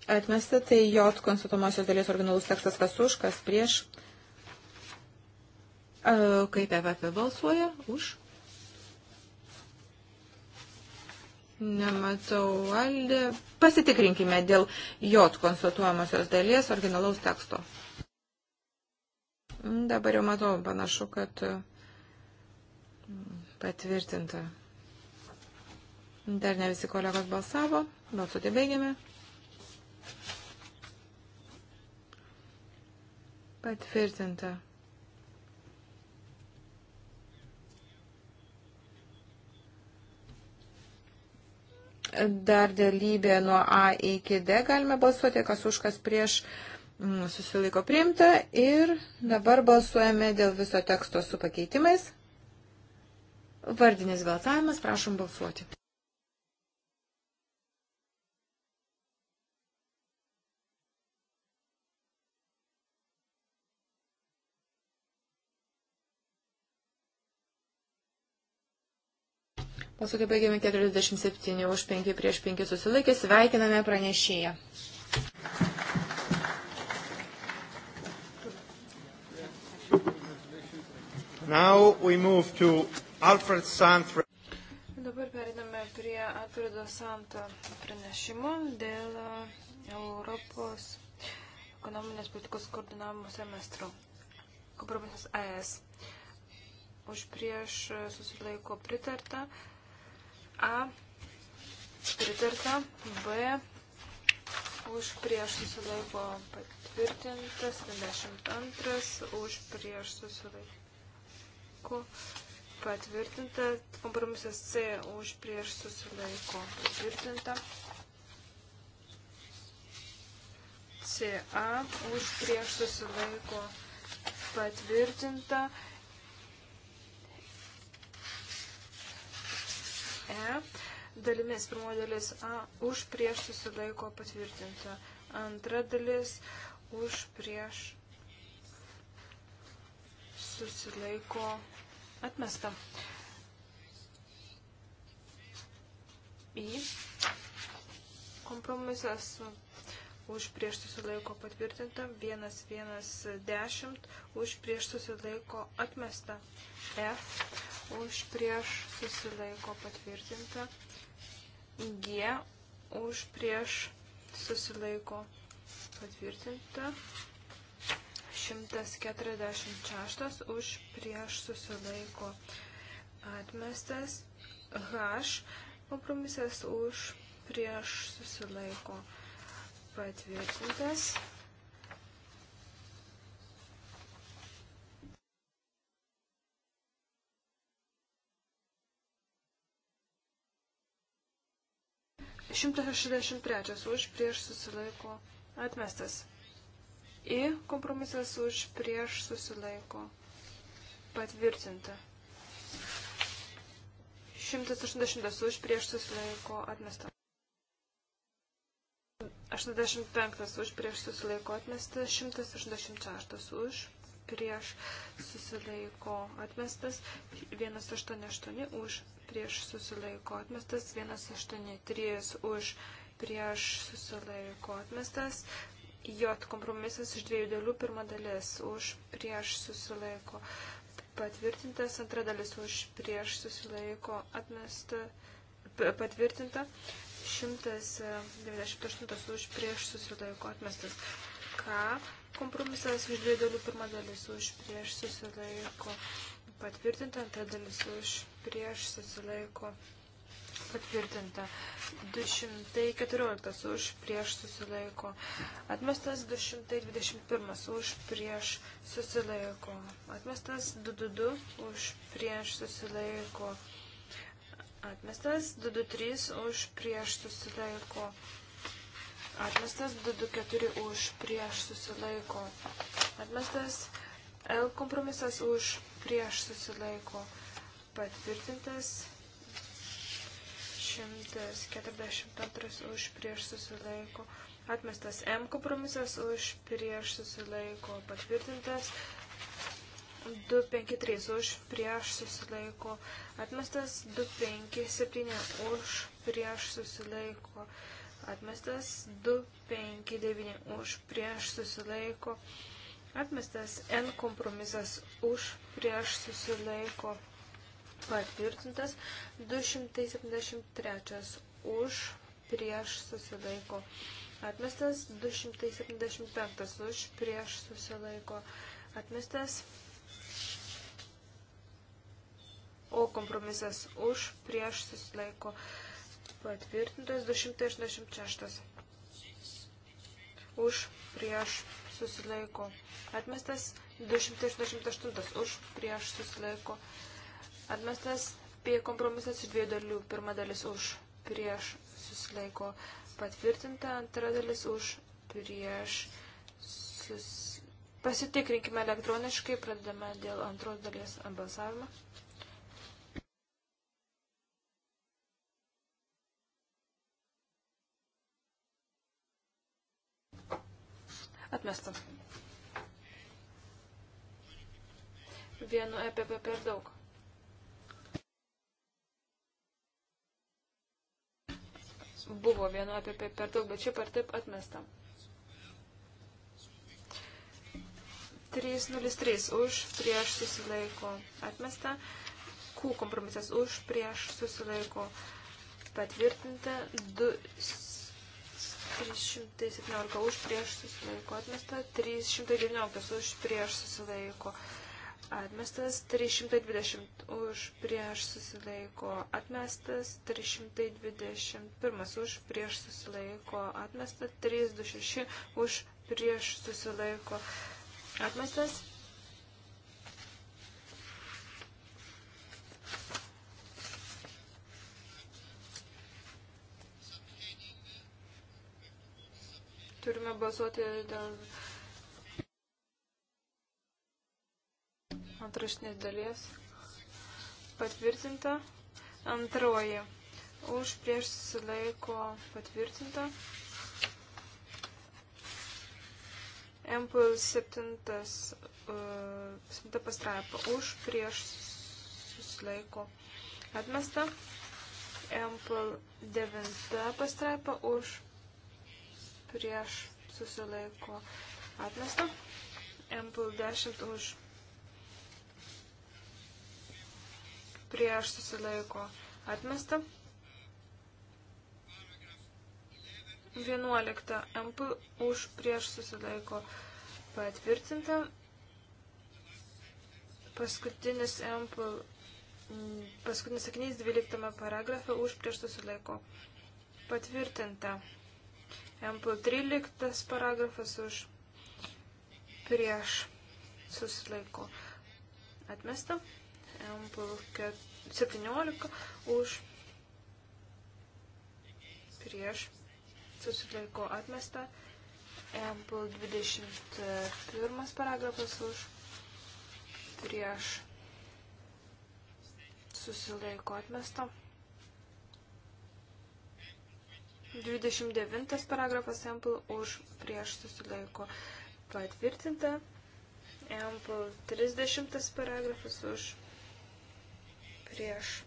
Atmesta tai J konstatomosios dalies originalus tekstas kas už, kas prieš. E, kaip EVP balsuoja? Už. Nematau, Aldė. Pasitikrinkime dėl J konstatuojamosios dalies originalaus teksto. Dabar jau matau, panašu, kad mm, patvirtinta. Dar ne visi kolegos balsavo. Balsuoti baigiame. Patvirtinta. Dar dėlybė nuo A iki D galime balsuoti, kas už kas prieš mm, susilaiko priimta. Ir dabar balsuojame dėl viso teksto su pakeitimais. Vardinis balsavimas, prašom balsuoti. Paskui baigėme 47 už 5 prieš 5 susilaikė. Sveikiname pranešėją. Sant... Dabar periname prie Alfredo Santo pranešimo dėl uh, Europos ekonominės politikos koordinavimo semestro. Kompromisas AS. Už prieš susilaiko pritarta. A. Pritarta. B. Už prieš susilaiko patvirtintas. 72. Už prieš susilaiko patvirtinta. Kompromisas C. Už prieš susilaiko patvirtinta. CA. Už prieš susilaiko patvirtinta. E. Dalimis pirmoji dalis A už prieš susilaiko patvirtinta. Antra dalis už prieš susilaiko atmesta. I. Kompromisas už prieš susilaiko patvirtinta, 1-1-10 už prieš susilaiko atmesta, F už prieš susilaiko patvirtinta. G už prieš susilaiko patvirtinta. 146 už prieš susilaiko atmestas. H kompromisas už prieš susilaiko patvirtintas. 163 už prieš susilaiko atmestas. Į kompromisas už prieš susilaiko patvirtinta. 180 už prieš susilaiko atmesta. 85 už prieš susilaiko atmesta. 186 už prieš susilaiko atmestas, 188 už prieš susilaiko atmestas, 183 už prieš susilaiko atmestas, J kompromisas iš dviejų dalių, pirma dalis už prieš susilaiko patvirtintas, antra dalis už prieš susilaiko atmesta, patvirtinta, 198 e, už prieš susilaiko atmestas. K. Kompromisas iš dviejų dalių. Pirma dalis už prieš susilaiko patvirtinta. Antra dalis už prieš susilaiko patvirtinta. 214 už prieš susilaiko. Atmestas 221 už prieš susilaiko. Atmestas 22 už prieš susilaiko. Atmestas 223 už prieš susilaiko. Atmestas 224 už prieš susilaiko. Atmestas L kompromisas už prieš susilaiko. Patvirtintas 142 už prieš susilaiko. Atmestas M kompromisas už prieš susilaiko. Patvirtintas 253 už prieš susilaiko. Atmestas 257 už prieš susilaiko. Atmestas, atmestas 259 už prieš susilaiko, atmestas N kompromisas už prieš susilaiko, patvirtintas 273 už prieš susilaiko, atmestas 275 už prieš susilaiko, atmestas O kompromisas už prieš susilaiko, atmestas Patvirtintas 286. Už prieš susilaiko. Atmestas 288. Už prieš susilaiko. Atmestas P kompromisas iš dviejų dalių. Pirma dalis už prieš susilaiko. Patvirtinta antra dalis už prieš susilaiko. Pasitikrinkime elektroniškai, pradedame dėl antros dalies balsavimą. Atmesta. Vienu EPP per daug. Buvo vienu EPP per daug, bet šiaip ar taip atmesta. 303 už, prieš susilaiko atmesta. Q kompromisas už, prieš susilaiko patvirtinta. 2 317 už prieš susilaiko atmesta, 319 už prieš susilaiko atmestas, 320 už prieš susilaiko atmestas, 321 už prieš susilaiko atmestas, 326 už prieš susilaiko atmestas. turime balsuoti dėl antrašinės dalies. Patvirtinta. Antroji. Už prieš susilaiko patvirtinta. MPL 7, 7 pastraipa. Už prieš susilaiko atmesta. MPL 9 pastraipa. Už prieš susilaiko atmesta. Ampul 10 už prieš susilaiko atmesta. 11 ampul už prieš susilaiko patvirtinta. Paskutinis ampul paskutinis sakinys 12 paragrafe už prieš susilaiko patvirtinta. MP13 paragrafas už prieš susilaiko atmesta. MP17 už prieš susilaiko atmesta. MP21 paragrafas už prieš susilaiko atmesta. 29 paragrafas Ample už prieš susilaiko patvirtinta. Ample 30 paragrafas už prieš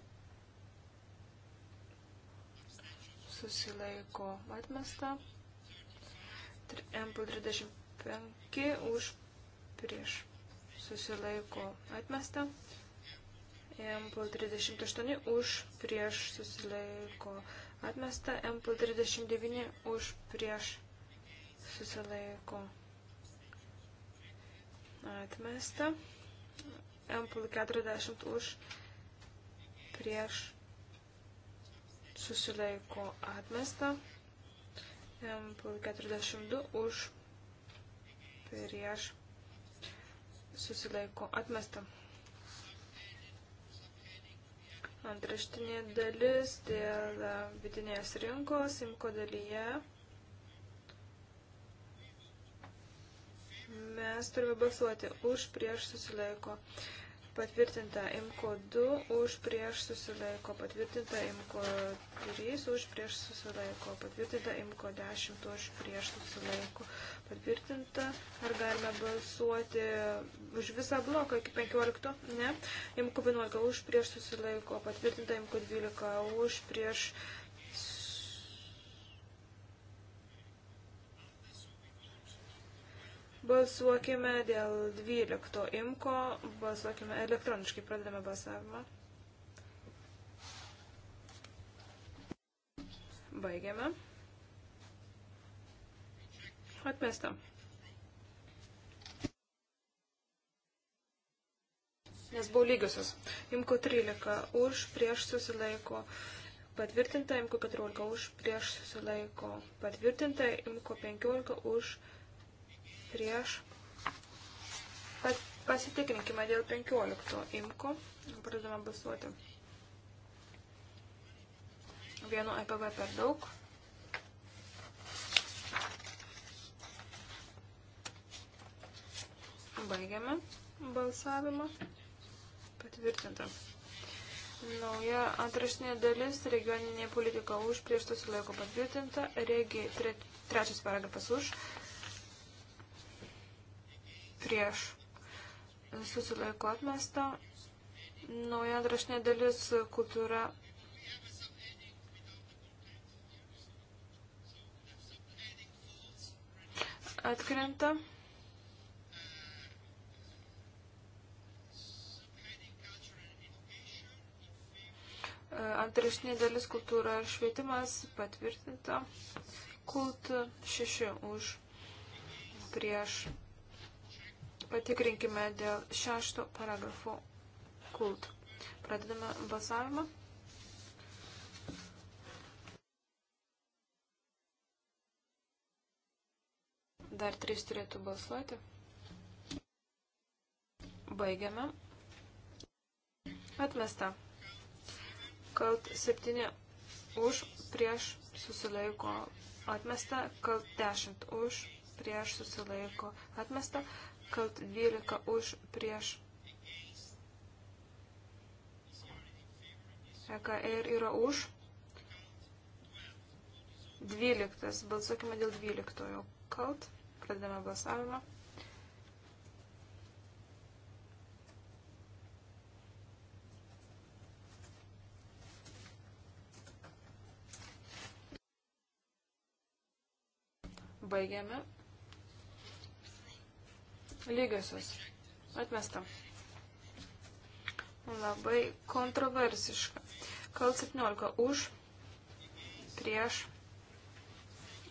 susilaiko atmesta. Ample 35 už prieš susilaiko atmesta. Ample 38 už prieš susilaiko atmesta. Atmesta MP39 už prieš susilaiko. Atmesta. MP40 už prieš susilaiko. Atmesta. MP42 už prieš susilaiko. Atmesta. Antraštinė dalis dėl e, vidinės rinkos, imko dalyje. Mes turime balsuoti už prieš susilaiko patvirtinta imko 2, už prieš susilaiko patvirtinta imko 3, už prieš susilaiko patvirtinta imko 10, už prieš susilaiko patvirtinta. Ar galime balsuoti už visą bloką iki 15? Ne. Imko 11 už prieš susilaiko patvirtinta, imko 12 už prieš Balsuokime dėl 12 imko, balsuokime elektroniškai, pradedame balsavimą. Baigiame. Atmesta. Nes buvo lygiosios. Imko 13 už, prieš susilaiko patvirtinta, imko 14 už, prieš susilaiko patvirtinta, imko 15 už, prieš susilaiko patvirtinta prieš. Pasitikrinkime dėl 15 imko. Pradedame balsuoti. Vienu EPV per daug. Baigiame balsavimą. Patvirtinta. Nauja antrašinė dalis, regioninė politika už, prieš susilaiko patvirtinta, regi tre, trečias paragrafas už, prieš susilaiko atmesta. Nauja antrašinė dalis kultūra. Atkrenta. Antrašinė dalis kultūra ir švietimas patvirtinta. Kult 6 už prieš Patikrinkime dėl šešto paragrafo kult. Pradedame balsavimą. Dar trys turėtų balsuoti. Baigiame. Atmesta. Kalt 7 už, prieš susilaiko atmesta. Kalt 10 už, prieš susilaiko atmesta kad 12 už prieš. EKR e yra už. 12. Balsuokime dėl 12. Kalt. Pradedame balsavimą. Baigiame lygiosios. Atmesta. Labai kontroversiška. Kal 17 už, prieš,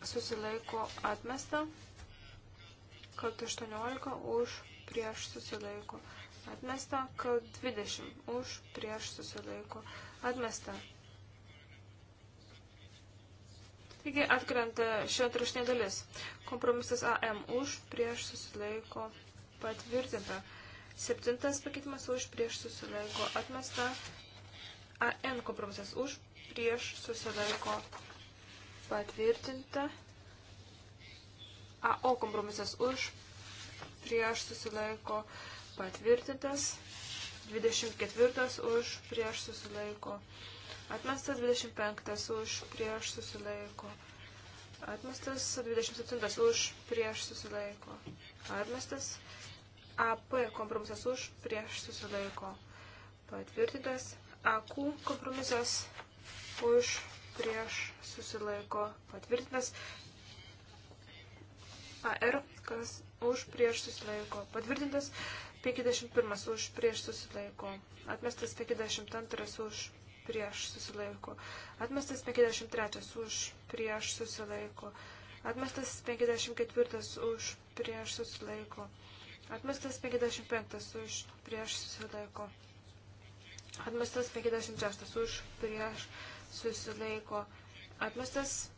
susilaiko atmesta. Kal 18 už, prieš, susilaiko atmesta. Kal 20 už, prieš, susilaiko atmesta. Taigi atkrenta šio trašinė dalis. Kompromisas AM už, prieš, susilaiko atmesta patvirtinta. Septintas pakeitimas už prieš susilaiko atmesta. AN kompromisas už prieš susilaiko patvirtinta. AO kompromisas už prieš susilaiko patvirtintas. 24 už prieš susilaiko atmestas. 25 už prieš susilaiko atmestas. 27 už prieš susilaiko atmestas. AP kompromisas už, prieš susilaiko patvirtintas. AQ kompromisas už, prieš susilaiko patvirtintas. AR kas už, prieš susilaiko patvirtintas. 51 už, prieš susilaiko atmestas. 52 už, prieš susilaiko atmestas. 53 už, prieš susilaiko atmestas. 54 už, prieš susilaiko atmestas Atmestas 55 už prieš susilaiko. Atmestas 56 už prieš susilaiko. Atmestas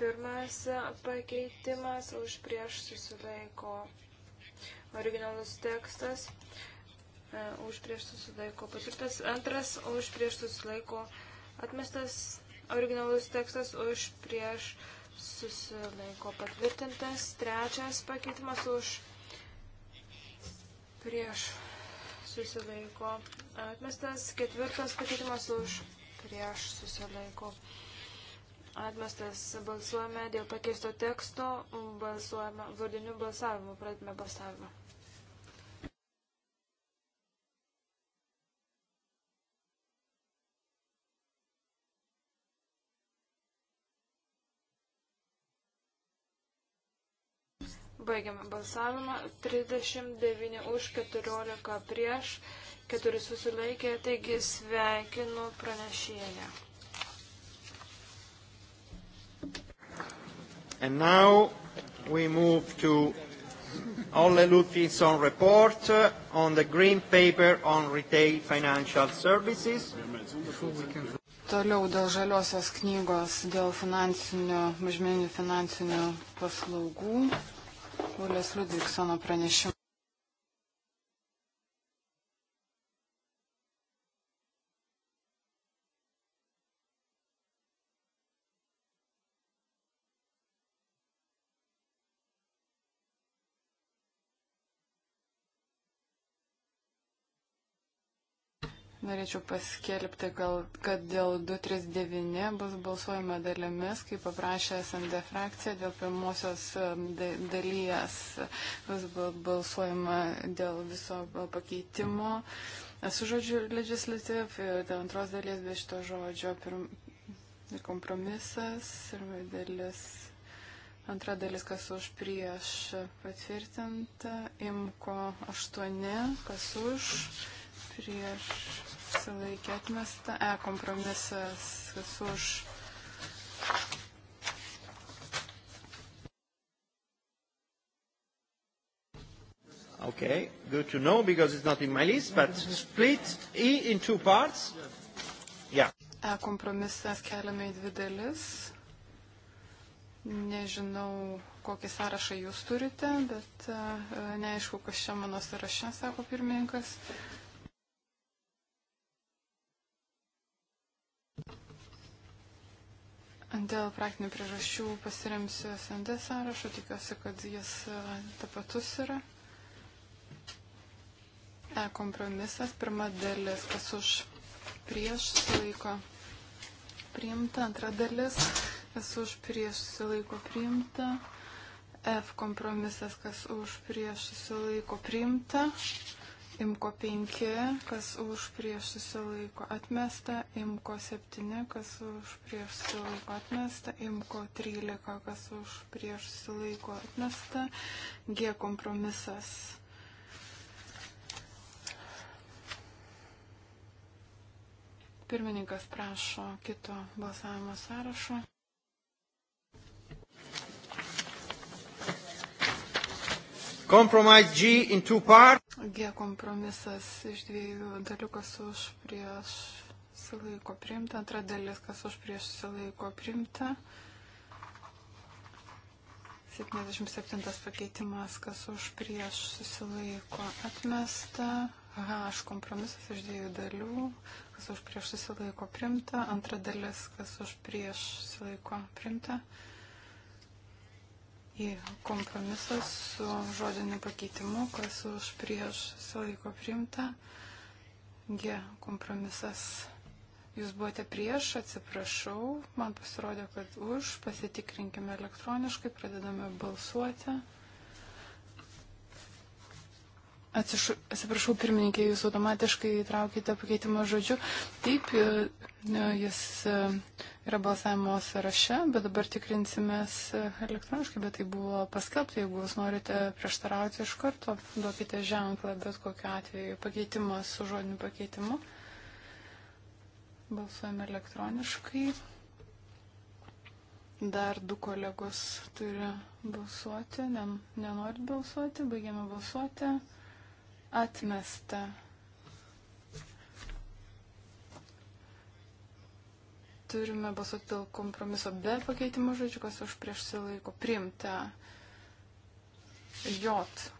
pirmas pakeitimas už prieš susilaiko. Originalus tekstas e, už prieš susilaiko. Patirtas antras už prieš susilaiko. Atmestas originalus tekstas už prieš susilaiko susilaiko patvirtintas, trečias pakeitimas už prieš susilaiko atmestas, ketvirtas pakeitimas už prieš susilaiko atmestas. Balsuojame dėl pakeisto teksto, balsuojame vardiniu balsavimu, pradėme balsavimą. Baigiame balsavimą. 39 už, 14 prieš, 4 susilaikė, taigi sveikinu pranešėją. And now we move to Olle Lutfinson report on the green paper on retail financial services. Toliau dėl žaliosios knygos dėl finansinių, mažmeninių finansinių paslaugų. Ulės Ludviksono pranešimu. Norėčiau paskelbti, gal, kad dėl 239 bus balsuojama dalimis, kaip paprašė SND frakcija, dėl pirmosios um, dalies bus balsuojama dėl viso pakeitimo. Su žodžiu legislative ir dėl antros dalies be šito žodžio pirm, kompromisas ir dalis. Antra dalis, kas už prieš patvirtinta, imko 8, kas už prieš susilaikė atmesta, E kompromisas, kas už. Okay, good to know because it's not in my list, but split E in two parts. Yeah. E kompromisas keliame į dvi dalis. Nežinau, kokį sąrašą jūs turite, bet e, neaišku, kas čia mano sąraše, sako pirmininkas. Uh, Dėl praktinių priežasčių pasiremsiu SND sąrašo, tikiuosi, kad jis e, tapatus yra. E kompromisas, pirma dalis, kas už prieš sulaiko priimta, antra dalis, kas už prieš sulaiko priimta, F kompromisas, kas už prieš sulaiko priimta, Imko 5, kas už prieš susilaiko atmesta, Imko 7, kas už prieš susilaiko atmesta, Imko 13, kas už prieš susilaiko atmesta, G kompromisas. Pirmininkas prašo kito balsavimo sąrašo. Compromise G in two parts. G kompromisas iš dviejų dalių, kas už prieš susilaiko primta, antra dalis, kas už prieš susilaiko primta. 77 pakeitimas, kas už prieš susilaiko atmesta. H kompromisas iš dviejų dalių, kas už prieš susilaiko primta, antra dalis, kas už prieš susilaiko primta į kompromisą su žodiniu pakeitimu, kas už prieš sulaiko priimta. G kompromisas. Jūs buvote prieš, atsiprašau, man pasirodė, kad už, pasitikrinkime elektroniškai, pradedame balsuoti. Atsišu, atsiprašau, pirmininkė, jūs automatiškai įtraukite pakeitimą žodžiu. Taip, e, jis e, yra balsavimo sąraše, bet dabar tikrinsimės elektroniškai, bet tai buvo paskelbta. Jeigu jūs norite prieštarauti iš karto, duokite ženklą, bet kokiu atveju pakeitimas su žodiniu pakeitimu. Balsuojame elektroniškai. Dar du kolegos turi balsuoti, Nen, nenorit balsuoti, baigiame balsuoti. Atmesta Turime balsuoti dėl kompromiso be pakeitimo žodžių, kas už prieš silaiko priimta. J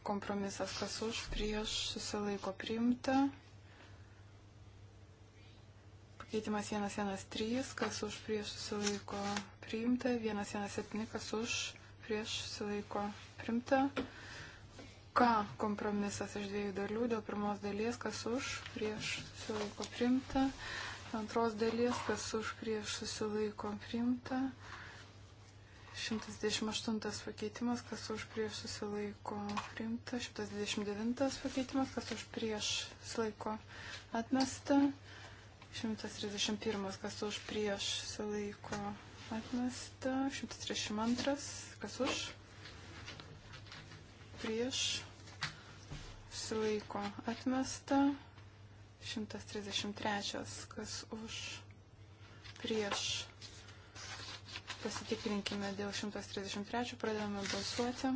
kompromisas, kas už prieš susilaiko priimta. Pakeitimas 113, kas už prieš susilaiko priimta. 117, kas už prieš susilaiko priimta. K kompromisas iš dviejų dalių, dėl pirmos dalies, kas už prieš susilaiko priimta. Antros dalies, kas už prieš susilaiko priimta. 128 pakeitimas, kas už prieš susilaiko priimta. 129 pakeitimas, kas už prieš susilaiko atmesta. 131, kas už prieš susilaiko atmesta. 132, kas už prieš susilaiko atmesta. 133. Kas už? Prieš. Pasitikrinkime dėl 133. Pradedame balsuoti.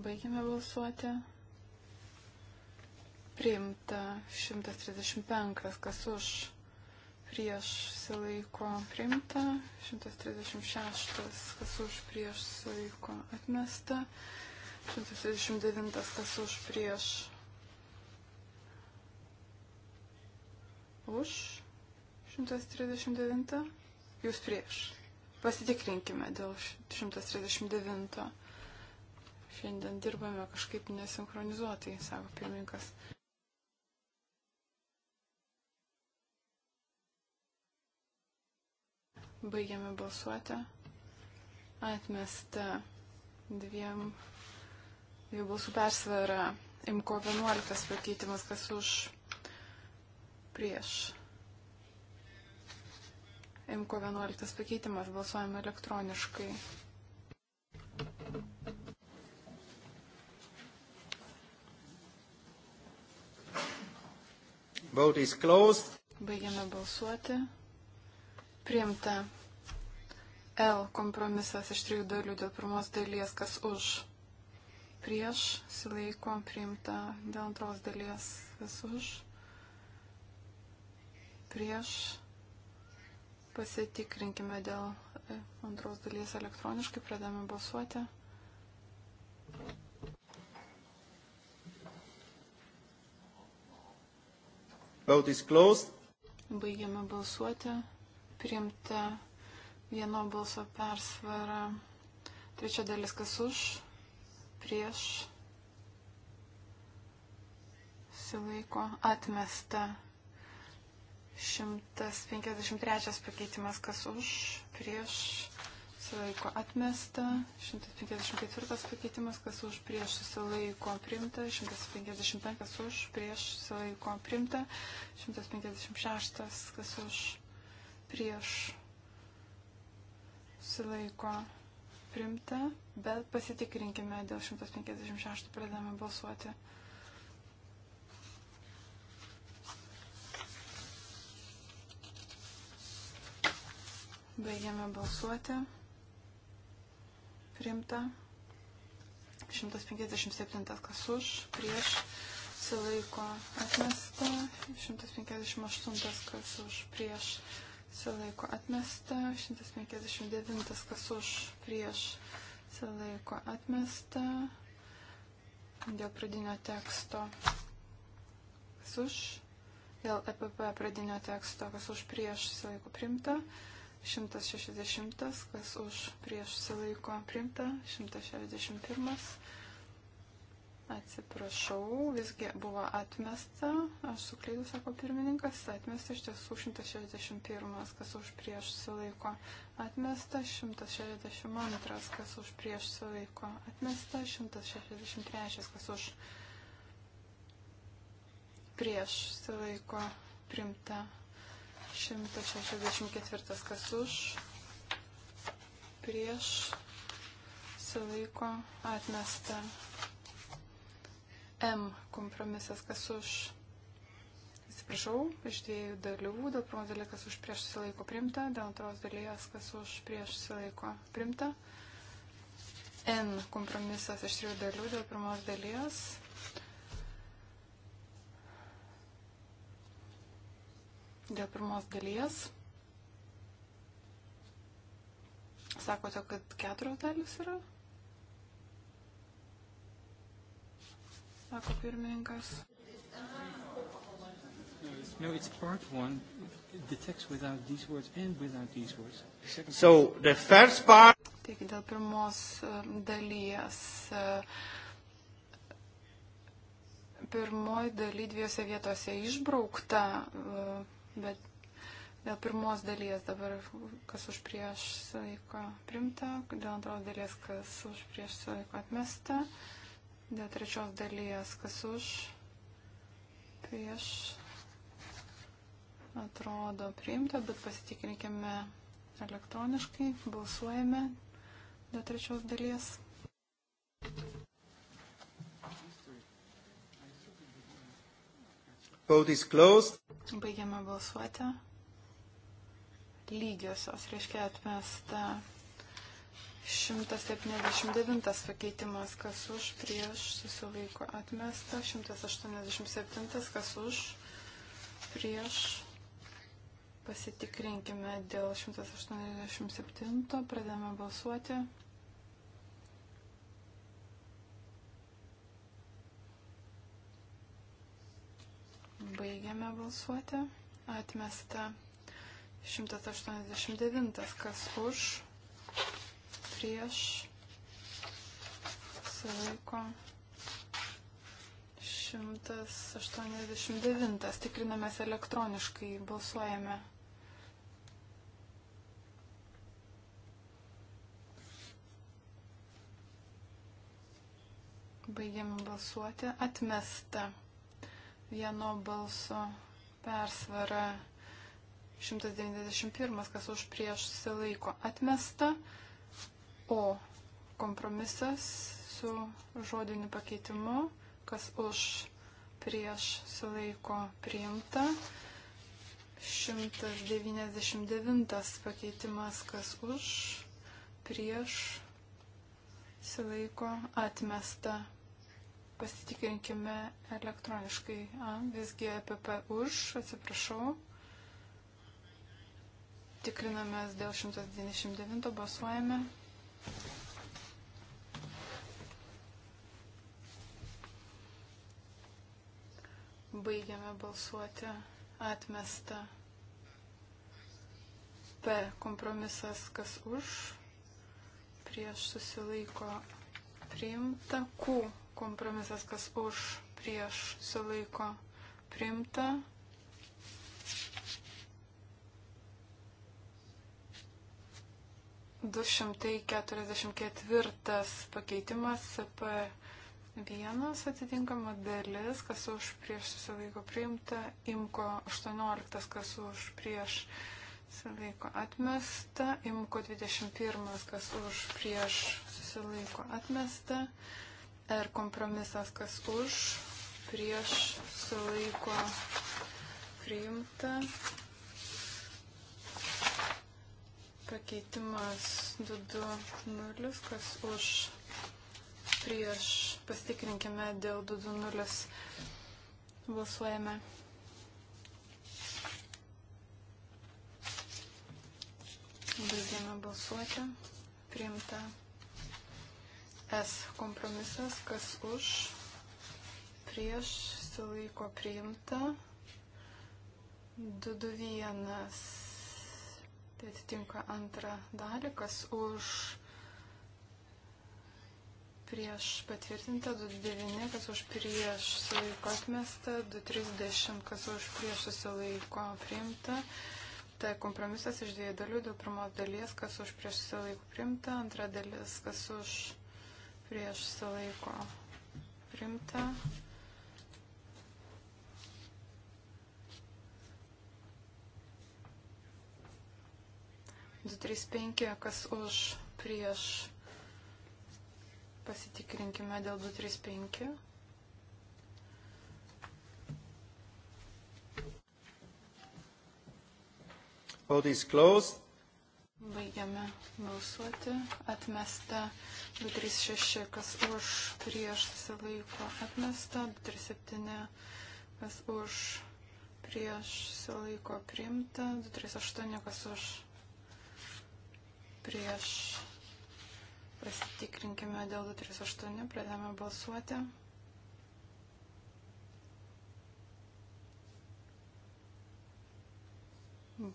Baigime balsuoti. Priimta 135. Kas už? prieš silaiko primta, 136 kas už prieš silaiko atmesta, 139 kas už prieš už, 139 jūs prieš. Pasitikrinkime dėl 139. Šiandien dirbame kažkaip nesinchronizuotai, sako pirmininkas. Baigiame balsuoti. Atmesta dviem, dviejų balsų persvara. Imko 11 pakeitimas, kas už prieš. Imko 11 pakeitimas, balsuojame elektroniškai. Vote is closed. Baigiame balsuoti Priimta L kompromisas iš trijų dalių dėl pirmos dalies, kas už. Prieš silaiko priimta dėl antros dalies, kas už. Prieš pasitikrinkime dėl e, antros dalies elektroniškai, pradame balsuoti. Vote is closed. Baigiame balsuoti priimta vieno balso persvara. Trečia dalis, kas už, prieš, silaiko, atmesta. 153 pakeitimas, kas už, prieš, susilaiko atmesta, 154 pakeitimas, kas už prieš susilaiko primta, 155 už prieš susilaiko primta, 156 kas už prieš susilaiko primta, bet pasitikrinkime dėl 156 pradedame balsuoti. Baigiame balsuoti. Primta. 157 kas už, prieš, silaiko atmesta. 158 kas už, prieš, Silaiko atmesta. 159. Kas už prieš. Silaiko atmesta. Dėl pradinio teksto. Kas už. Dėl EPP pradinio teksto. Kas už prieš. Silaiko primta. 160. Kas už prieš. Silaiko primta. 161 Atsiprašau, visgi buvo atmesta, aš suklydau, sako pirmininkas, atmesta iš tiesų 161, kas už prieš sulaiko, atmesta 162, kas už prieš sulaiko, atmesta 163, kas už prieš sulaiko, primta 164, kas už prieš sulaiko, atmesta M kompromisas, kas už, atsiprašau, iš dviejų dalių, dėl pirmos dalies, kas už prieš susilaiko primta, dėl antros dalies, kas už prieš susilaiko primta. N kompromisas iš trijų dalių, dėl pirmos dalies. Dėl pirmos dalies. Sakote, kad keturios dalis yra? sako pirmininkas. No, it's part one, the text without these words and without these words. So the first part. Taigi dėl pirmos um, dalies. Uh, pirmoji daly dviejose vietose išbraukta, uh, bet dėl pirmos dalies dabar kas už prieš laiko primta, dėl antros dalies kas už prieš laiko atmesta. Uh, Dėl trečios dalies, kas už, prieš, atrodo priimta, bet pasitikrinkime elektroniškai, balsuojame dėl trečios dalies. Vote is closed. Baigiame balsuoti lygiosios, reiškia atmesta 179 pakeitimas, kas už, prieš, susilaiko atmesta. 187, kas už, prieš. Pasitikrinkime dėl 187, pradėjome balsuoti. Baigiame balsuoti. Atmesta 189, kas už, prieš susilaiko 189. Tikrinamės elektroniškai, balsuojame. Baigiam balsuoti. Atmesta vieno balso persvara. 191, kas už prieš susilaiko. Atmesta. O kompromisas su žodiniu pakeitimu, kas už prieš sulaiko priimta. 199 pakeitimas, kas už prieš sulaiko atmesta. Pasitikrinkime elektroniškai. A, visgi EPP už, atsiprašau. Tikrinamės dėl 199, balsuojame. Baigiame balsuoti. Atmesta. P. Kompromisas kas už. Prieš susilaiko priimta. Q. Kompromisas kas už. Prieš susilaiko priimta. Du šimtai keturiasdešimt ketvirtas pakeitimas CP Vienas atitinkama dalis, kas už prieš susilaiko priimta, imko 18, kas už prieš susilaiko atmesta, imko 21, kas už prieš susilaiko atmesta, ir kompromisas, kas už prieš susilaiko priimta. Pakeitimas 2.0, kas už prieš pasitikrinkime dėl 2.0 balsuojame. Baigėme balsuoti. Priimta S kompromisas, kas už, prieš, sulaiko priimta. 2.2.1 tai atitinka antrą dalį, kas už prieš patvirtinta, 29, kas už prieš sulaiko atmesta, 230, kas už prieš susilaiko priimta. Tai kompromisas iš dviejų dalių, dėl pirmos dalies, kas už prieš susilaiko priimta, antra dalis, kas už prieš susilaiko priimta. Du, trys, penki, kas už prieš Pasitikrinkime dėl 235. Vote is closed. Baigiame balsuoti. Atmesta 236, kas už, prieš susilaiko. Atmesta 237, kas už, prieš susilaiko. Priimta 238, kas už, prieš Pasitikrinkime dėl 238, pradėjome balsuoti.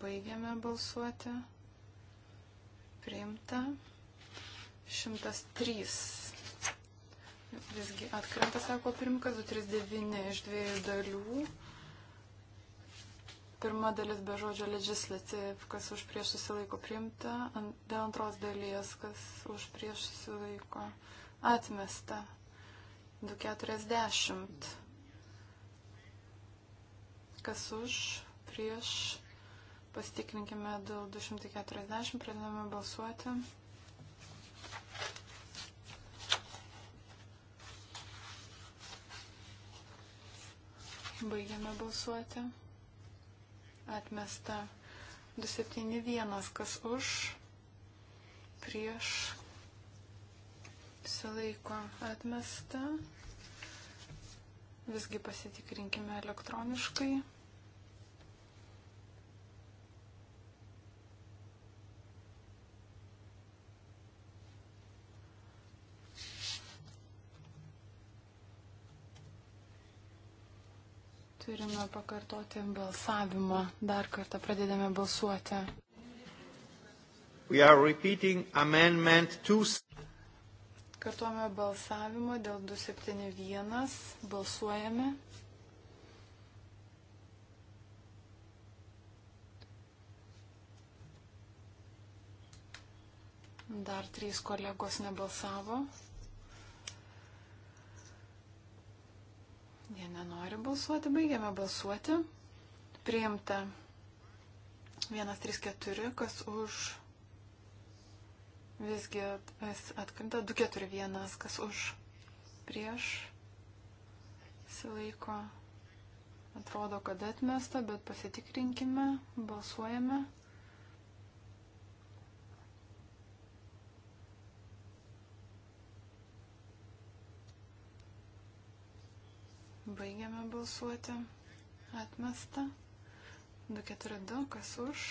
Baigiame balsuoti. Priimta. 103. Visgi atkrenta, sako pirmkas, 239 iš dviejų dalių. Pirma dalis be žodžio legislative, kas už prieš susilaiko priimta, dėl antros dalies, kas už prieš susilaiko atmesta. 240. Kas už prieš pasitikrinkime dėl 240, pradedame balsuoti. Baigiame balsuoti atmesta. 271, kas už, prieš, susilaiko atmesta. Visgi pasitikrinkime elektroniškai. Turime pakartoti balsavimą. Dar kartą pradedame balsuoti. Kartuojame balsavimą dėl 271. Balsuojame. Dar trys kolegos nebalsavo. Jie nenori balsuoti, baigiame balsuoti. Priimta 134, kas už. Visgi jis atkrinta 241, kas už. Prieš. Silaiko. Atrodo, kad atmesta, bet pasitikrinkime, balsuojame. Baigiame balsuoti. Atmesta. 242, kas už.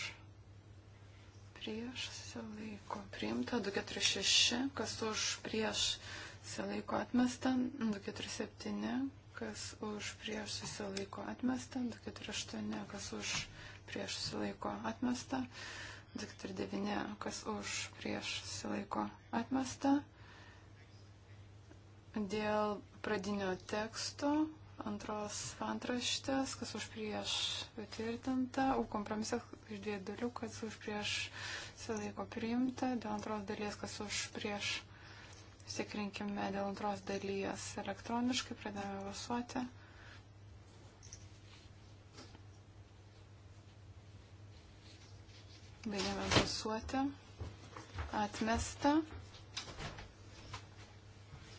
Prieš silaiko priimta. 246, kas už. Prieš silaiko atmesta. 247, kas už. Prieš susilaiko atmesta. 248, kas už. Prieš susilaiko atmesta. 249, kas už. Prieš susilaiko atmesta. Dėl pradinio teksto antros antraštės, kas už prieš patvirtinta, U kompromisas iš dviejų dalių, kas už prieš silaiko priimta, dėl antros dalies, kas už prieš Sikrinkime dėl antros dalies elektroniškai, pradėjome balsuoti. Baigėme balsuoti. Atmesta.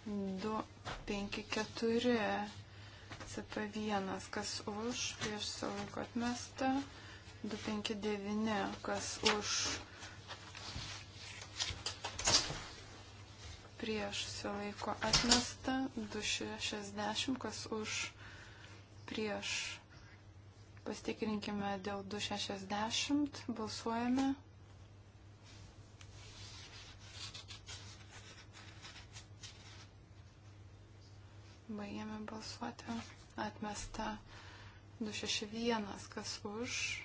2, 5, 4 CP1, kas už, prieš sulaiko atmesta, 259, kas už, prieš sulaiko atmesta, 260, kas už, prieš. Pasitikrinkime dėl 260, balsuojame. Baigiame balsuoti atmesta 261, kas už,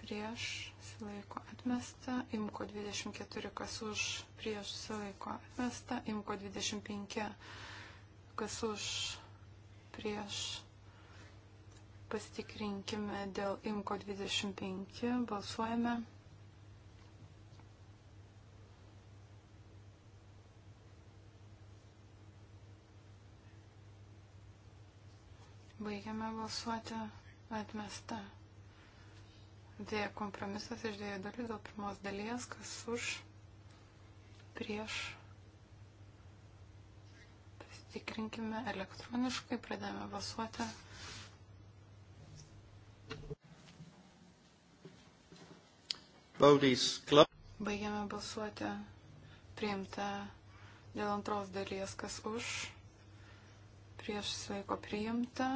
prieš, silaiko atmesta, imko 24, kas už, prieš, silaiko atmesta, imko 25, kas už, prieš, pasitikrinkime dėl imko 25, balsuojame. Baigiame balsuoti. Atmesta. D. Kompromisas iš dviejų dalių dėl pirmos dalies, kas už, prieš. Pasitikrinkime elektroniškai, pradėjome balsuoti. Baigiame balsuoti. Priimta dėl antros dalies, kas už prieš susilaiko priimta.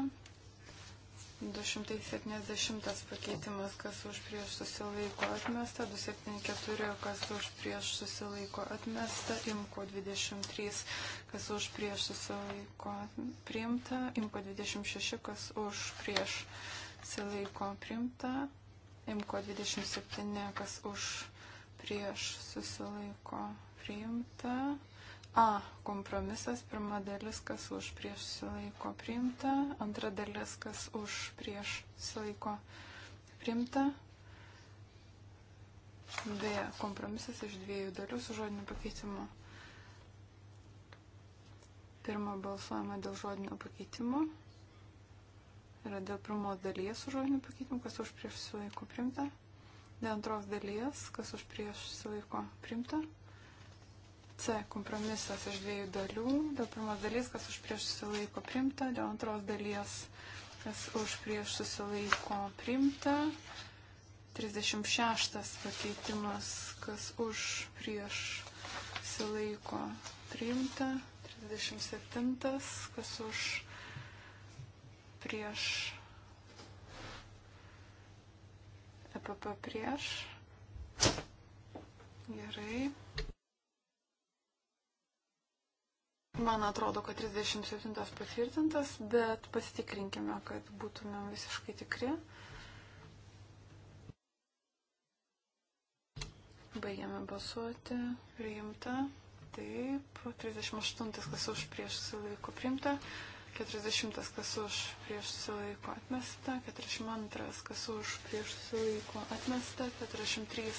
270 pakeitimas, kas už prieš susilaiko atmesta, 274, kas už prieš susilaiko atmesta, imko 23, kas už prieš susilaiko priimta, imko 26, kas už prieš susilaiko priimta, imko 27, kas už prieš susilaiko priimta. A kompromisas, pirma dalis, kas už prieš silaiko priimta, antra dalis, kas už prieš silaiko priimta. B kompromisas iš dviejų dalių su žodiniu pakeitimu. Pirma balsuojama dėl žodinio pakeitimo. Yra dėl pirmos dalies su žodiniu pakeitimu, kas už prieš silaiko priimta. Dėl antros dalies, kas už prieš silaiko priimta. C kompromisas iš dviejų dalių. Dėl pirmos dalies, kas už prieš susilaiko primta, dėl antros dalies, kas už prieš susilaiko primta. 36 pakeitimas, kas už prieš susilaiko primta. 37, kas už prieš EPP prieš. Gerai. Man atrodo, kad 37 patvirtintas, bet pasitikrinkime, kad būtumėm visiškai tikri. Baigiame balsuoti. Priimta. Taip. 38 kas už prieš susilaiko priimta. 40 kas už prieš susilaiko atmesta. 42 kas už prieš susilaiko atmesta. 43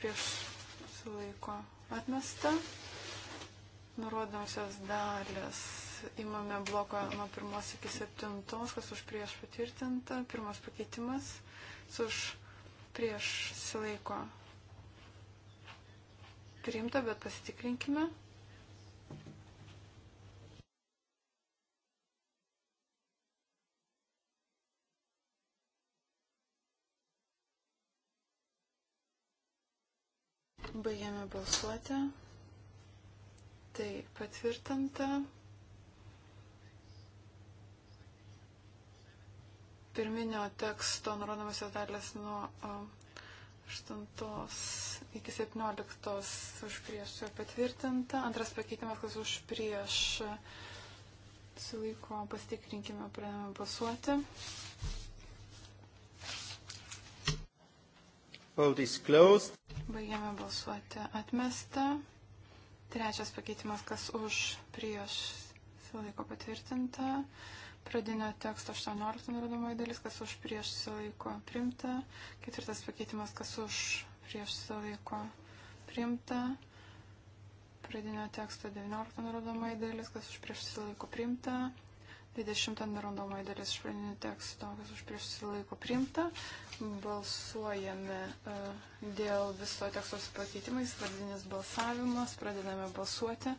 prieš susilaiko atmesta nurodomosios dalės. Imame bloką nuo pirmos iki septintos, kas už prieš patvirtinta. Pirmas pakeitimas, kas už prieš silaiko priimta, bet pasitikrinkime. Baigėme balsuoti. Tai patvirtinta. Pirminio teksto nurodomasios dalės nuo 8 iki 17 už prieš patvirtinta. Antras pakeitimas, kas už prieš sulaiko, pasitikrinkime, pradėjome balsuoti. Vote is closed. Baigėme balsuoti atmestą. Trečias pakeitimas, kas už, prieš, susilaiko patvirtinta. Pradinio teksto 18 nurodomoji dalis, kas už, prieš, susilaiko primta. Ketvirtas pakeitimas, kas už, prieš, susilaiko primta. Pradinio teksto 19 nurodomoji dalis, kas už, prieš, susilaiko primta. 20 nerandomoji dalis iš pradinio teksto, kas už prieš susilaiko primta. Balsuojame e, dėl viso teksto su pakeitimais, vardinis balsavimas, pradedame balsuoti.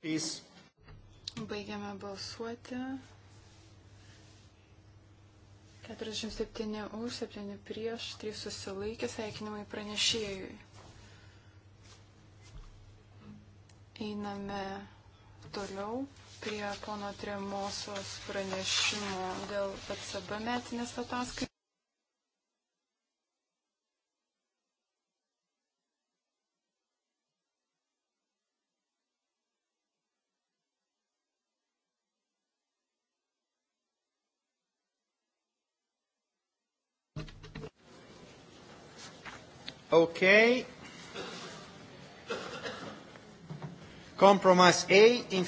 Peace. Baigiame balsuoti. 47 už, 7 prieš, 3 susilaikė, sveikinimai pranešėjui. Einame toliau prie pono Tremosos pranešimo dėl PCB metinės ataskaitos. Okay. Compromise A in...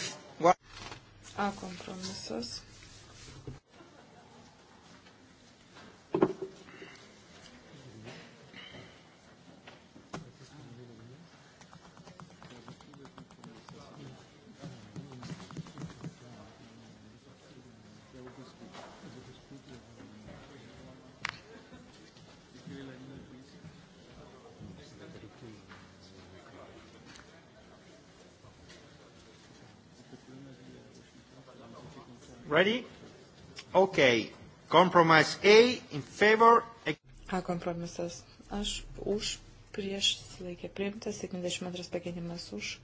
A kompromisas. Ready? Okay. Compromise A in favor. A kompromisas. Aš už, prieš, laikė priimtas, 72 pakeitimas už,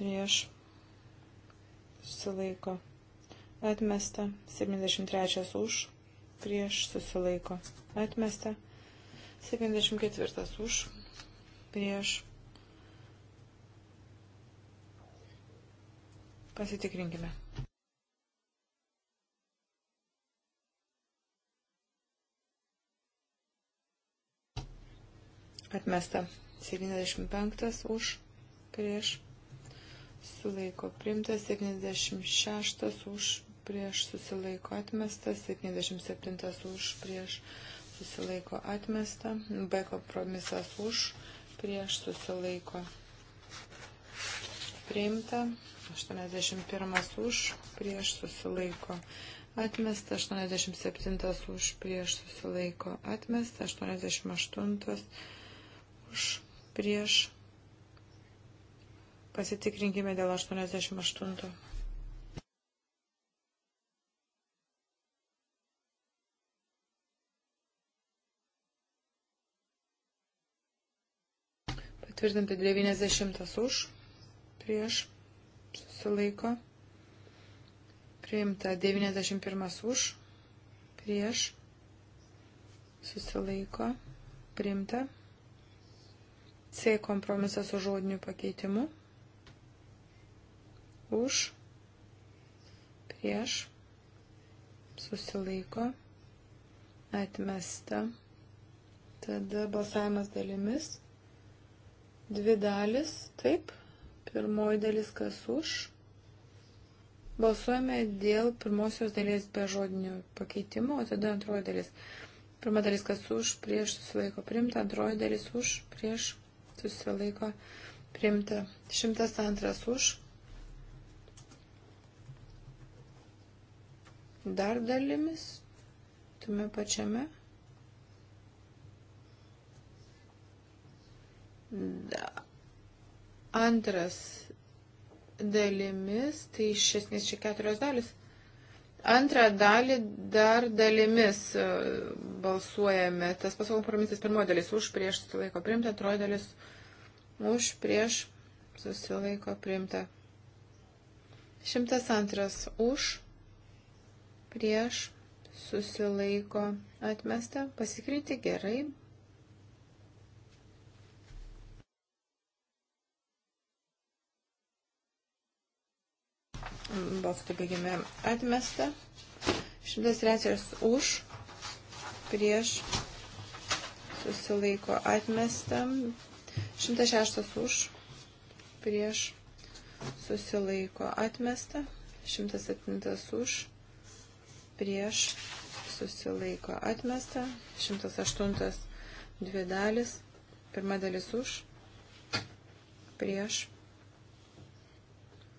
prieš, susilaiko, atmesta, 73 už, prieš, susilaiko, atmesta, 74 už, prieš, pasitikrinkime. atmesta. 75 už, prieš, susilaiko primtas. 76 už, prieš, susilaiko atmestas. 77 už, prieš, susilaiko atmesta. B kompromisas už, prieš, susilaiko priimta. 81 už, prieš, susilaiko atmesta atmesta 87 už prieš susilaiko, atmesta 88 už, prieš. Pasitikrinkime dėl 88. Patvirtinti 90 už, prieš, susilaiko. Priimta 91 už, prieš, susilaiko, priimta. C kompromisas su žodiniu pakeitimu. Už, prieš, susilaiko, atmesta. Tada balsavimas dalimis. Dvi dalis, taip. Pirmoji dalis kas už. Balsuojame dėl pirmosios dalies be žodinio pakeitimo, o tada antroji dalis. Pirma dalis kas už, prieš susilaiko primta, antroji dalis už, prieš susilaiko priimta. 102 už. Dar dalimis, tume pačiame. Da. Antras dalimis, tai iš esmės čia keturios dalis. Antrą dalį dar dalimis e, balsuojame. Tas pats kompromisas pirmoji dalis už prieš susilaiko primta, antroji dalis už prieš susilaiko primta. 102 už prieš susilaiko atmesta. Pasikryti gerai, Balsuoti baigėme atmestą. 103 už, prieš, susilaiko atmestą. 106 už, prieš, susilaiko atmestą. 107 už, prieš, susilaiko atmestą. 108 dvi dalis. Pirma dalis už, prieš,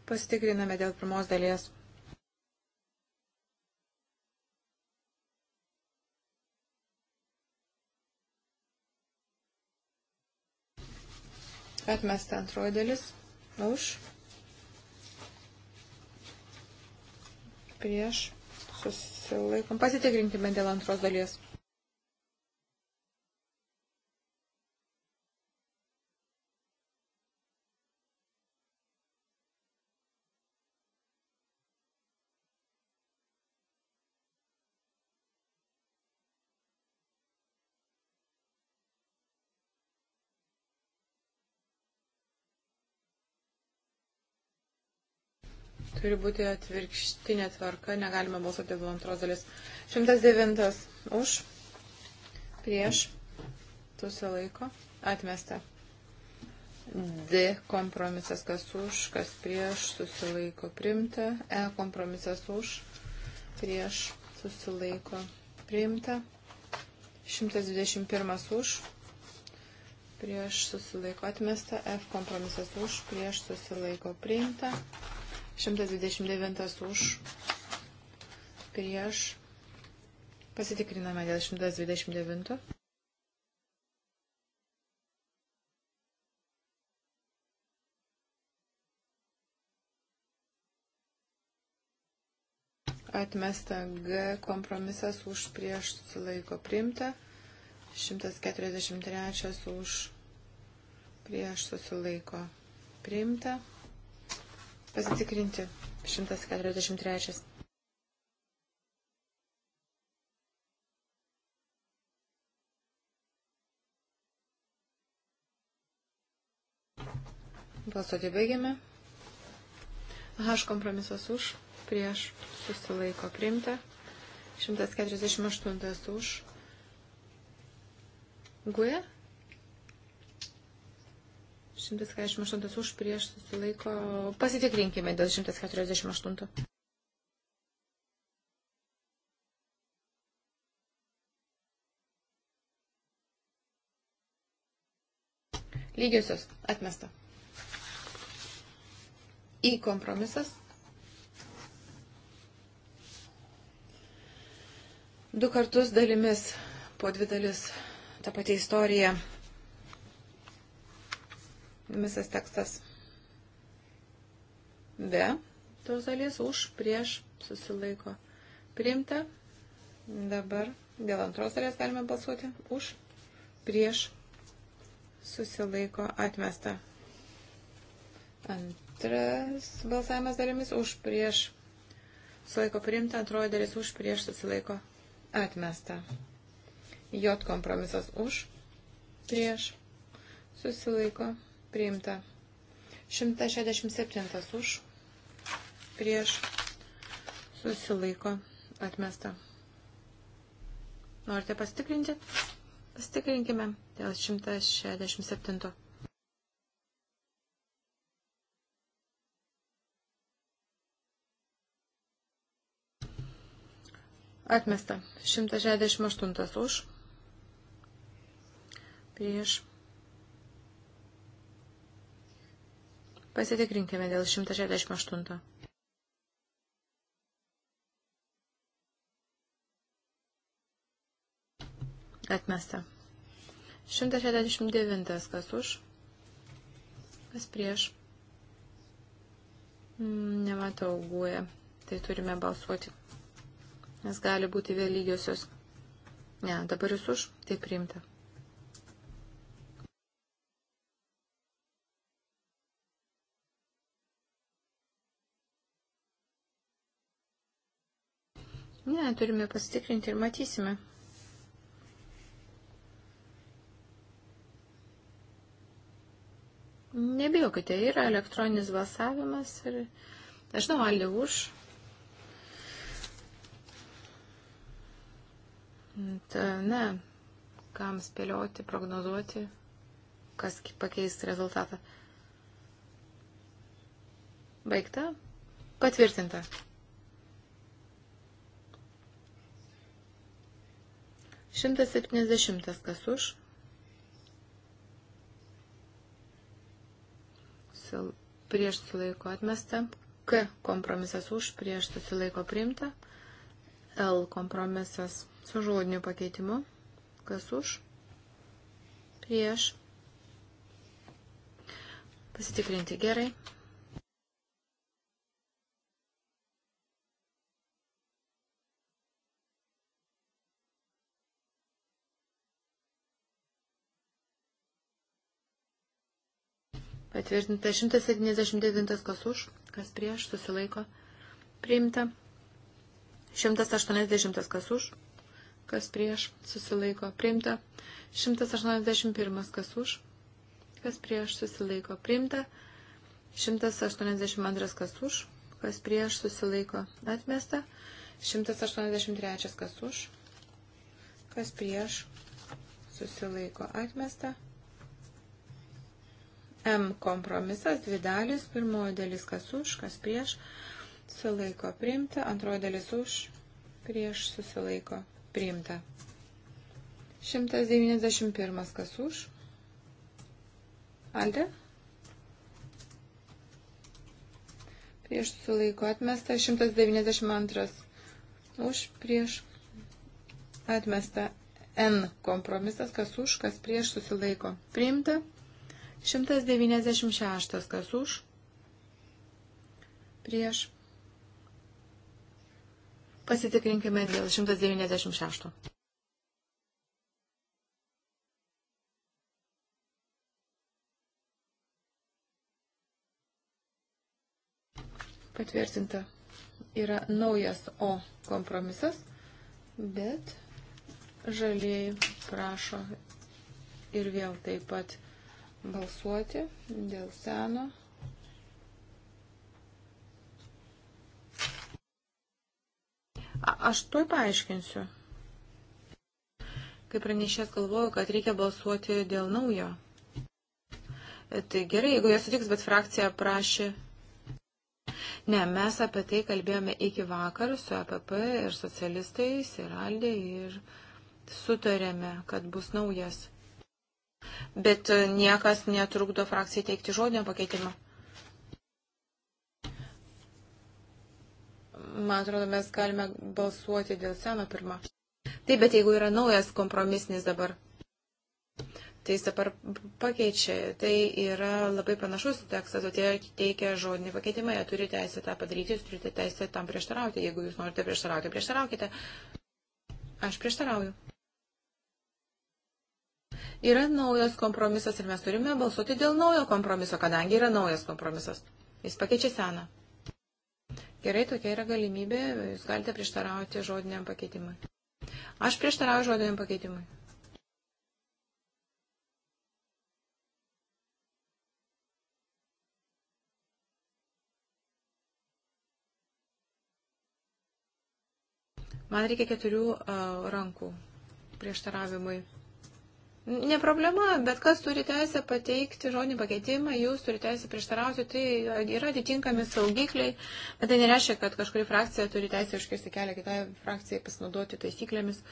Pastikriname dėl pirmos dalies. Atmesta antroji dalis. Už. Prieš. Susilaikom. Pasitikrinkime dėl antros dalies. turi būti atvirkštinė tvarka, negalime balsuoti dėl antros dalis. 109 už, prieš, susilaiko, atmesta. D kompromisas kas už, kas prieš, susilaiko primta. E kompromisas už, prieš, susilaiko primta. 121 už, prieš susilaiko atmesta, F kompromisas už, prieš susilaiko priimta, 129 už, prieš, pasitikriname dėl 129. Atmesta G kompromisas už prieš susilaiko primta, 143 už prieš susilaiko primta pasitikrinti. 143. Balsuoti baigiame. H kompromisas už, prieš, susilaiko priimta. 148 už. Guja? 148 už prieš susilaiko. Pasitikrinkime dėl 148. Lygiosios atmesta. Į kompromisas. Du kartus dalimis po dvi dalis ta pati istorija visas tekstas. Be tos dalies už, prieš, susilaiko. Priimta. Dabar dėl antros dalies galime balsuoti. Už, prieš, susilaiko, atmesta. Antras balsavimas dalimis už, prieš, susilaiko priimta. Antroji dalis už, prieš, susilaiko, atmesta. J kompromisas už, prieš, susilaiko, priimta. 167 už, prieš, susilaiko, atmesta. Norite pasitikrinti? Pasitikrinkime dėl 167. Atmesta. 168 už. Prieš Pasitikrinkime dėl 168. Atmesta. 169. Kas už? Kas prieš? Mm, nematau guoja. E. Tai turime balsuoti. Nes gali būti vėl lygiosios. Ne, dabar jūs už. Tai priimta. Ne, turime pasitikrinti ir matysime. Nebijokite, yra elektroninis balsavimas ir aš žinau, Ali už. Ta, ne, kam spėlioti, prognozuoti, kas pakeis rezultatą. Baigta. Patvirtinta. 170 kas už. Prieš sulaiko atmesta. K kompromisas už, prieš susilaiko priimta. L kompromisas su žodiniu pakeitimu. Kas už? Prieš. Pasitikrinti gerai. Patvirtinta 179 kas už, kas prieš, susilaiko. Priimta 180 kas už, kas prieš, susilaiko. Priimta 181 kas už, kas prieš, susilaiko. Priimta 182 kas už, kas prieš, susilaiko. Atmesta 183 kas už, kas prieš, susilaiko. Atmesta M kompromisas, dvi dalis, pirmoji dalis kas už, kas prieš, susilaiko priimta, antroji dalis už, prieš, susilaiko priimta. 191 kas už. Alde. Prieš susilaiko atmesta 192 už prieš atmesta N kompromisas, kas už, kas prieš susilaiko. Priimta 196 kas už, prieš. Pasitikrinkime dėl 196. Patvirtinta yra naujas O kompromisas, bet žalieji prašo ir vėl taip pat balsuoti dėl seno. A, aš tuoj paaiškinsiu. Kaip pranešės galvoju, kad reikia balsuoti dėl naujo. E, tai gerai, jeigu jie sutiks, bet frakcija prašė. Ne, mes apie tai kalbėjome iki vakar su APP e ir socialistais ir Aldė ir sutarėme, kad bus naujas bet niekas netrukdo frakcijai teikti žodinio pakeitimą. Man atrodo, mes galime balsuoti dėl seno pirmą. Taip, bet jeigu yra naujas kompromisnis dabar, tai jis dabar pakeičia. Tai yra labai panašus tekstas, o tie teikia žodinį pakeitimą, jie turi teisę tą padaryti, jūs turite teisę tam prieštarauti. Jeigu jūs norite prieštarauti, prieštaraukite. Aš prieštarauju. Yra naujas kompromisas ir mes turime balsuoti dėl naujo kompromiso, kadangi yra naujas kompromisas. Jis pakeičia seną. Gerai, tokia yra galimybė, jūs galite prieštarauti žodiniam pakeitimui. Aš prieštarauju žodiniam pakeitimui. Man reikia keturių uh, rankų prieštaravimui. Ne problema, bet kas turi teisę pateikti žodinį pakeitimą, jūs turite teisę prieštarauti, tai yra atitinkami saugikliai, bet tai nereiškia, kad kažkuri frakcija turi teisę užkirsti kelią kitai frakcijai pasinaudoti taisyklėmis.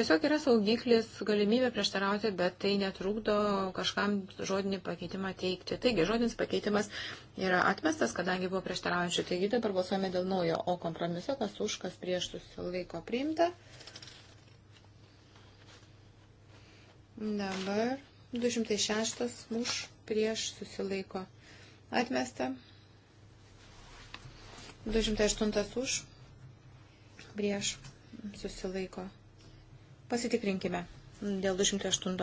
Tiesiog yra saugiklis, galimybė prieštarauti, bet tai netrukdo kažkam žodinį pakeitimą teikti. Taigi, žodinis pakeitimas yra atmestas, kadangi buvo prieštaraujančių. Taigi, dabar balsuojame dėl naujo, o kompromiso, kas už, kas prieš susilaiko priimta. Dabar 206 už prieš susilaiko atmesta. 208 už prieš susilaiko. Pasitikrinkime dėl 208.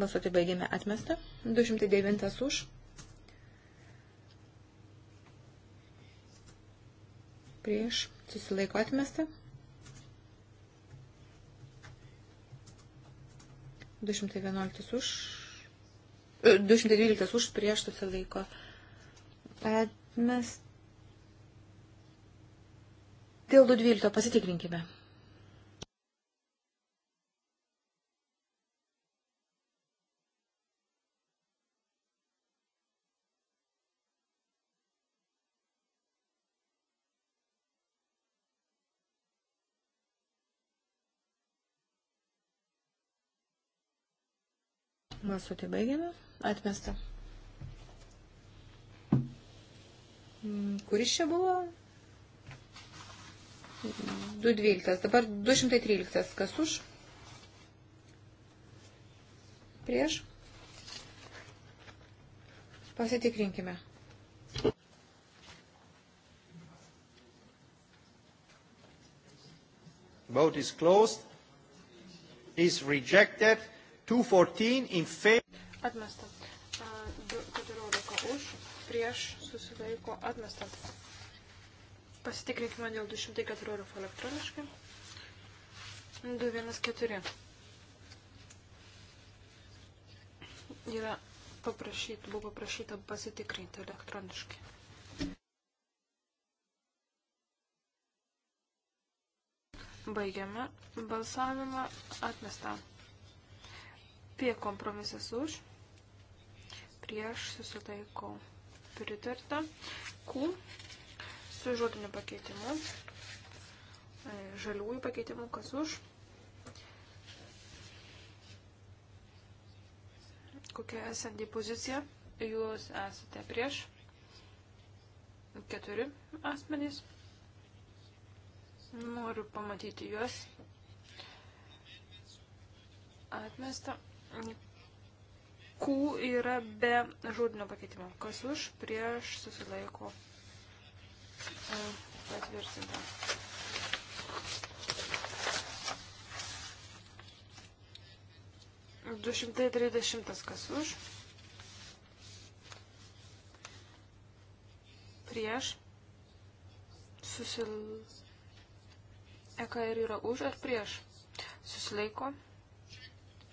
Balsuoti baigėme atmestą. 209 už. Prieš susilaiko atmestą. 211 už. 212 e, už prieš susilaiko atmestą. Dėl 212 pasitikrinkime. Balsuoti baigiame. Atmesta. Mm, kuris čia buvo? 212. Dabar 213. Kas už? Prieš? Pasitikrinkime. Vote is closed. Is rejected. 214 in favor. Atmesta. 14 už, prieš susilaiko atmesta. Pasitikrinkime dėl 214 elektroniškai. 214. Yra paprašyta, buvo paprašyta pasitikrinti elektroniškai. Baigiame balsavimą atmestą. P kompromisas už, prieš susilaiko pritarta. Q su žodiniu pakeitimu, e, žaliųjų pakeitimu, kas už. Kokia esanti pozicija, jūs esate prieš keturi asmenys. Noriu pamatyti juos. Atmesta. Q yra be žodinio pakeitimo. Kas už, prieš, susilaiko e, patvirtinta. Du šimtai trisdešimtas kas už. Prieš. Susil... Eka ir yra už ar prieš. Susilaiko. Susilaiko.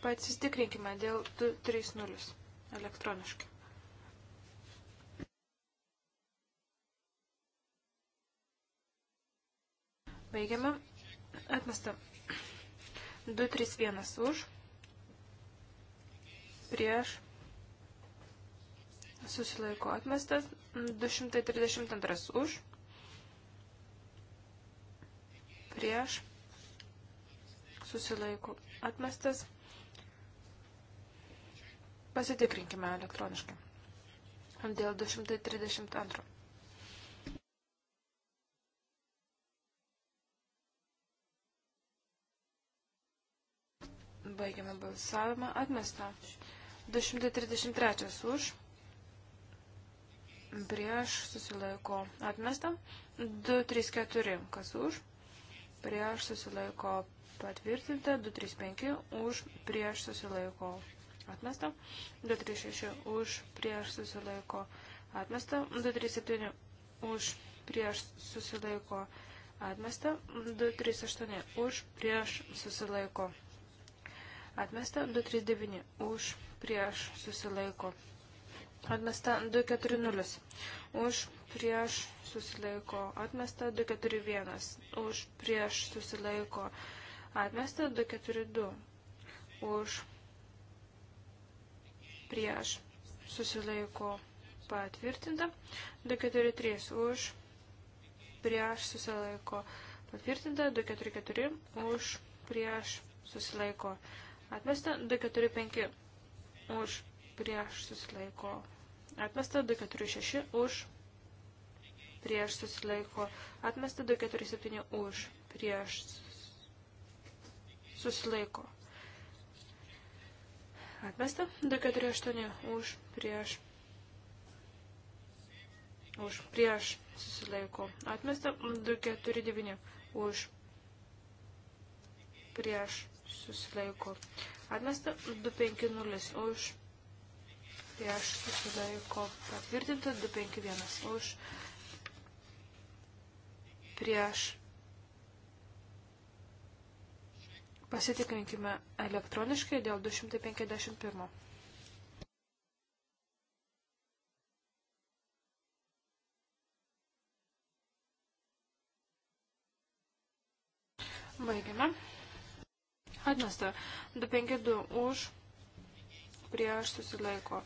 Pasitikrinkime dėl 230 elektroniškai. Baigiame. Atmesta. 231 už. Prieš. Susilaiko atmestas. 232 už. Prieš. Susilaiko atmestas. Pasitikrinkime elektroniškai. Dėl 232. Baigiame balsavimą. Atmesta. 233 už. Prieš susilaiko. Atmesta. 234. Kas už? Prieš susilaiko patvirtinta. 235 už. Prieš susilaiko atmesta, 236 už prieš susilaiko atmesta, 237 už prieš susilaiko atmesta, 238 už prieš susilaiko atmesta, 239 už prieš susilaiko atmesta, 240 už prieš susilaiko atmesta, 241 už prieš susilaiko atmesta, 242 už prieš susilaiko patvirtinta, 243 už, prieš susilaiko patvirtinta, 244 už, prieš susilaiko atmesta, 245 už, prieš susilaiko atmesta, 246 už, prieš susilaiko atmesta, 247 už, prieš susilaiko Atmesta. 248 už prieš. Už prieš susilaiko. Atmesta. 249 už prieš susilaiko. Atmesta 250 už prieš susilaiko. Patvirtinta 251 už prieš Pasitikrinkime elektroniškai dėl 251. Baigiame. Atmesta. 252 už. Prieš susilaiko.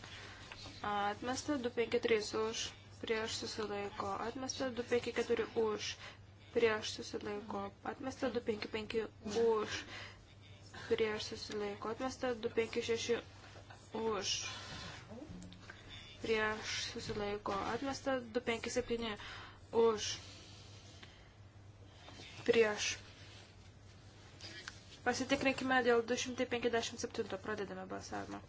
Atmesta. 253 už. Prieš susilaiko. Atmesta. 254 už. Prieš susilaiko. Atmesta. 255 už prieš susilaiko atmesta, 256 už prieš susilaiko atmesta, 257 už prieš. Pasitikrinkime dėl 257, pradedame balsavimą.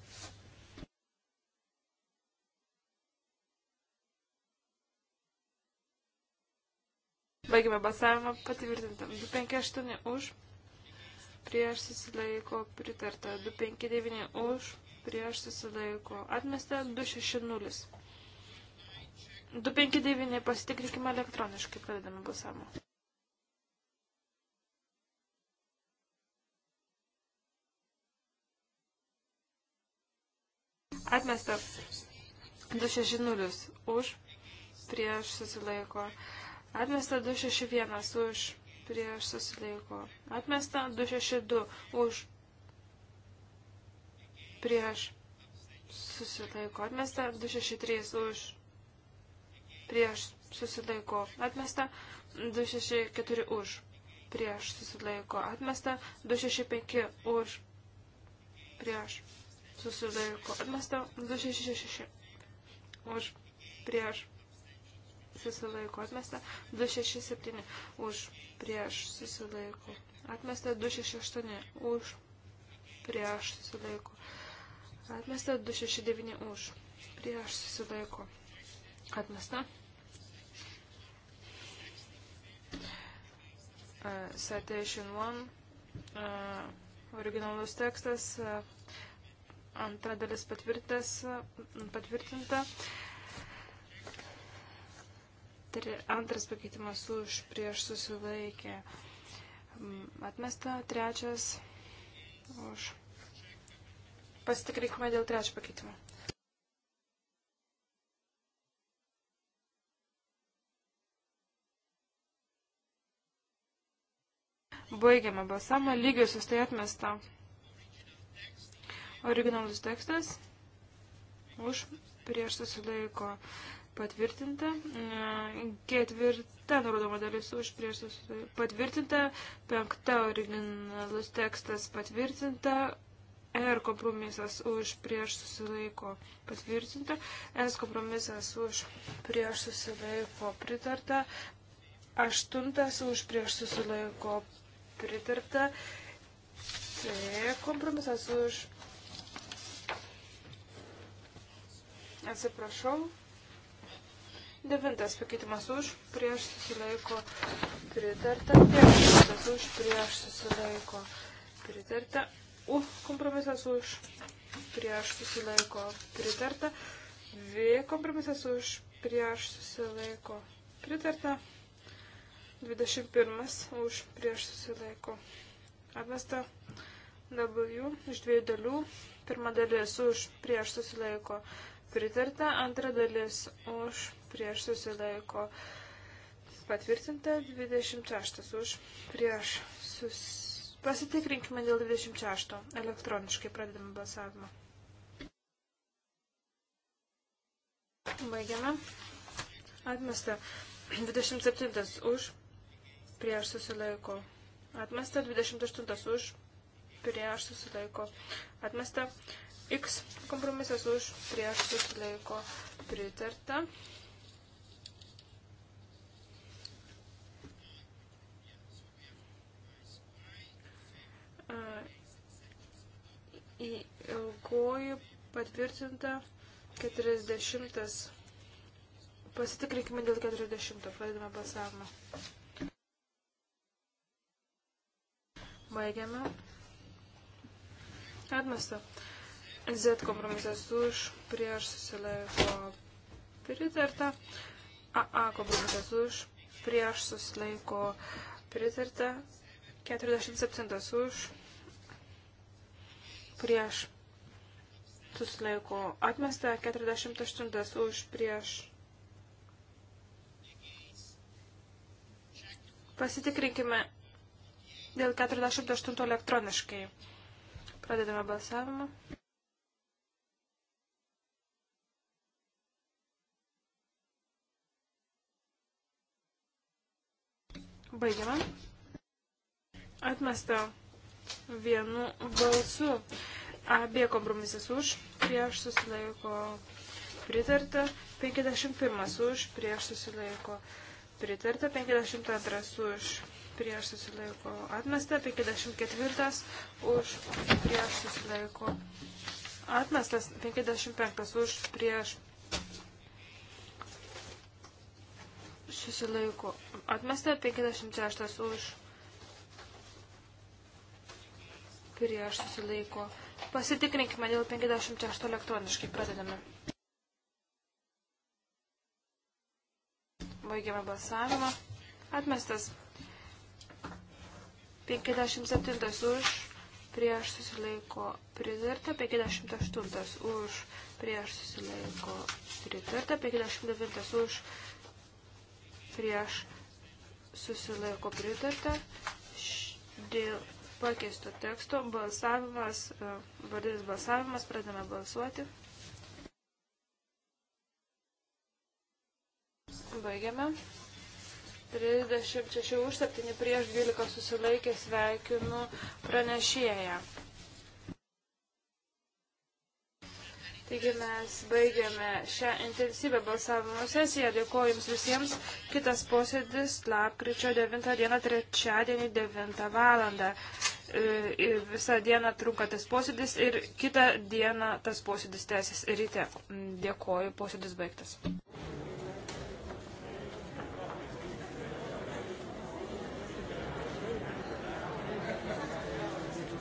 Baigime balsavimą patvirtintam. 258 už prieš susilaiko pritarta, 259 už, prieš susilaiko atmesta, 260. 259 pasitikrinkime elektroniškai, pradedame balsavimą. Atmesta 260 už, prieš susilaiko. Atmesta 261 už, prieš susilaiko. Atmesta 262 už prieš susilaiko. Atmesta 263 už prieš susilaiko. Atmesta 264 už prieš susilaiko. Atmesta 265 už prieš susilaiko. Atmesta 266 už prieš susilaiko atmesta, 267 už prieš susilaiko atmesta, 268 už prieš susilaiko atmesta, 269 už prieš susilaiko atmesta. Uh, citation 1, uh, originalus tekstas, uh, antra dalis patvirtinta, Tre, antras pakeitimas už prieš susilaikė mm, atmesta. Trečias už. Pasitikrinkime dėl trečio pakeitimo. Baigiame balsamą, lygiosius tai atmesta. Originalus tekstas už prieš susilaiko patvirtinta. Ketvirta nurodoma dalis už prieš patvirtinta. Penkta originalus tekstas patvirtinta. R kompromisas už prieš susilaiko patvirtinta. S kompromisas už prieš susilaiko pritarta. Aštuntas už prieš susilaiko pritarta. C kompromisas už. Atsiprašau. Devintas pakeitimas už, prieš susilaiko pritarta. Priešas už, prieš susilaiko pritarta. U kompromisas už, prieš susilaiko pritarta. V kompromisas už, prieš susilaiko pritarta. 21 už, prieš susilaiko atmesta. W iš dviejų dalių. Pirma dalis už, prieš susilaiko pritarta pritarta, antra dalis už, prieš susilaiko patvirtinta, 26 už, prieš susilaiko. Pasitikrinkime dėl 26. Elektroniškai pradedame balsavimą. Baigiame. Atmesta 27 už, prieš susilaiko. Atmesta 28 už, prieš susilaiko atmesta. X kompromisas už prieš susilaiko pritarta. Į ilgoji patvirtinta 40. Pasitikrinkime dėl 40. Pradedame balsavimą. Baigiame atmesta. Z kompromisas už, prieš susilaiko pritarta. AA kompromisas už, prieš susilaiko pritarta. 47 už, prieš susilaiko atmesta. 48 už, prieš. Pasitikrinkime dėl 48 elektroniškai. Pradedame balsavimą. Baigiame. Atmesta vienu balsu. AB kompromisas už, prieš susilaiko pritarta, 51 už, prieš susilaiko pritarta, 52 už, prieš susilaiko atmesta, 54 už prieš susilaiko atmestas, 55 už prieš susilaiko atmesta, 56 už prieš susilaiko. Pasitikrinkime dėl 56 elektroniškai, pradedame. Baigiame balsavimą. Atmestas 57 už, prieš susilaiko pritarta, 58 už, prieš susilaiko pritarta, 59 už, prieš susilaiko pritarta. Dėl pakeisto teksto balsavimas, e, vardinis balsavimas, pradame balsuoti. Baigiame. 36 už 7 prieš 12 susilaikė sveikinu pranešėją. Taigi mes baigiame šią intensyvę balsavimo sesiją. Dėkuoju Jums visiems. Kitas posėdis lapkričio 9 dieną, trečiadienį 9 valandą. E, visą dieną trunka tas posėdis ir kitą dieną tas posėdis tęsis ryte. Dėkuoju, posėdis baigtas.